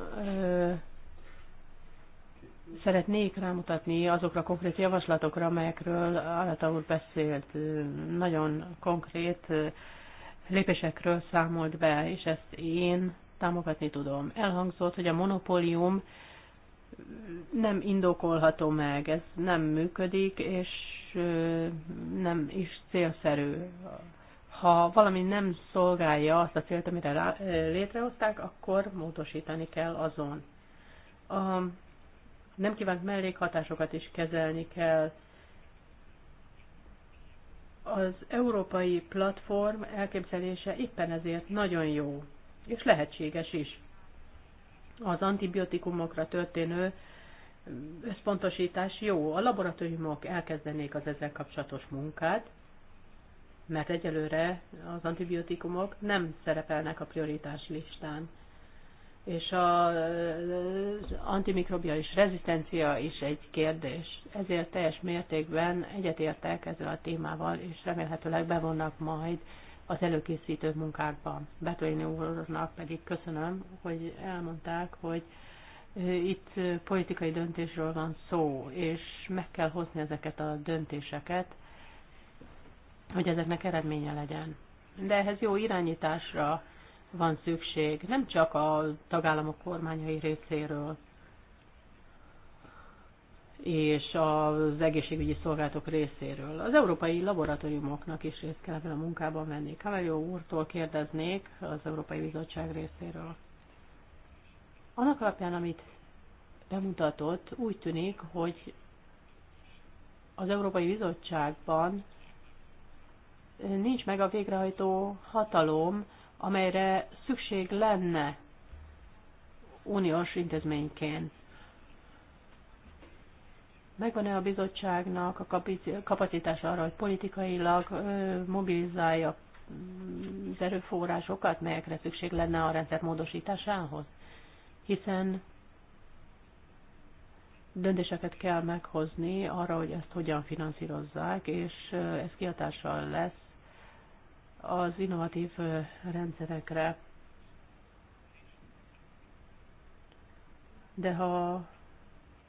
Szeretnék rámutatni azokra a konkrét javaslatokra, amelyekről Alata úr beszélt. Nagyon konkrét lépésekről számolt be, és ezt én támogatni tudom. Elhangzott, hogy a monopólium nem indokolható meg, ez nem működik, és nem is célszerű. Ha valami nem szolgálja azt a célt, amire létrehozták, akkor módosítani kell azon. A nem kívánt mellékhatásokat is kezelni kell. Az európai platform elképzelése éppen ezért nagyon jó, és lehetséges is. Az antibiotikumokra történő összpontosítás jó. A laboratóriumok elkezdenék az ezzel kapcsolatos munkát, mert egyelőre az antibiotikumok nem szerepelnek a prioritás listán és az antimikrobiális rezisztencia is egy kérdés. Ezért teljes mértékben egyetértek ezzel a témával, és remélhetőleg bevonnak majd az előkészítő munkákban. Betléni úrnak pedig köszönöm, hogy elmondták, hogy itt politikai döntésről van szó, és meg kell hozni ezeket a döntéseket, hogy ezeknek eredménye legyen. De ehhez jó irányításra, van szükség, nem csak a tagállamok kormányai részéről és az egészségügyi szolgálatok részéről. Az európai laboratóriumoknak is részt kell ebben a munkában venni. Kavajó úrtól kérdeznék az Európai Bizottság részéről. Annak alapján, amit bemutatott, úgy tűnik, hogy az Európai Bizottságban nincs meg a végrehajtó hatalom, amelyre szükség lenne uniós intézményként. Megvan-e a bizottságnak a kapacitása arra, hogy politikailag mobilizálja az mm, erőforrásokat, melyekre szükség lenne a rendszer módosításához? Hiszen döntéseket kell meghozni arra, hogy ezt hogyan finanszírozzák, és ez kihatással lesz az innovatív rendszerekre. De ha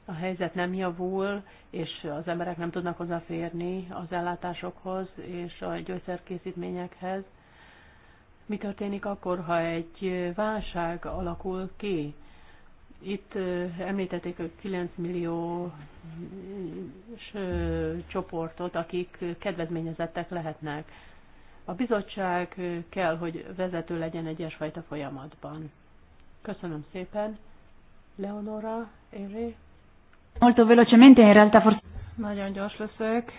a helyzet nem javul, és az emberek nem tudnak hozzáférni az ellátásokhoz és a gyógyszerkészítményekhez, mi történik akkor, ha egy válság alakul ki? Itt említették a 9 millió csoportot, akik kedvezményezettek lehetnek. A bizottság kell, hogy vezető legyen egy ilyesfajta folyamatban. Köszönöm szépen. Leonora, Éri. Molto velocemente, in realtà forse... Nagyon gyors leszek.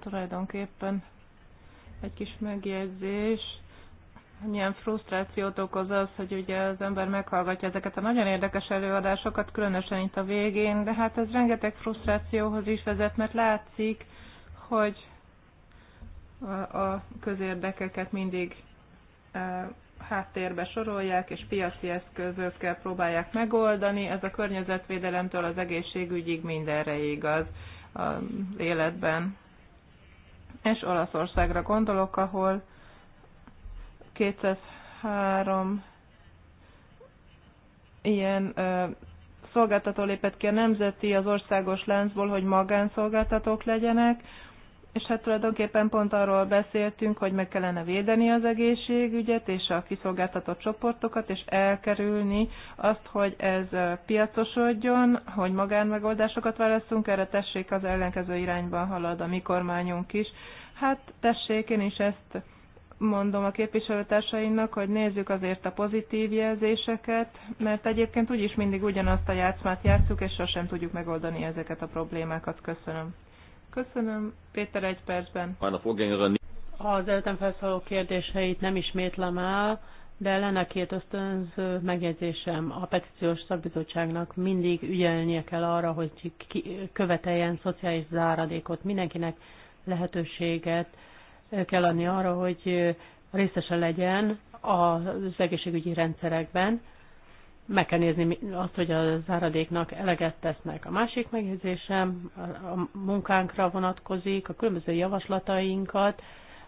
Tulajdonképpen egy kis megjegyzés milyen frusztrációt okoz az, hogy ugye az ember meghallgatja ezeket a nagyon érdekes előadásokat, különösen itt a végén, de hát ez rengeteg frusztrációhoz is vezet, mert látszik, hogy a közérdekeket mindig e, háttérbe sorolják, és piaci eszközökkel próbálják megoldani. Ez a környezetvédelemtől az egészségügyig mindenre igaz az életben. És Olaszországra gondolok, ahol 203 ilyen ö, e, szolgáltató lépett ki a nemzeti, az országos láncból, hogy magánszolgáltatók legyenek, és hát tulajdonképpen pont arról beszéltünk, hogy meg kellene védeni az egészségügyet és a kiszolgáltatott csoportokat, és elkerülni azt, hogy ez piacosodjon, hogy magánmegoldásokat választunk, erre tessék az ellenkező irányba halad a mi kormányunk is. Hát tessék, én is ezt mondom a képviselőtársaimnak, hogy nézzük azért a pozitív jelzéseket, mert egyébként úgyis mindig ugyanazt a játszmát játszuk, és sosem tudjuk megoldani ezeket a problémákat. Köszönöm. Köszönöm. Péter egy percben. Az előttem felszóló kérdéseit nem ismétlem el, de lenne két ösztönző megjegyzésem. A petíciós szakbizottságnak mindig ügyelnie kell arra, hogy követeljen szociális záradékot. Mindenkinek lehetőséget kell adni arra, hogy részese legyen az egészségügyi rendszerekben meg kell nézni azt, hogy a záradéknak eleget tesznek. A másik megjegyzésem a munkánkra vonatkozik, a különböző javaslatainkat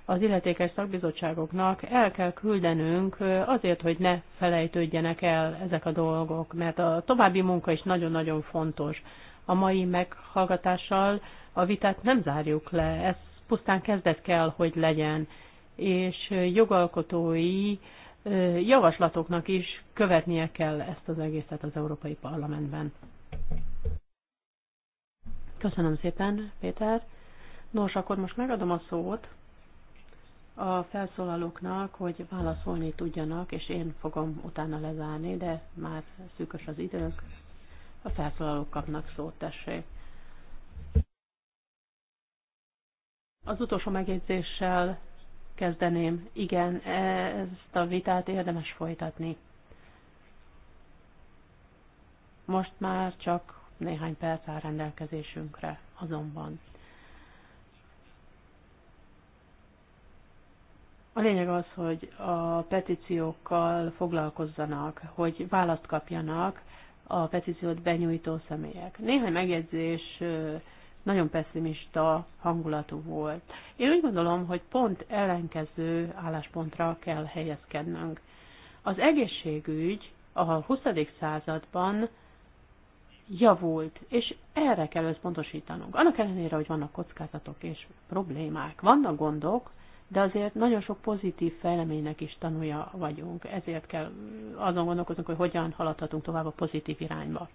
az illetékes szakbizottságoknak el kell küldenünk azért, hogy ne felejtődjenek el ezek a dolgok, mert a további munka is nagyon-nagyon fontos. A mai meghallgatással a vitát nem zárjuk le, ez pusztán kezdet kell, hogy legyen, és jogalkotói javaslatoknak is követnie kell ezt az egészet az Európai Parlamentben. Köszönöm szépen, Péter. Nos, akkor most megadom a szót a felszólalóknak, hogy válaszolni tudjanak, és én fogom utána lezárni, de már szűkös az időnk. A felszólalók kapnak szót, tessék. Az utolsó megjegyzéssel kezdeném. Igen, ezt a vitát érdemes folytatni. Most már csak néhány perc áll rendelkezésünkre azonban. A lényeg az, hogy a petíciókkal foglalkozzanak, hogy választ kapjanak a petíciót benyújtó személyek. Néhány megjegyzés nagyon pessimista hangulatú volt. Én úgy gondolom, hogy pont ellenkező álláspontra kell helyezkednünk. Az egészségügy a 20. században javult, és erre kell összpontosítanunk. Annak ellenére, hogy vannak kockázatok és problémák, vannak gondok, de azért nagyon sok pozitív fejleménynek is tanulja vagyunk, ezért kell azon gondolkozunk, hogy hogyan haladhatunk tovább a pozitív irányba.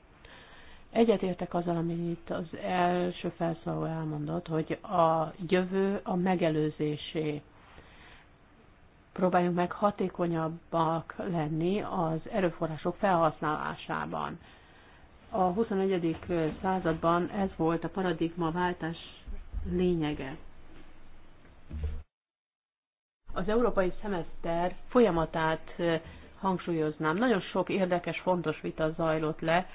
Egyetértek azzal, amit az első felszóló elmondott, hogy a jövő a megelőzésé. Próbáljunk meg hatékonyabbak lenni az erőforrások felhasználásában. A 21. században ez volt a paradigmaváltás lényege. Az európai szemeszter folyamatát hangsúlyoznám. Nagyon sok érdekes, fontos vita zajlott le,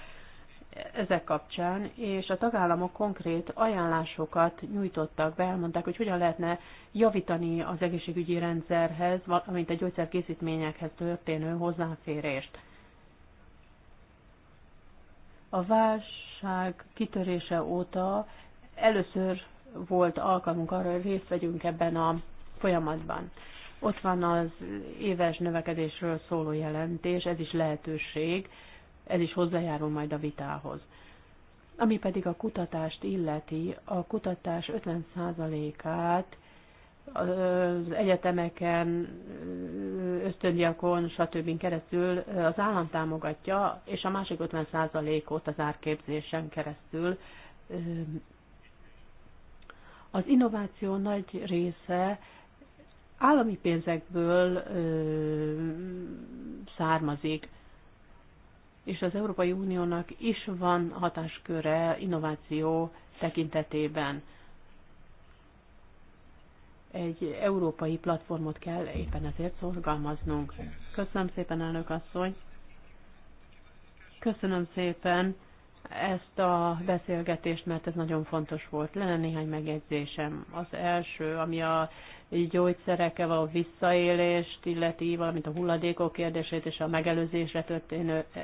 ezek kapcsán, és a tagállamok konkrét ajánlásokat nyújtottak be, elmondták, hogy hogyan lehetne javítani az egészségügyi rendszerhez, valamint a gyógyszerkészítményekhez történő hozzáférést. A válság kitörése óta először volt alkalmunk arra, hogy részt vegyünk ebben a folyamatban. Ott van az éves növekedésről szóló jelentés, ez is lehetőség, ez is hozzájárul majd a vitához. Ami pedig a kutatást illeti, a kutatás 50%-át az egyetemeken, ösztöndiakon, stb. keresztül az állam támogatja, és a másik 50%-ot az árképzésen keresztül. Az innováció nagy része állami pénzekből származik és az Európai Uniónak is van hatásköre innováció tekintetében. Egy európai platformot kell éppen ezért szorgalmaznunk. Köszönöm szépen, elnök asszony! Köszönöm szépen ezt a beszélgetést, mert ez nagyon fontos volt. Lenne néhány megjegyzésem. Az első, ami a gyógyszerekkel való visszaélést illeti, valamint a hulladékok kérdését és a megelőzésre történő eh,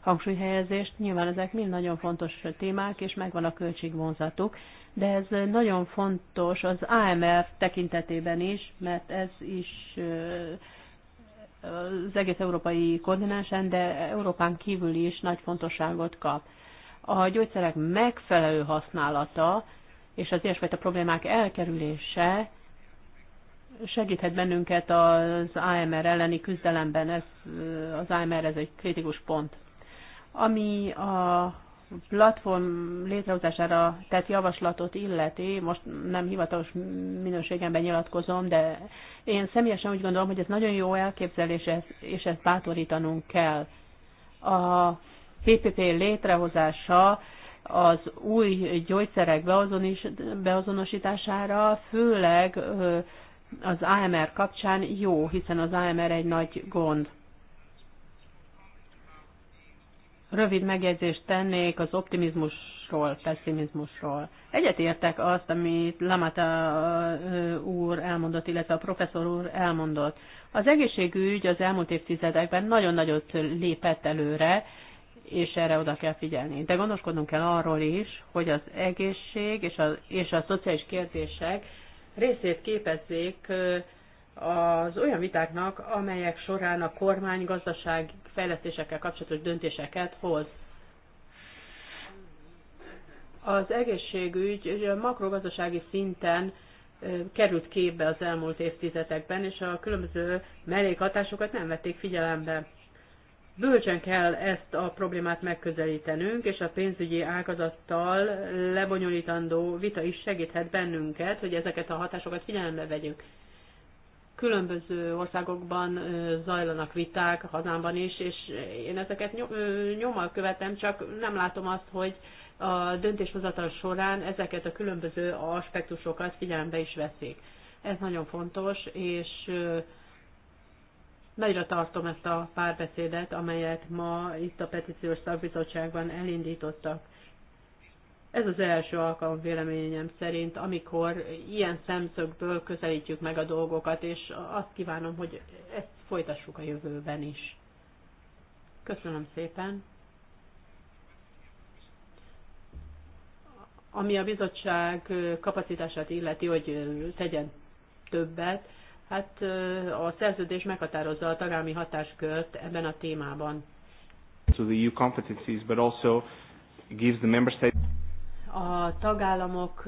hangsúlyhelyezést. Nyilván ezek mind nagyon fontos témák, és megvan a költségvonzatuk, de ez nagyon fontos az AMR tekintetében is, mert ez is eh, az egész európai koordinásán, de Európán kívül is nagy fontosságot kap a gyógyszerek megfelelő használata és az ilyesfajta problémák elkerülése segíthet bennünket az AMR elleni küzdelemben, ez, az AMR ez egy kritikus pont. Ami a platform létrehozására tett javaslatot illeti, most nem hivatalos minőségemben nyilatkozom, de én személyesen úgy gondolom, hogy ez nagyon jó elképzelés, és ezt bátorítanunk kell. A PPP létrehozása az új gyógyszerek beazonosítására, főleg az AMR kapcsán jó, hiszen az AMR egy nagy gond. Rövid megjegyzést tennék az optimizmusról, pessimizmusról. értek azt, amit Lamata úr elmondott, illetve a professzor úr elmondott. Az egészségügy az elmúlt évtizedekben nagyon nagyot lépett előre, és erre oda kell figyelni. De gondoskodnunk kell arról is, hogy az egészség és a, és a szociális kérdések részét képezzék az olyan vitáknak, amelyek során a kormány gazdaság fejlesztésekkel kapcsolatos döntéseket hoz. Az egészségügy makrogazdasági szinten került képbe az elmúlt évtizedekben, és a különböző mellékhatásokat nem vették figyelembe. Bölcsen kell ezt a problémát megközelítenünk, és a pénzügyi ágazattal lebonyolítandó vita is segíthet bennünket, hogy ezeket a hatásokat figyelembe vegyük. Különböző országokban zajlanak viták, hazámban is, és én ezeket nyommal követem, csak nem látom azt, hogy a döntéshozatal során ezeket a különböző aspektusokat figyelembe is veszik. Ez nagyon fontos, és Nagyra tartom ezt a párbeszédet, amelyet ma itt a petíciós szakbizottságban elindítottak. Ez az első alkalom véleményem szerint, amikor ilyen szemszögből közelítjük meg a dolgokat, és azt kívánom, hogy ezt folytassuk a jövőben is. Köszönöm szépen! Ami a bizottság kapacitását illeti, hogy tegyen többet, Hát a szerződés meghatározza a tagállami hatáskört ebben a témában. To the EU competencies, but also gives the member A tagállamok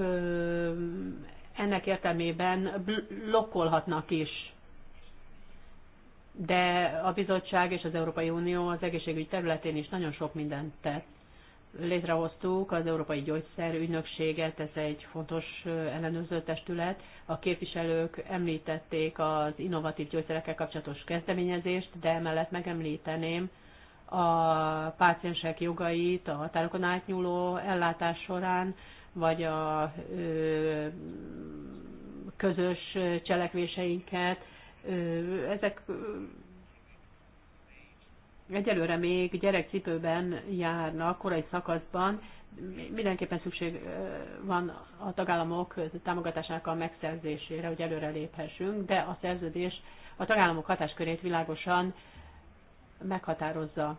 ennek értelmében blokkolhatnak is. De a bizottság és az Európai Unió az egészségügy területén is nagyon sok mindent tett létrehoztuk az Európai Ügynökséget, ez egy fontos ellenőrző testület. A képviselők említették az innovatív gyógyszerekkel kapcsolatos kezdeményezést, de emellett megemlíteném a páciensek jogait a határokon átnyúló ellátás során, vagy a közös cselekvéseinket. Ezek egyelőre még gyerekcipőben járnak, korai szakaszban, mindenképpen szükség van a tagállamok támogatásának a megszerzésére, hogy előre léphessünk, de a szerződés a tagállamok hatáskörét világosan meghatározza.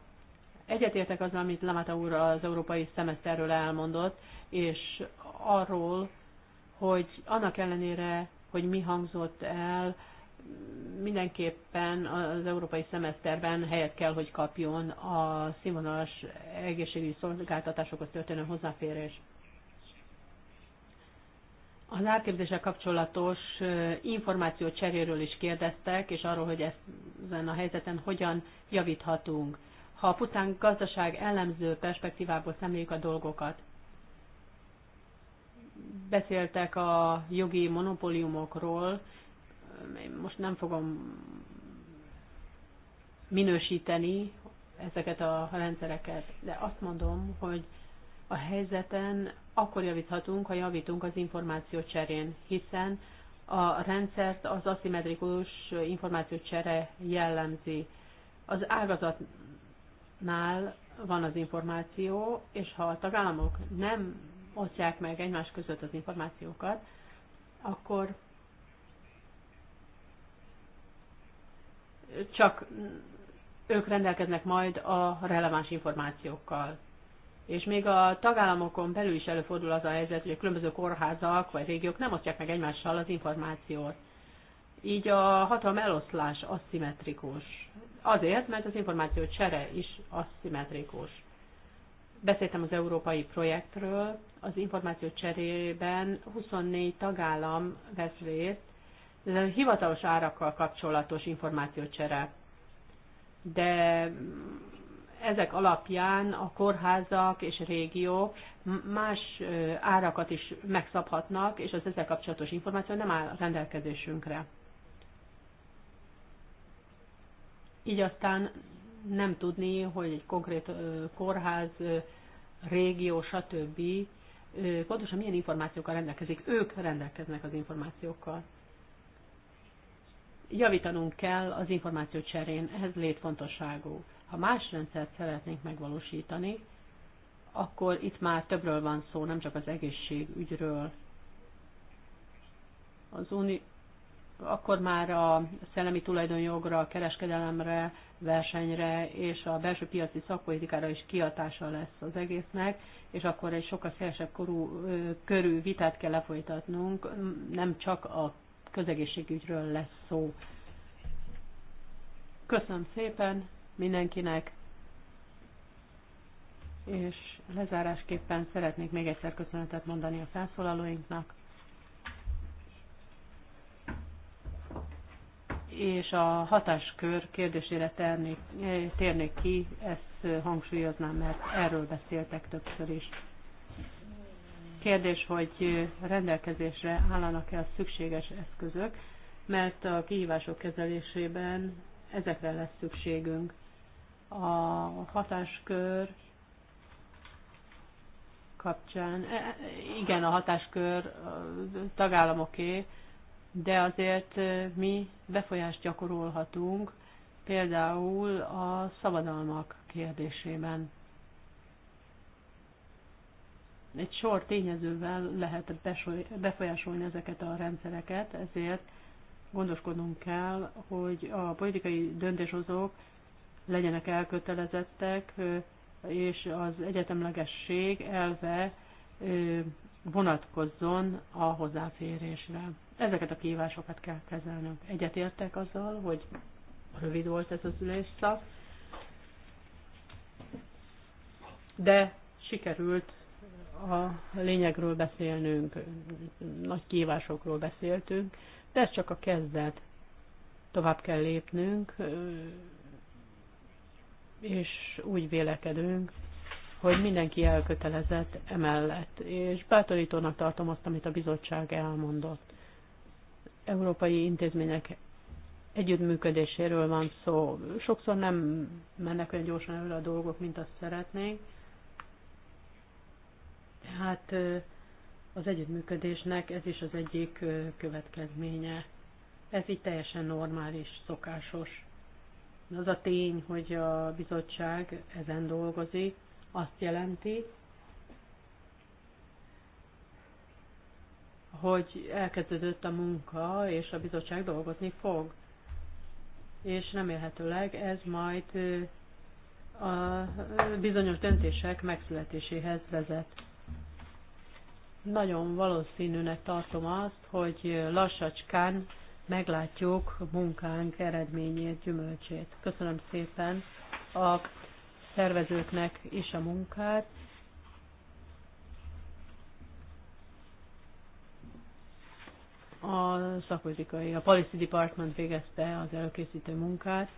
Egyetértek az, amit Lamata úr az európai szemeszterről elmondott, és arról, hogy annak ellenére, hogy mi hangzott el, mindenképpen az európai szemeszterben helyet kell, hogy kapjon a színvonalas egészségügyi szolgáltatásokhoz történő hozzáférés. Az átképzéssel kapcsolatos információ cseréről is kérdeztek, és arról, hogy ezen a helyzeten hogyan javíthatunk. Ha a pután gazdaság ellenző perspektívából szemléljük a dolgokat, beszéltek a jogi monopóliumokról, most nem fogom minősíteni ezeket a rendszereket, de azt mondom, hogy a helyzeten akkor javíthatunk, ha javítunk az információ cserén, hiszen a rendszert az aszimmetrikus csere jellemzi. Az ágazatnál van az információ, és ha a tagállamok nem osztják meg egymás között az információkat, akkor csak ők rendelkeznek majd a releváns információkkal. És még a tagállamokon belül is előfordul az a helyzet, hogy a különböző kórházak vagy régiók nem osztják meg egymással az információt. Így a hatalom eloszlás aszimmetrikus. Azért, mert az információ csere is aszimmetrikus. Beszéltem az európai projektről, az információ cserében 24 tagállam vesz részt, ez a hivatalos árakkal kapcsolatos információcsere. De ezek alapján a kórházak és régiók más árakat is megszabhatnak, és az ezzel kapcsolatos információ nem áll a rendelkezésünkre. Így aztán nem tudni, hogy egy konkrét kórház, régió, stb. pontosan milyen információkkal rendelkezik. Ők rendelkeznek az információkkal javítanunk kell az információ cserén, ez létfontosságú. Ha más rendszert szeretnénk megvalósítani, akkor itt már többről van szó, nem csak az egészségügyről. Az uni, akkor már a szellemi tulajdonjogra, a kereskedelemre, versenyre és a belső piaci szakpolitikára is kiatása lesz az egésznek, és akkor egy sokkal szélesebb korú, körű vitát kell lefolytatnunk, nem csak a közegészségügyről lesz szó. Köszönöm szépen mindenkinek, és lezárásképpen szeretnék még egyszer köszönetet mondani a felszólalóinknak, és a hatáskör kérdésére ternék, térnék ki, ezt hangsúlyoznám, mert erről beszéltek többször is. Kérdés, hogy rendelkezésre állnak-e a szükséges eszközök, mert a kihívások kezelésében ezekre lesz szükségünk. A hatáskör kapcsán, e, e, igen, a hatáskör tagállamoké, de azért mi befolyást gyakorolhatunk például a szabadalmak kérdésében egy sor tényezővel lehet befolyásolni ezeket a rendszereket, ezért gondoskodnunk kell, hogy a politikai döntéshozók legyenek elkötelezettek, és az egyetemlegesség elve vonatkozzon a hozzáférésre. Ezeket a kívásokat kell kezelnünk. Egyetértek azzal, hogy rövid volt ez az ülésszak, de sikerült a lényegről beszélnünk, nagy kívásokról beszéltünk, de ez csak a kezdet. Tovább kell lépnünk, és úgy vélekedünk, hogy mindenki elkötelezett emellett, és bátorítónak tartom azt, amit a bizottság elmondott. Európai intézmények együttműködéséről van szó. Sokszor nem mennek olyan gyorsan előre a dolgok, mint azt szeretnénk, tehát az együttműködésnek ez is az egyik következménye. Ez így teljesen normális, szokásos. Az a tény, hogy a bizottság ezen dolgozik, azt jelenti, hogy elkezdődött a munka, és a bizottság dolgozni fog. És remélhetőleg ez majd a bizonyos döntések megszületéséhez vezet. Nagyon valószínűnek tartom azt, hogy lassacskán meglátjuk munkánk eredményét, gyümölcsét. Köszönöm szépen a szervezőknek is a munkát. A szakpolitikai, a Policy Department végezte az előkészítő munkát.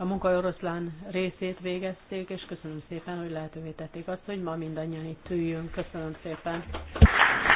a munka oroszlán részét végezték, és köszönöm szépen, hogy lehetővé tették azt, hogy ma mindannyian itt üljünk. Köszönöm szépen.